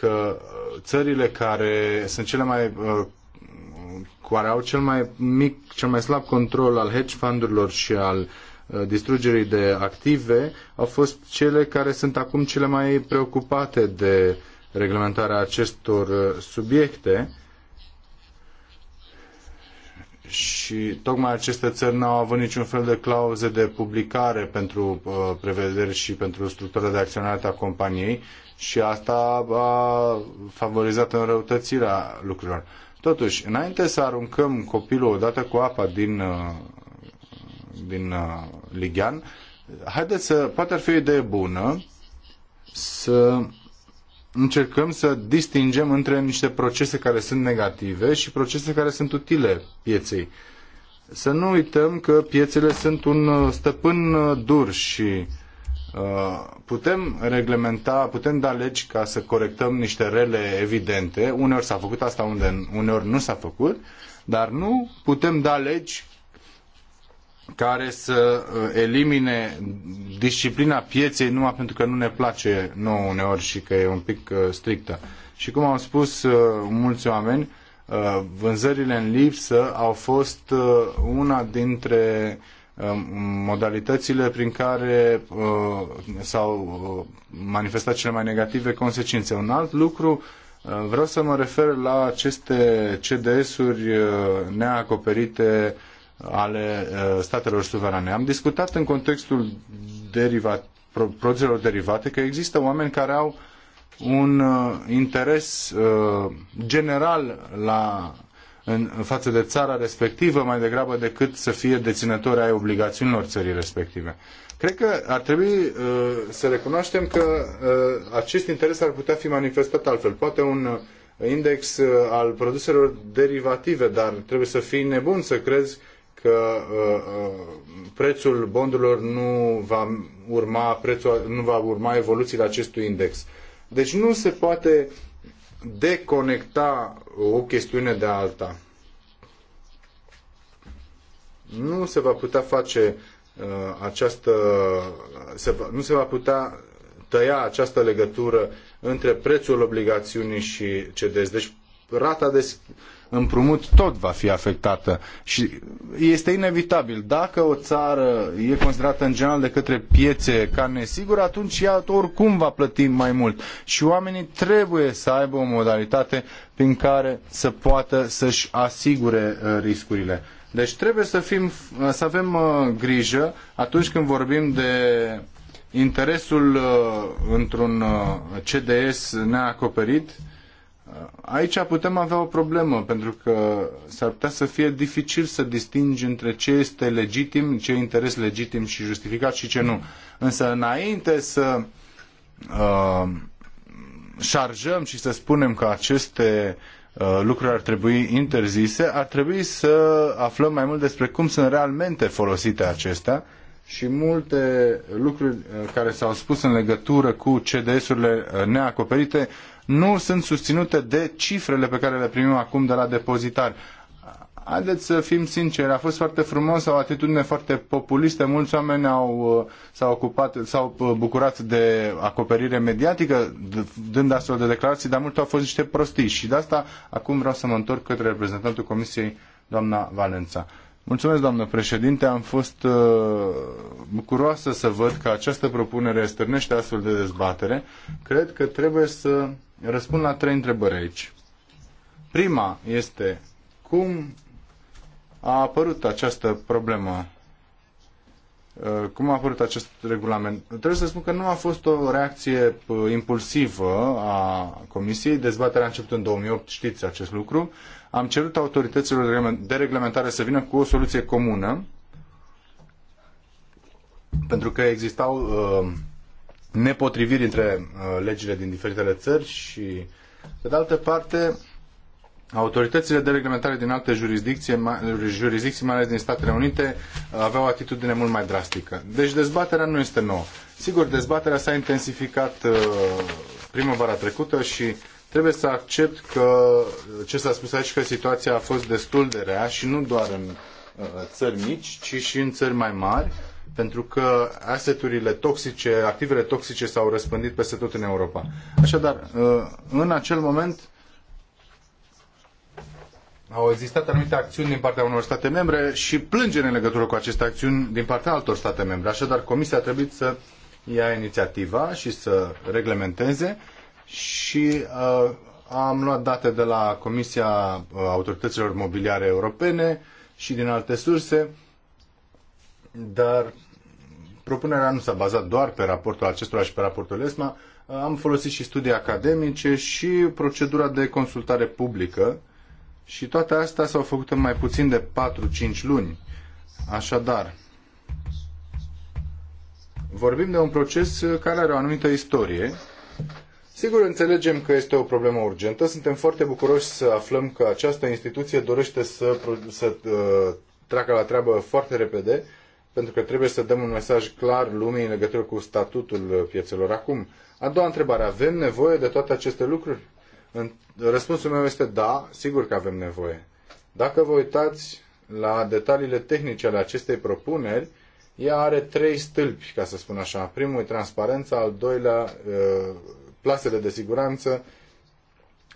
că uh, țările care sunt cele mai uh, care au cel mai mic, cel mai slab control al hedge fundurilor și al uh, distrugerii de active au fost cele care sunt acum cele mai preocupate de reglementarea acestor subiecte și tocmai aceste țări n-au avut niciun fel de clauze de publicare pentru uh, prevederi și pentru structura de acționare a companiei și asta a favorizat înrăutățirea lucrurilor. Totuși, înainte să aruncăm copilul odată cu apa din, uh, din uh, ligian, haideți să, poate ar fi o idee bună să încercăm să distingem între niște procese care sunt negative și procese care sunt utile pieței. Să nu uităm că piețele sunt un uh, stăpân dur și Uh, putem reglementa, putem da legi ca să corectăm niște rele evidente. Uneori s-a făcut asta, unde, uneori nu s-a făcut, dar nu putem da legi care să uh, elimine disciplina pieței numai pentru că nu ne place nouă uneori și că e un pic uh, strictă. Și cum au spus mulți oameni, vânzările în lipsă au fost una dintre modalitățile prin care uh, s-au uh, manifestat cele mai negative consecințe. Un alt lucru, uh, vreau să mă refer la aceste CDS-uri neacoperite ale statelor suverane. Am discutat în contextul derivat, produselor derivate că există oameni care au un interes general la în, față de țara respectivă mai degrabă decât să fie deținători ai obligațiunilor țării respective. Cred că ar trebui uh, să recunoaștem că uh, acest interes ar putea fi manifestat altfel. Poate un uh, index uh, al produselor derivative, dar trebuie să fii nebun să crezi că uh, uh, prețul bondurilor nu va urma, prețul, nu va urma evoluțiile acestui index. Deci nu se poate deconecta o chestiune de alta. Nu se va putea face uh, această. Se va, nu se va putea tăia această legătură între prețul obligațiunii și CDS. Deci rata de împrumut tot va fi afectată și este inevitabil. Dacă o țară e considerată în general de către piețe ca nesigură, atunci ea oricum va plăti mai mult și oamenii trebuie să aibă o modalitate prin care să poată să-și asigure uh, riscurile. Deci trebuie să, fim, uh, să avem uh, grijă atunci când vorbim de interesul într-un CDS neacoperit Aici putem avea o problemă, pentru că s-ar putea să fie dificil să distingi între ce este legitim, ce e interes legitim și justificat și ce nu. Însă înainte să uh, șarjăm și să spunem că aceste uh, lucruri ar trebui interzise, ar trebui să aflăm mai mult despre cum sunt realmente folosite acestea și multe lucruri uh, care s-au spus în legătură cu CDS-urile uh, neacoperite nu sunt susținute de cifrele pe care le primim acum de la depozitari. Haideți să fim sinceri, a fost foarte frumos, o atitudine foarte populistă, mulți oameni au, uh, s-au, ocupat, s-au uh, bucurat de acoperire mediatică dând astfel de declarații, dar multe au fost niște prostii și de asta acum vreau să mă întorc către reprezentantul Comisiei, doamna Valența. Mulțumesc, doamnă președinte. Am fost uh, bucuroasă să văd că această propunere stârnește astfel de dezbatere. Cred că trebuie să răspund la trei întrebări aici. Prima este cum a apărut această problemă? Uh, cum a apărut acest regulament? Trebuie să spun că nu a fost o reacție uh, impulsivă a Comisiei. Dezbaterea a început în 2008, știți acest lucru. Am cerut autorităților de reglementare să vină cu o soluție comună, pentru că existau uh, nepotriviri între uh, legile din diferitele țări și, pe de altă parte, autoritățile de reglementare din alte jurisdicții, mai, jurisdicții, mai ales din Statele Unite, uh, aveau o atitudine mult mai drastică. Deci dezbaterea nu este nouă. Sigur, dezbaterea s-a intensificat uh, primăvara trecută și trebuie să accept că ce s-a spus aici, că situația a fost destul de rea și nu doar în țări mici, ci și în țări mai mari pentru că aseturile toxice, activele toxice s-au răspândit peste tot în Europa. Așadar, uh, în acel moment au existat anumite acțiuni din partea unor state membre și plângeri în legătură cu aceste acțiuni din partea altor state membre. Așadar, Comisia a trebuit să ia inițiativa și să reglementeze și uh, am luat date de la Comisia uh, Autorităților Mobiliare Europene și din alte surse, dar Propunerea nu s-a bazat doar pe raportul acestora și pe raportul ESMA. Am folosit și studii academice și procedura de consultare publică și toate astea s-au făcut în mai puțin de 4-5 luni. Așadar, vorbim de un proces care are o anumită istorie. Sigur, înțelegem că este o problemă urgentă. Suntem foarte bucuroși să aflăm că această instituție dorește să, să uh, treacă la treabă foarte repede pentru că trebuie să dăm un mesaj clar lumii în legătură cu statutul piețelor acum. A doua întrebare, avem nevoie de toate aceste lucruri? Răspunsul meu este da, sigur că avem nevoie. Dacă vă uitați la detaliile tehnice ale acestei propuneri, ea are trei stâlpi, ca să spun așa. Primul e transparența, al doilea uh, plasele de siguranță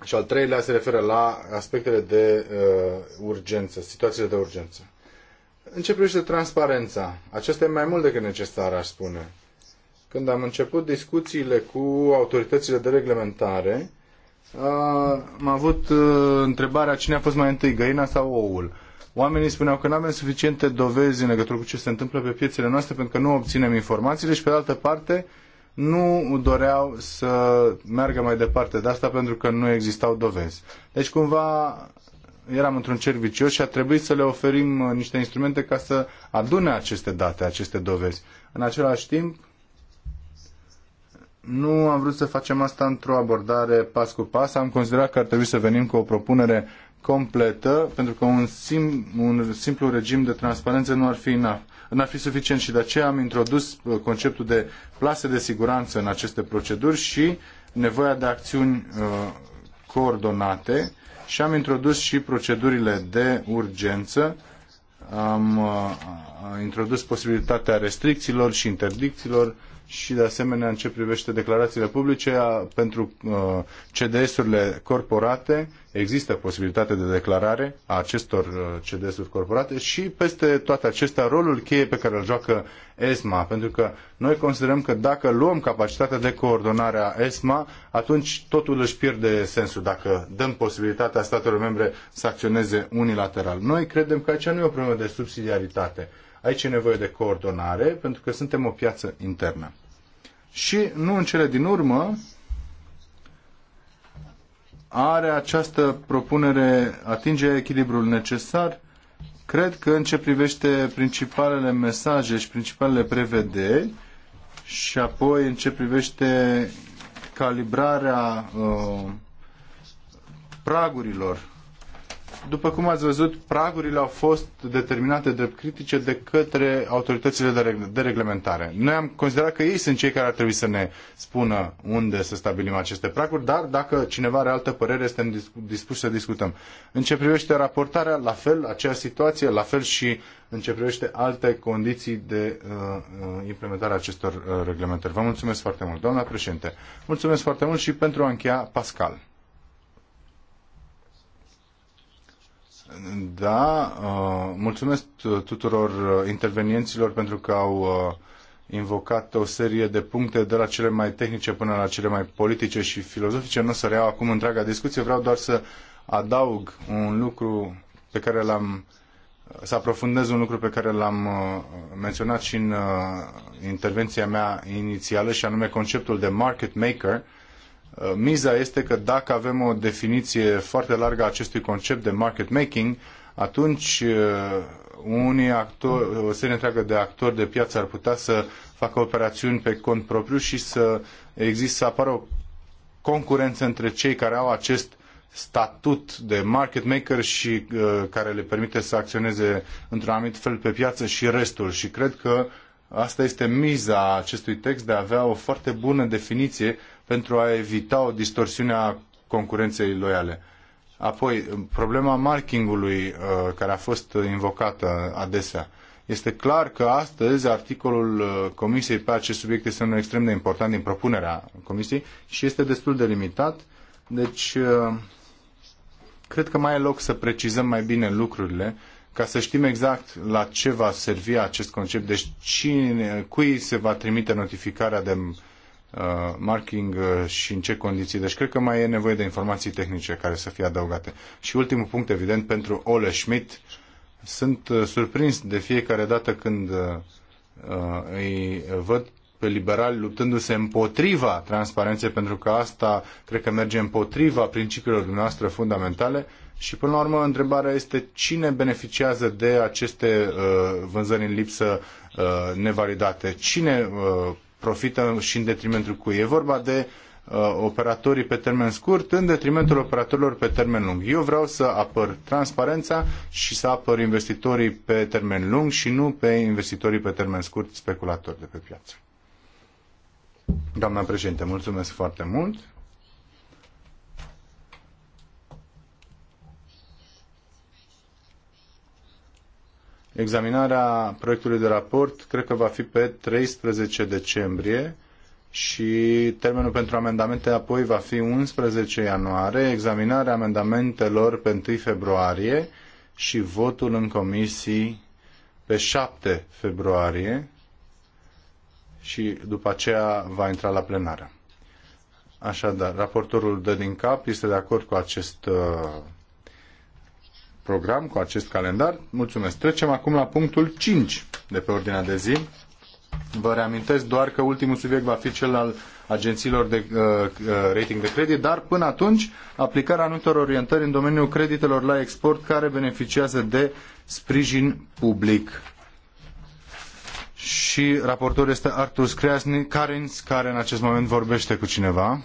și al treilea se referă la aspectele de uh, urgență, situațiile de urgență. În ce privește transparența, acesta e mai mult decât necesar, aș spune. Când am început discuțiile cu autoritățile de reglementare, am avut întrebarea cine a fost mai întâi, găina sau oul. Oamenii spuneau că nu avem suficiente dovezi în legătură cu ce se întâmplă pe piețele noastre pentru că nu obținem informațiile și, pe de altă parte, nu doreau să meargă mai departe de asta pentru că nu existau dovezi. Deci, cumva, eram într-un cerc vicios și a trebuit să le oferim uh, niște instrumente ca să adune aceste date, aceste dovezi. În același timp, nu am vrut să facem asta într-o abordare pas cu pas. Am considerat că ar trebui să venim cu o propunere completă, pentru că un, sim, un simplu regim de transparență nu ar fi enough n-ar fi suficient și de aceea am introdus uh, conceptul de plase de siguranță în aceste proceduri și nevoia de acțiuni uh, coordonate și am introdus și procedurile de urgență. Am uh, introdus posibilitatea restricțiilor și interdicțiilor și de asemenea în ce privește declarațiile publice pentru uh, CDS-urile corporate există posibilitate de declarare a acestor uh, CDS-uri corporate și peste toate acestea rolul cheie pe care îl joacă ESMA pentru că noi considerăm că dacă luăm capacitatea de coordonare a ESMA atunci totul își pierde sensul dacă dăm posibilitatea statelor membre să acționeze unilateral. Noi credem că aici nu e o problemă de subsidiaritate Aici e nevoie de coordonare, pentru că suntem o piață internă. Și, nu în cele din urmă, are această propunere, atinge echilibrul necesar. Cred că în ce privește principalele mesaje și principalele prevederi și apoi în ce privește calibrarea uh, pragurilor după cum ați văzut, pragurile au fost determinate drept critice de către autoritățile de, de reglementare. Noi am considerat că ei sunt cei care ar trebui să ne spună unde să stabilim aceste praguri, dar dacă cineva are altă părere, suntem dispuși să discutăm. În ce privește raportarea, la fel, aceea situație, la fel și în ce privește alte condiții de uh, uh, implementare a acestor uh, reglementări. Vă mulțumesc foarte mult, doamna președinte. Mulțumesc foarte mult și pentru a încheia, Pascal. Da, uh, mulțumesc tuturor uh, intervenienților pentru că au uh, invocat o serie de puncte de la cele mai tehnice până la cele mai politice și filozofice. Nu o să reiau acum întreaga discuție, vreau doar să adaug un lucru pe care l-am să aprofundez un lucru pe care l-am menționat și în intervenția mea inițială și anume conceptul de market maker Uh, miza este că dacă avem o definiție foarte largă a acestui concept de market making, atunci uh, unii actori, o serie întreagă de actori de piață ar putea să facă operațiuni pe cont propriu și să există să apară o concurență între cei care au acest statut de market maker și uh, care le permite să acționeze într-un anumit fel pe piață și restul. Și cred că asta este miza acestui text de a avea o foarte bună definiție pentru a evita o distorsiune a concurenței loiale. Apoi, problema markingului uh, care a fost invocată adesea. Este clar că astăzi articolul uh, Comisiei pe acest subiect este unul extrem de important din propunerea Comisiei și este destul de limitat. Deci, uh, cred că mai e loc să precizăm mai bine lucrurile ca să știm exact la ce va servi acest concept, deci cine, cui se va trimite notificarea de Uh, marking uh, și în ce condiții. Deci cred că mai e nevoie de informații tehnice care să fie adăugate. Și ultimul punct, evident, pentru Ole Schmidt, sunt uh, surprins de fiecare dată când îi văd pe liberali luptându-se împotriva transparenței, pentru că asta cred că merge împotriva principiilor dumneavoastră fundamentale și până la urmă întrebarea este cine beneficiază de aceste uh, vânzări în lipsă uh, nevalidate, cine uh, profită și în detrimentul cui. E vorba de uh, operatorii pe termen scurt în detrimentul operatorilor pe termen lung. Eu vreau să apăr transparența și să apăr investitorii pe termen lung și nu pe investitorii pe termen scurt speculatori de pe piață. Doamna președinte, mulțumesc foarte mult. Examinarea proiectului de raport cred că va fi pe 13 decembrie și termenul pentru amendamente apoi va fi 11 ianuarie, examinarea amendamentelor pe 1 februarie și votul în comisii pe 7 februarie și după aceea va intra la plenară. Așadar, raportorul dă din cap, este de acord cu acest uh, program, cu acest calendar. Mulțumesc. Trecem acum la punctul 5 de pe ordinea de zi. Vă reamintesc doar că ultimul subiect va fi cel al agențiilor de uh, uh, rating de credit, dar până atunci aplicarea anumitor orientări în domeniul creditelor la export care beneficiază de sprijin public. Și raportor este Artur Scriasni, Karins, care în acest moment vorbește cu cineva.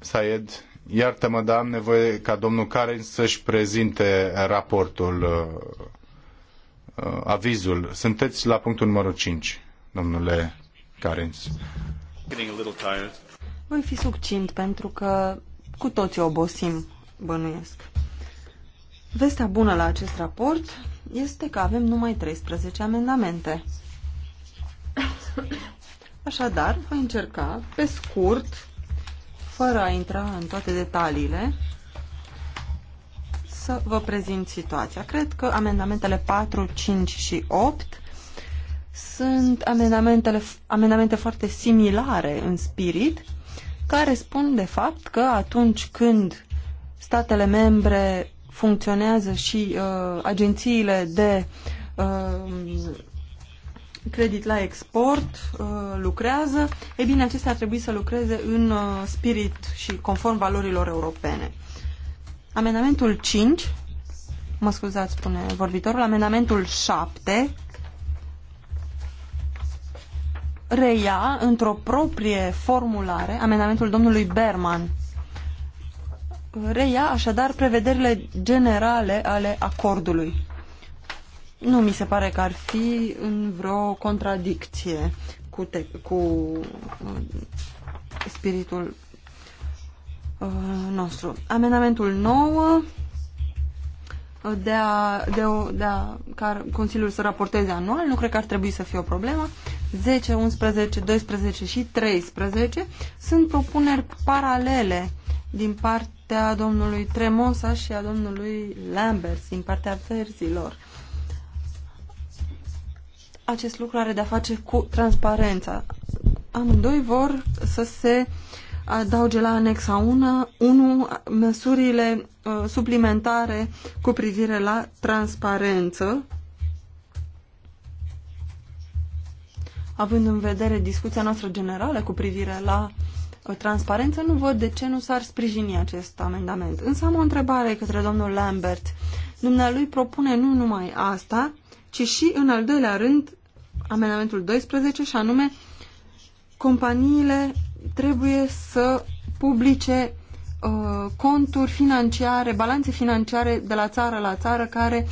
Saed Iartă-mă, dar am nevoie ca domnul Karen să-și prezinte raportul, uh, uh, avizul. Sunteți la punctul numărul 5, domnule Karen. Voi fi succint pentru că cu toții obosim, bănuiesc. Vestea bună la acest raport este că avem numai 13 amendamente. Așadar, voi încerca, pe scurt, fără a intra în toate detaliile, să vă prezint situația. Cred că amendamentele 4, 5 și 8 sunt amendamentele, amendamente foarte similare în spirit, care spun de fapt că atunci când statele membre funcționează și uh, agențiile de uh, credit la export uh, lucrează, e bine, acestea ar trebui să lucreze în uh, spirit și conform valorilor europene. Amendamentul 5, mă scuzați, spune vorbitorul, amendamentul 7 reia într-o proprie formulare amendamentul domnului Berman. Reia așadar prevederile generale ale acordului nu mi se pare că ar fi în vreo contradicție cu, te cu uh, spiritul uh, nostru. Amendamentul 9 uh, de a, de, o, de a ca Consiliul să raporteze anual, nu cred că ar trebui să fie o problemă. 10, 11, 12 și 13 sunt propuneri paralele din partea domnului Tremosa și a domnului Lambert, din partea verzilor acest lucru are de-a face cu transparența. Amândoi vor să se adauge la anexa 1, 1 măsurile uh, suplimentare cu privire la transparență, având în vedere discuția noastră generală cu privire la uh, transparență, nu văd de ce nu s-ar sprijini acest amendament. Însă am o întrebare către domnul Lambert. Dumnealui propune nu numai asta, ci și, în al doilea rând, amendamentul 12, și anume, companiile trebuie să publice uh, conturi financiare, balanțe financiare de la țară la țară care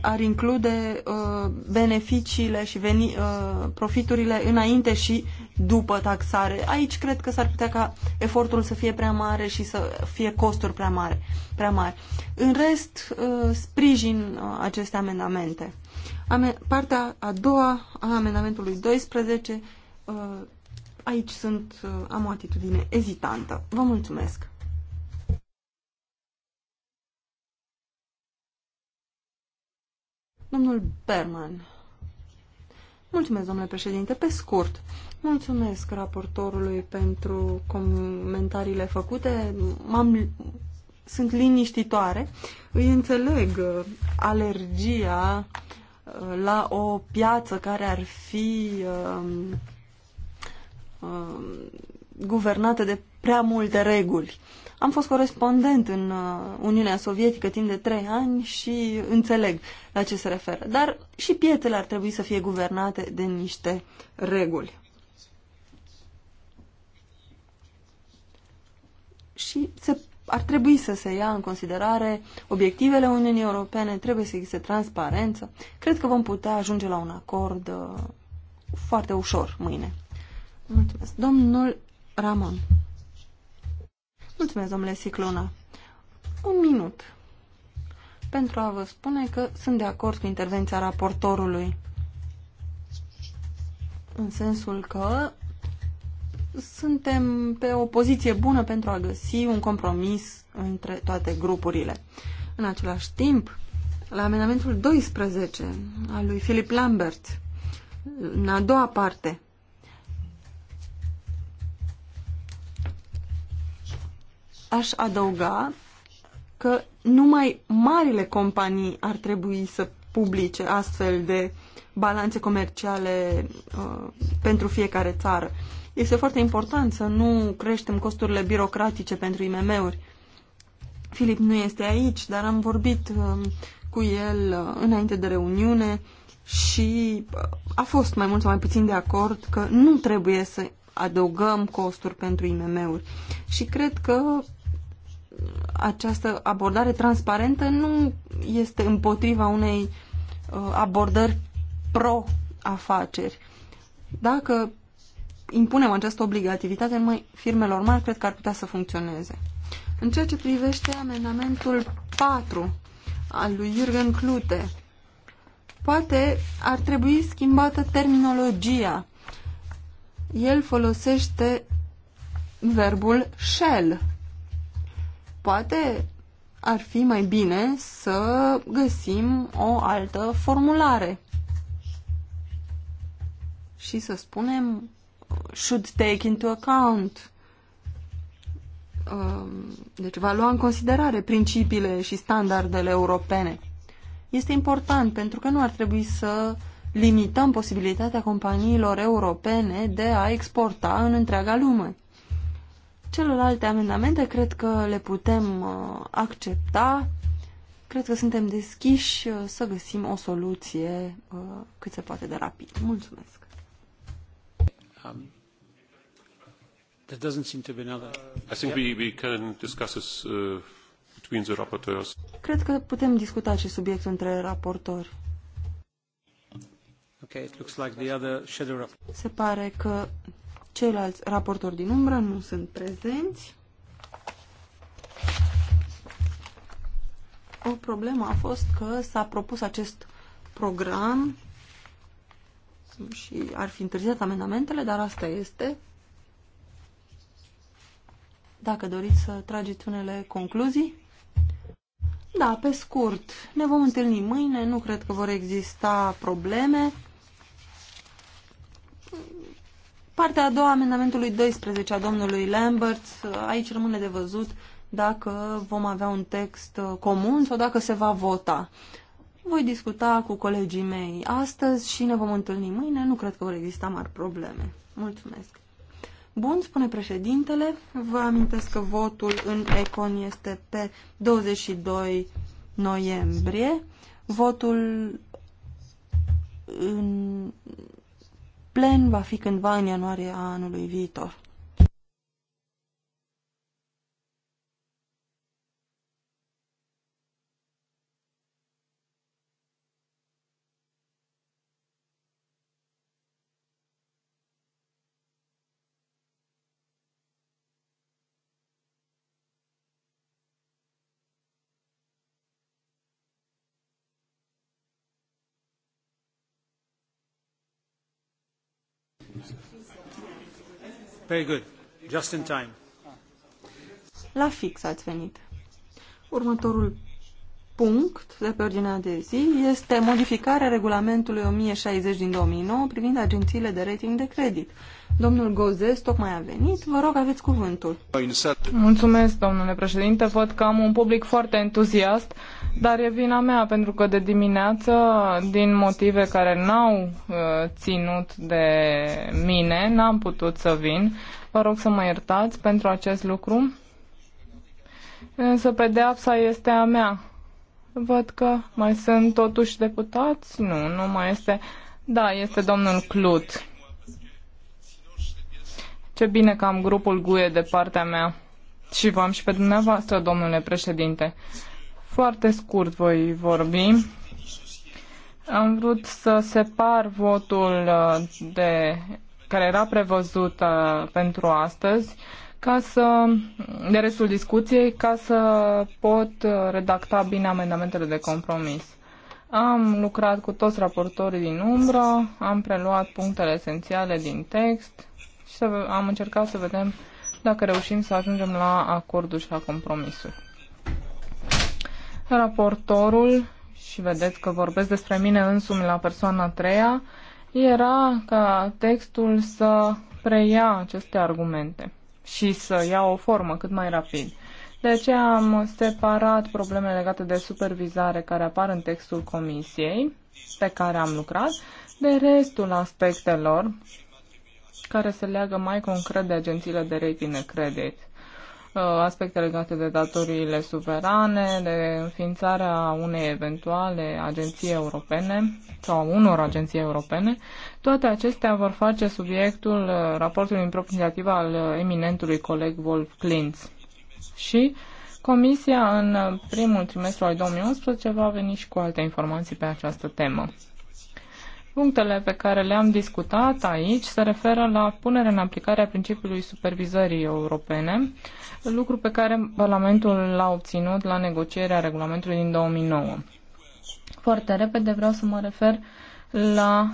ar include uh, beneficiile și veni, uh, profiturile înainte și după taxare. Aici cred că s-ar putea ca efortul să fie prea mare și să fie costuri prea mari. Prea mari. În rest, uh, sprijin uh, aceste amendamente. Partea a doua a amendamentului 12, uh, aici sunt, uh, am o atitudine ezitantă. Vă mulțumesc! Domnul Berman. Mulțumesc, domnule președinte. Pe scurt, mulțumesc raportorului pentru comentariile făcute. am sunt liniștitoare. Îi înțeleg uh, alergia uh, la o piață care ar fi um, um, guvernată de prea multe reguli. Am fost corespondent în uh, Uniunea Sovietică timp de trei ani și înțeleg la ce se referă. Dar și piețele ar trebui să fie guvernate de niște reguli. Și se ar trebui să se ia în considerare obiectivele Uniunii Europene, trebuie să existe transparență. Cred că vom putea ajunge la un acord uh, foarte ușor mâine. Mulțumesc. Domnul Ramon. Mulțumesc, domnule Siclona. Un minut pentru a vă spune că sunt de acord cu intervenția raportorului. În sensul că suntem pe o poziție bună pentru a găsi un compromis între toate grupurile. În același timp, la amendamentul 12 al lui Philip Lambert, în a doua parte, aș adăuga că numai marile companii ar trebui să publice astfel de balanțe comerciale uh, pentru fiecare țară. Este foarte important să nu creștem costurile birocratice pentru IMM-uri. Filip nu este aici, dar am vorbit uh, cu el uh, înainte de reuniune și uh, a fost mai mult sau mai puțin de acord că nu trebuie să adăugăm costuri pentru IMM-uri. Și cred că această abordare transparentă nu este împotriva unei uh, abordări pro-afaceri. Dacă impunem această obligativitate numai firmelor mari, cred că ar putea să funcționeze. În ceea ce privește amendamentul 4 al lui Jürgen Clute, poate ar trebui schimbată terminologia. El folosește verbul shell. Poate ar fi mai bine să găsim o altă formulare și să spunem should take into account. Um, deci va lua în considerare principiile și standardele europene. Este important pentru că nu ar trebui să limităm posibilitatea companiilor europene de a exporta în întreaga lume. Celelalte amendamente cred că le putem uh, accepta. Cred că suntem deschiși uh, să găsim o soluție uh, cât se poate de rapid. Mulțumesc! Um, there doesn't seem to be another. I think we, we can discuss this uh, between the rapporteurs. Cred că putem discuta acest subiect între raportori. Okay, it looks like the other shadow Se pare că ceilalți raportori din umbră nu sunt prezenți. O problemă a fost că s-a propus acest program și ar fi întârziat amendamentele, dar asta este. Dacă doriți să trageți unele concluzii. Da, pe scurt, ne vom întâlni mâine, nu cred că vor exista probleme. Partea a doua amendamentului 12 a domnului Lambert, aici rămâne de văzut dacă vom avea un text uh, comun sau dacă se va vota. Voi discuta cu colegii mei astăzi și ne vom întâlni mâine. Nu cred că vor exista mari probleme. Mulțumesc. Bun, spune președintele. Vă amintesc că votul în Econ este pe 22 noiembrie. Votul în plen va fi cândva în ianuarie a anului viitor. Very good. Just in time. La fix ați venit. Următorul punct de pe ordinea de zi este modificarea regulamentului 1060 din 2009 privind agențiile de rating de credit. Domnul Gozes tocmai a venit. Vă rog, aveți cuvântul. Mulțumesc, domnule președinte. Văd că am un public foarte entuziast, dar e vina mea, pentru că de dimineață, din motive care n-au uh, ținut de mine, n-am putut să vin. Vă rog să mă iertați pentru acest lucru. Însă pedeapsa este a mea. Văd că mai sunt totuși deputați? Nu, nu mai este. Da, este domnul Clut. Ce bine că am grupul GUE de partea mea și v-am și pe dumneavoastră, domnule președinte. Foarte scurt voi vorbi. Am vrut să separ votul uh, de, care era prevăzut uh, pentru astăzi ca să, de restul discuției ca să pot uh, redacta bine amendamentele de compromis. Am lucrat cu toți raportorii din umbră, am preluat punctele esențiale din text, și să, am încercat să vedem dacă reușim să ajungem la acordul și la compromisul. Raportorul, și vedeți că vorbesc despre mine însumi la persoana a treia, era ca textul să preia aceste argumente și să ia o formă cât mai rapid. De aceea am separat problemele legate de supervizare care apar în textul comisiei pe care am lucrat de restul aspectelor care se leagă mai concret de agențiile de rating de credit. Uh, aspecte legate de datoriile suverane, de înființarea unei eventuale agenții europene sau unor agenții europene, toate acestea vor face subiectul uh, raportului în inițiativă al uh, eminentului coleg Wolf Klintz. Și Comisia în primul trimestru al 2011 va veni și cu alte informații pe această temă. Punctele pe care le-am discutat aici se referă la punerea în aplicare a principiului supervizării europene, lucru pe care Parlamentul l-a obținut la negocierea regulamentului din 2009. Foarte repede vreau să mă refer la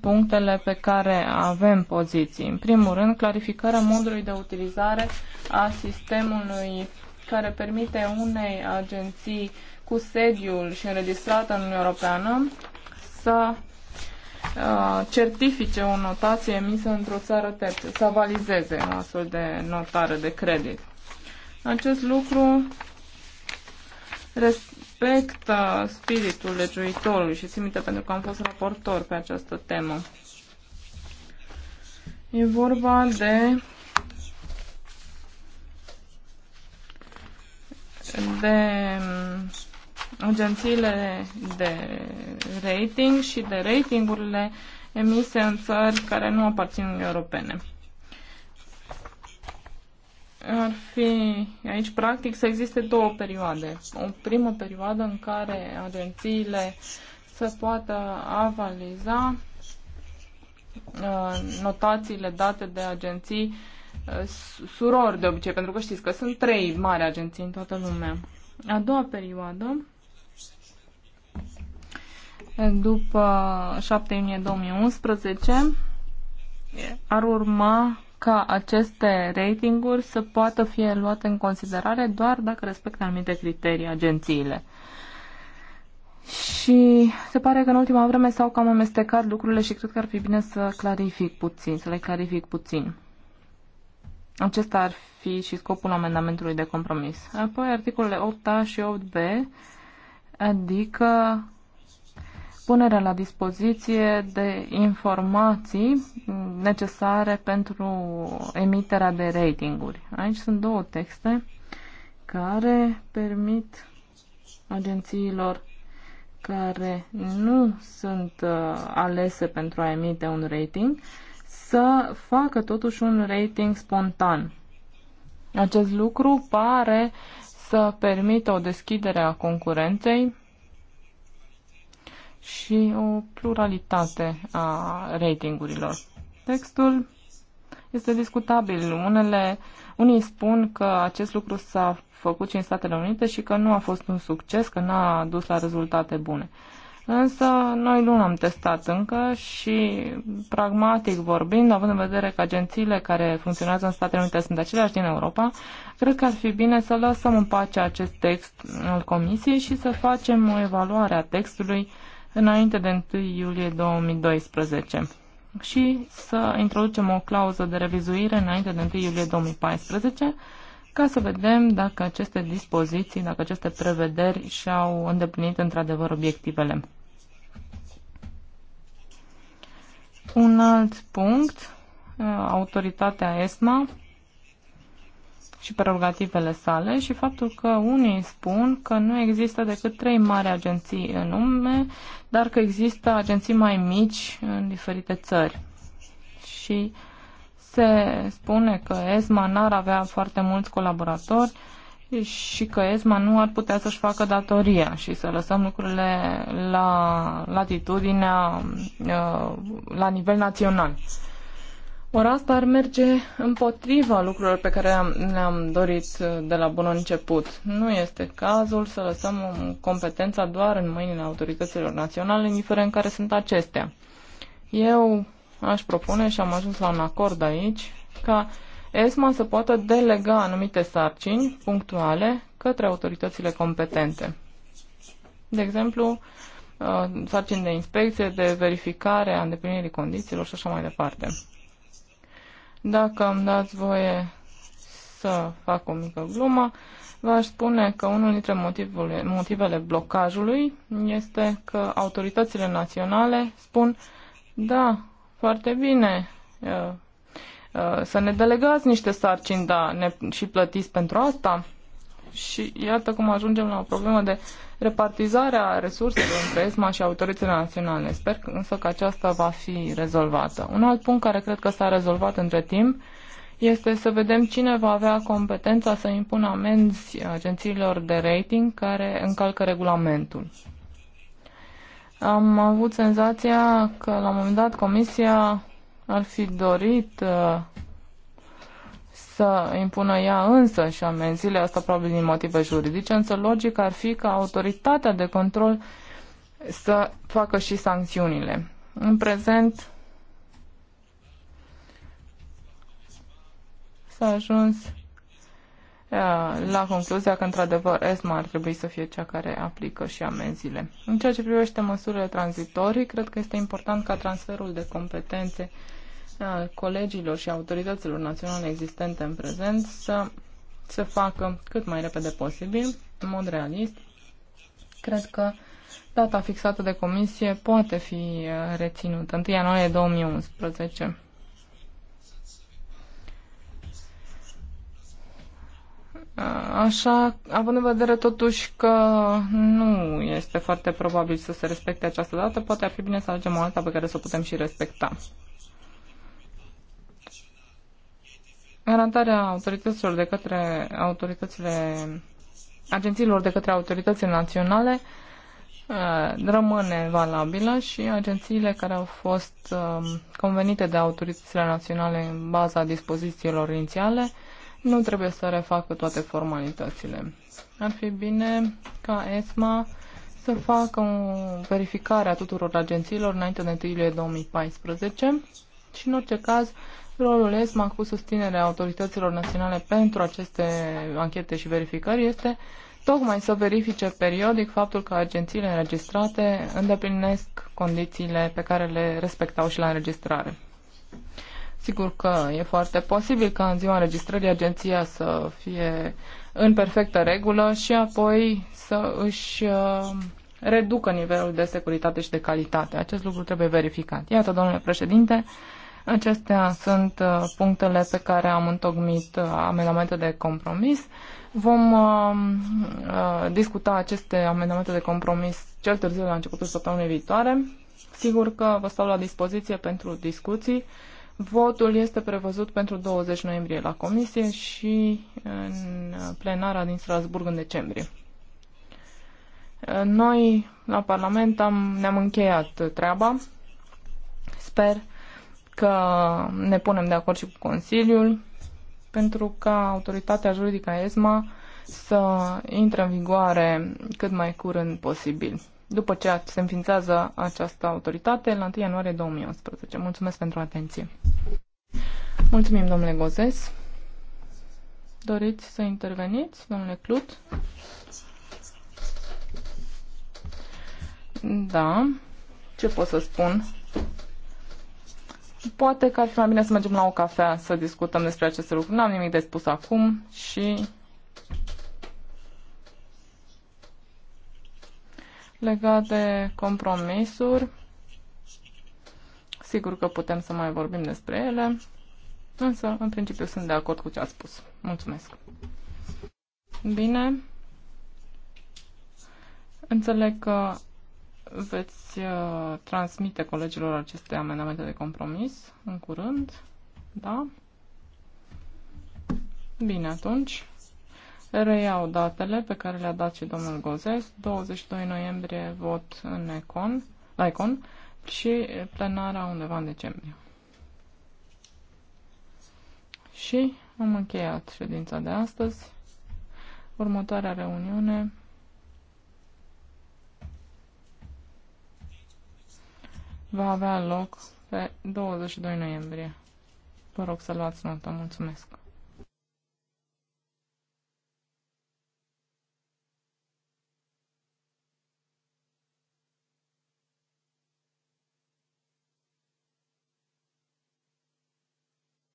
punctele pe care avem poziții. În primul rând, clarificarea modului de utilizare a sistemului care permite unei agenții cu sediul și înregistrată în Uniunea Europeană să Uh, certifice o notație emisă într-o țară terță, să avalizeze o astfel de notare de credit. Acest lucru respectă spiritul legiuitorului și simte pentru că am fost raportor pe această temă. E vorba de de agențiile de rating și de ratingurile emise în țări care nu aparțin Uniunii Europene. Ar fi aici, practic, să existe două perioade. O primă perioadă în care agențiile să poată avaliza uh, notațiile date de agenții uh, surori de obicei, pentru că știți că sunt trei mari agenții în toată lumea. A doua perioadă după 7 iunie 2011 ar urma ca aceste ratinguri să poată fi luate în considerare doar dacă respectă anumite criterii agențiile. Și se pare că în ultima vreme s-au cam amestecat lucrurile și cred că ar fi bine să clarific puțin, să le clarific puțin. Acesta ar fi și scopul amendamentului de compromis. Apoi articolele 8a și 8b, adică punerea la dispoziție de informații necesare pentru emiterea de ratinguri. Aici sunt două texte care permit agențiilor care nu sunt uh, alese pentru a emite un rating să facă totuși un rating spontan. Acest lucru pare să permită o deschidere a concurenței și o pluralitate a ratingurilor. Textul este discutabil. Unele, unii spun că acest lucru s-a făcut și în Statele Unite și că nu a fost un succes, că n-a dus la rezultate bune. Însă noi nu l-am testat încă și, pragmatic vorbind, având în vedere că agențiile care funcționează în Statele Unite sunt aceleași din Europa, cred că ar fi bine să lăsăm în pace acest text al Comisiei și să facem o evaluare a textului înainte de 1 iulie 2012 și să introducem o clauză de revizuire înainte de 1 iulie 2014 ca să vedem dacă aceste dispoziții, dacă aceste prevederi și-au îndeplinit într-adevăr obiectivele. Un alt punct, uh, autoritatea ESMA și prerogativele sale și faptul că unii spun că nu există decât trei mari agenții în lume, dar că există agenții mai mici în diferite țări. Și se spune că ESMA n-ar avea foarte mulți colaboratori și că ESMA nu ar putea să-și facă datoria și să lăsăm lucrurile la latitudinea, uh, la nivel național. Ori asta ar merge împotriva lucrurilor pe care le-am dorit de la bun început. Nu este cazul să lăsăm competența doar în mâinile autorităților naționale, indiferent care sunt acestea. Eu aș propune și am ajuns la un acord aici ca ESMA să poată delega anumite sarcini punctuale către autoritățile competente. De exemplu, uh, sarcini de inspecție, de verificare a îndeplinirii condițiilor și așa mai departe. Dacă îmi dați voie să fac o mică glumă, v-aș spune că unul dintre motivele, motivele blocajului este că autoritățile naționale spun da, foarte bine, uh, uh, să ne delegați niște sarcini, da, ne și plătiți pentru asta. Și iată cum ajungem la o problemă de repartizare a resurselor între ESMA și autoritățile naționale. Sper însă că aceasta va fi rezolvată. Un alt punct care cred că s-a rezolvat între timp este să vedem cine va avea competența să impună amenzi agențiilor de rating care încalcă regulamentul. Am avut senzația că la un moment dat Comisia ar fi dorit uh, să impună ea însă și amenziile, asta probabil din motive juridice, însă logic ar fi ca autoritatea de control să facă și sancțiunile. În prezent s-a ajuns uh, la concluzia că, într-adevăr, ESMA ar trebui să fie cea care aplică și amenziile. În ceea ce privește măsurile tranzitorii, cred că este important ca transferul de competențe uh, a uh, colegilor și autorităților naționale existente în prezent să se facă cât mai repede posibil, în mod realist. Cred că data fixată de comisie poate fi uh, reținută, 1 ianuarie 2011. Uh, așa, având în vedere totuși că nu este foarte probabil să se respecte această dată, poate ar fi bine să alegem o altă pe care să o putem și respecta. Garantarea autorităților de către autoritățile agențiilor de către autoritățile naționale uh, rămâne valabilă și agențiile care au fost uh, convenite de autoritățile naționale în baza dispozițiilor inițiale nu trebuie să refacă toate formalitățile. Ar fi bine ca ESMA să facă o verificare a tuturor agențiilor înainte de 1 iulie 2014 și în orice caz Rolul ESMA cu susținerea autorităților naționale pentru aceste anchete și verificări este tocmai să verifice periodic faptul că agențiile înregistrate îndeplinesc condițiile pe care le respectau și la înregistrare. Sigur că e foarte posibil ca în ziua înregistrării agenția să fie în perfectă regulă și apoi să își uh, reducă nivelul de securitate și de calitate. Acest lucru trebuie verificat. Iată, domnule președinte, Acestea sunt uh, punctele pe care am întocmit uh, amendamente de compromis. Vom uh, discuta aceste amendamente de compromis cel târziu la începutul săptămânii viitoare. Sigur că vă stau la dispoziție pentru discuții. Votul este prevăzut pentru 20 noiembrie la comisie și în plenara din Strasburg în decembrie. Noi, la Parlament, am, ne-am încheiat treaba. Sper că ne punem de acord și cu Consiliul pentru ca autoritatea juridică a ESMA să intre în vigoare cât mai curând posibil, după ce se înființează această autoritate la 1 ianuarie 2011. Mulțumesc pentru atenție. Mulțumim, domnule Gozes. Doriți să interveniți, domnule Clut? Da. Ce pot să spun? Poate că ar fi mai bine să mergem la o cafea să discutăm despre aceste lucruri. N-am nimic de spus acum și legat de compromisuri. Sigur că putem să mai vorbim despre ele, însă, în principiu, sunt de acord cu ce ați spus. Mulțumesc. Bine. Înțeleg că veți uh, transmite colegilor aceste amendamente de compromis în curând, da? Bine, atunci reiau datele pe care le-a dat și domnul Gozes. 22 noiembrie vot în Econ, la Econ și plenara undeva în decembrie. Și am încheiat ședința de astăzi. Următoarea reuniune va avea loc pe 22 noiembrie. Vă rog să luați notă. Mulțumesc!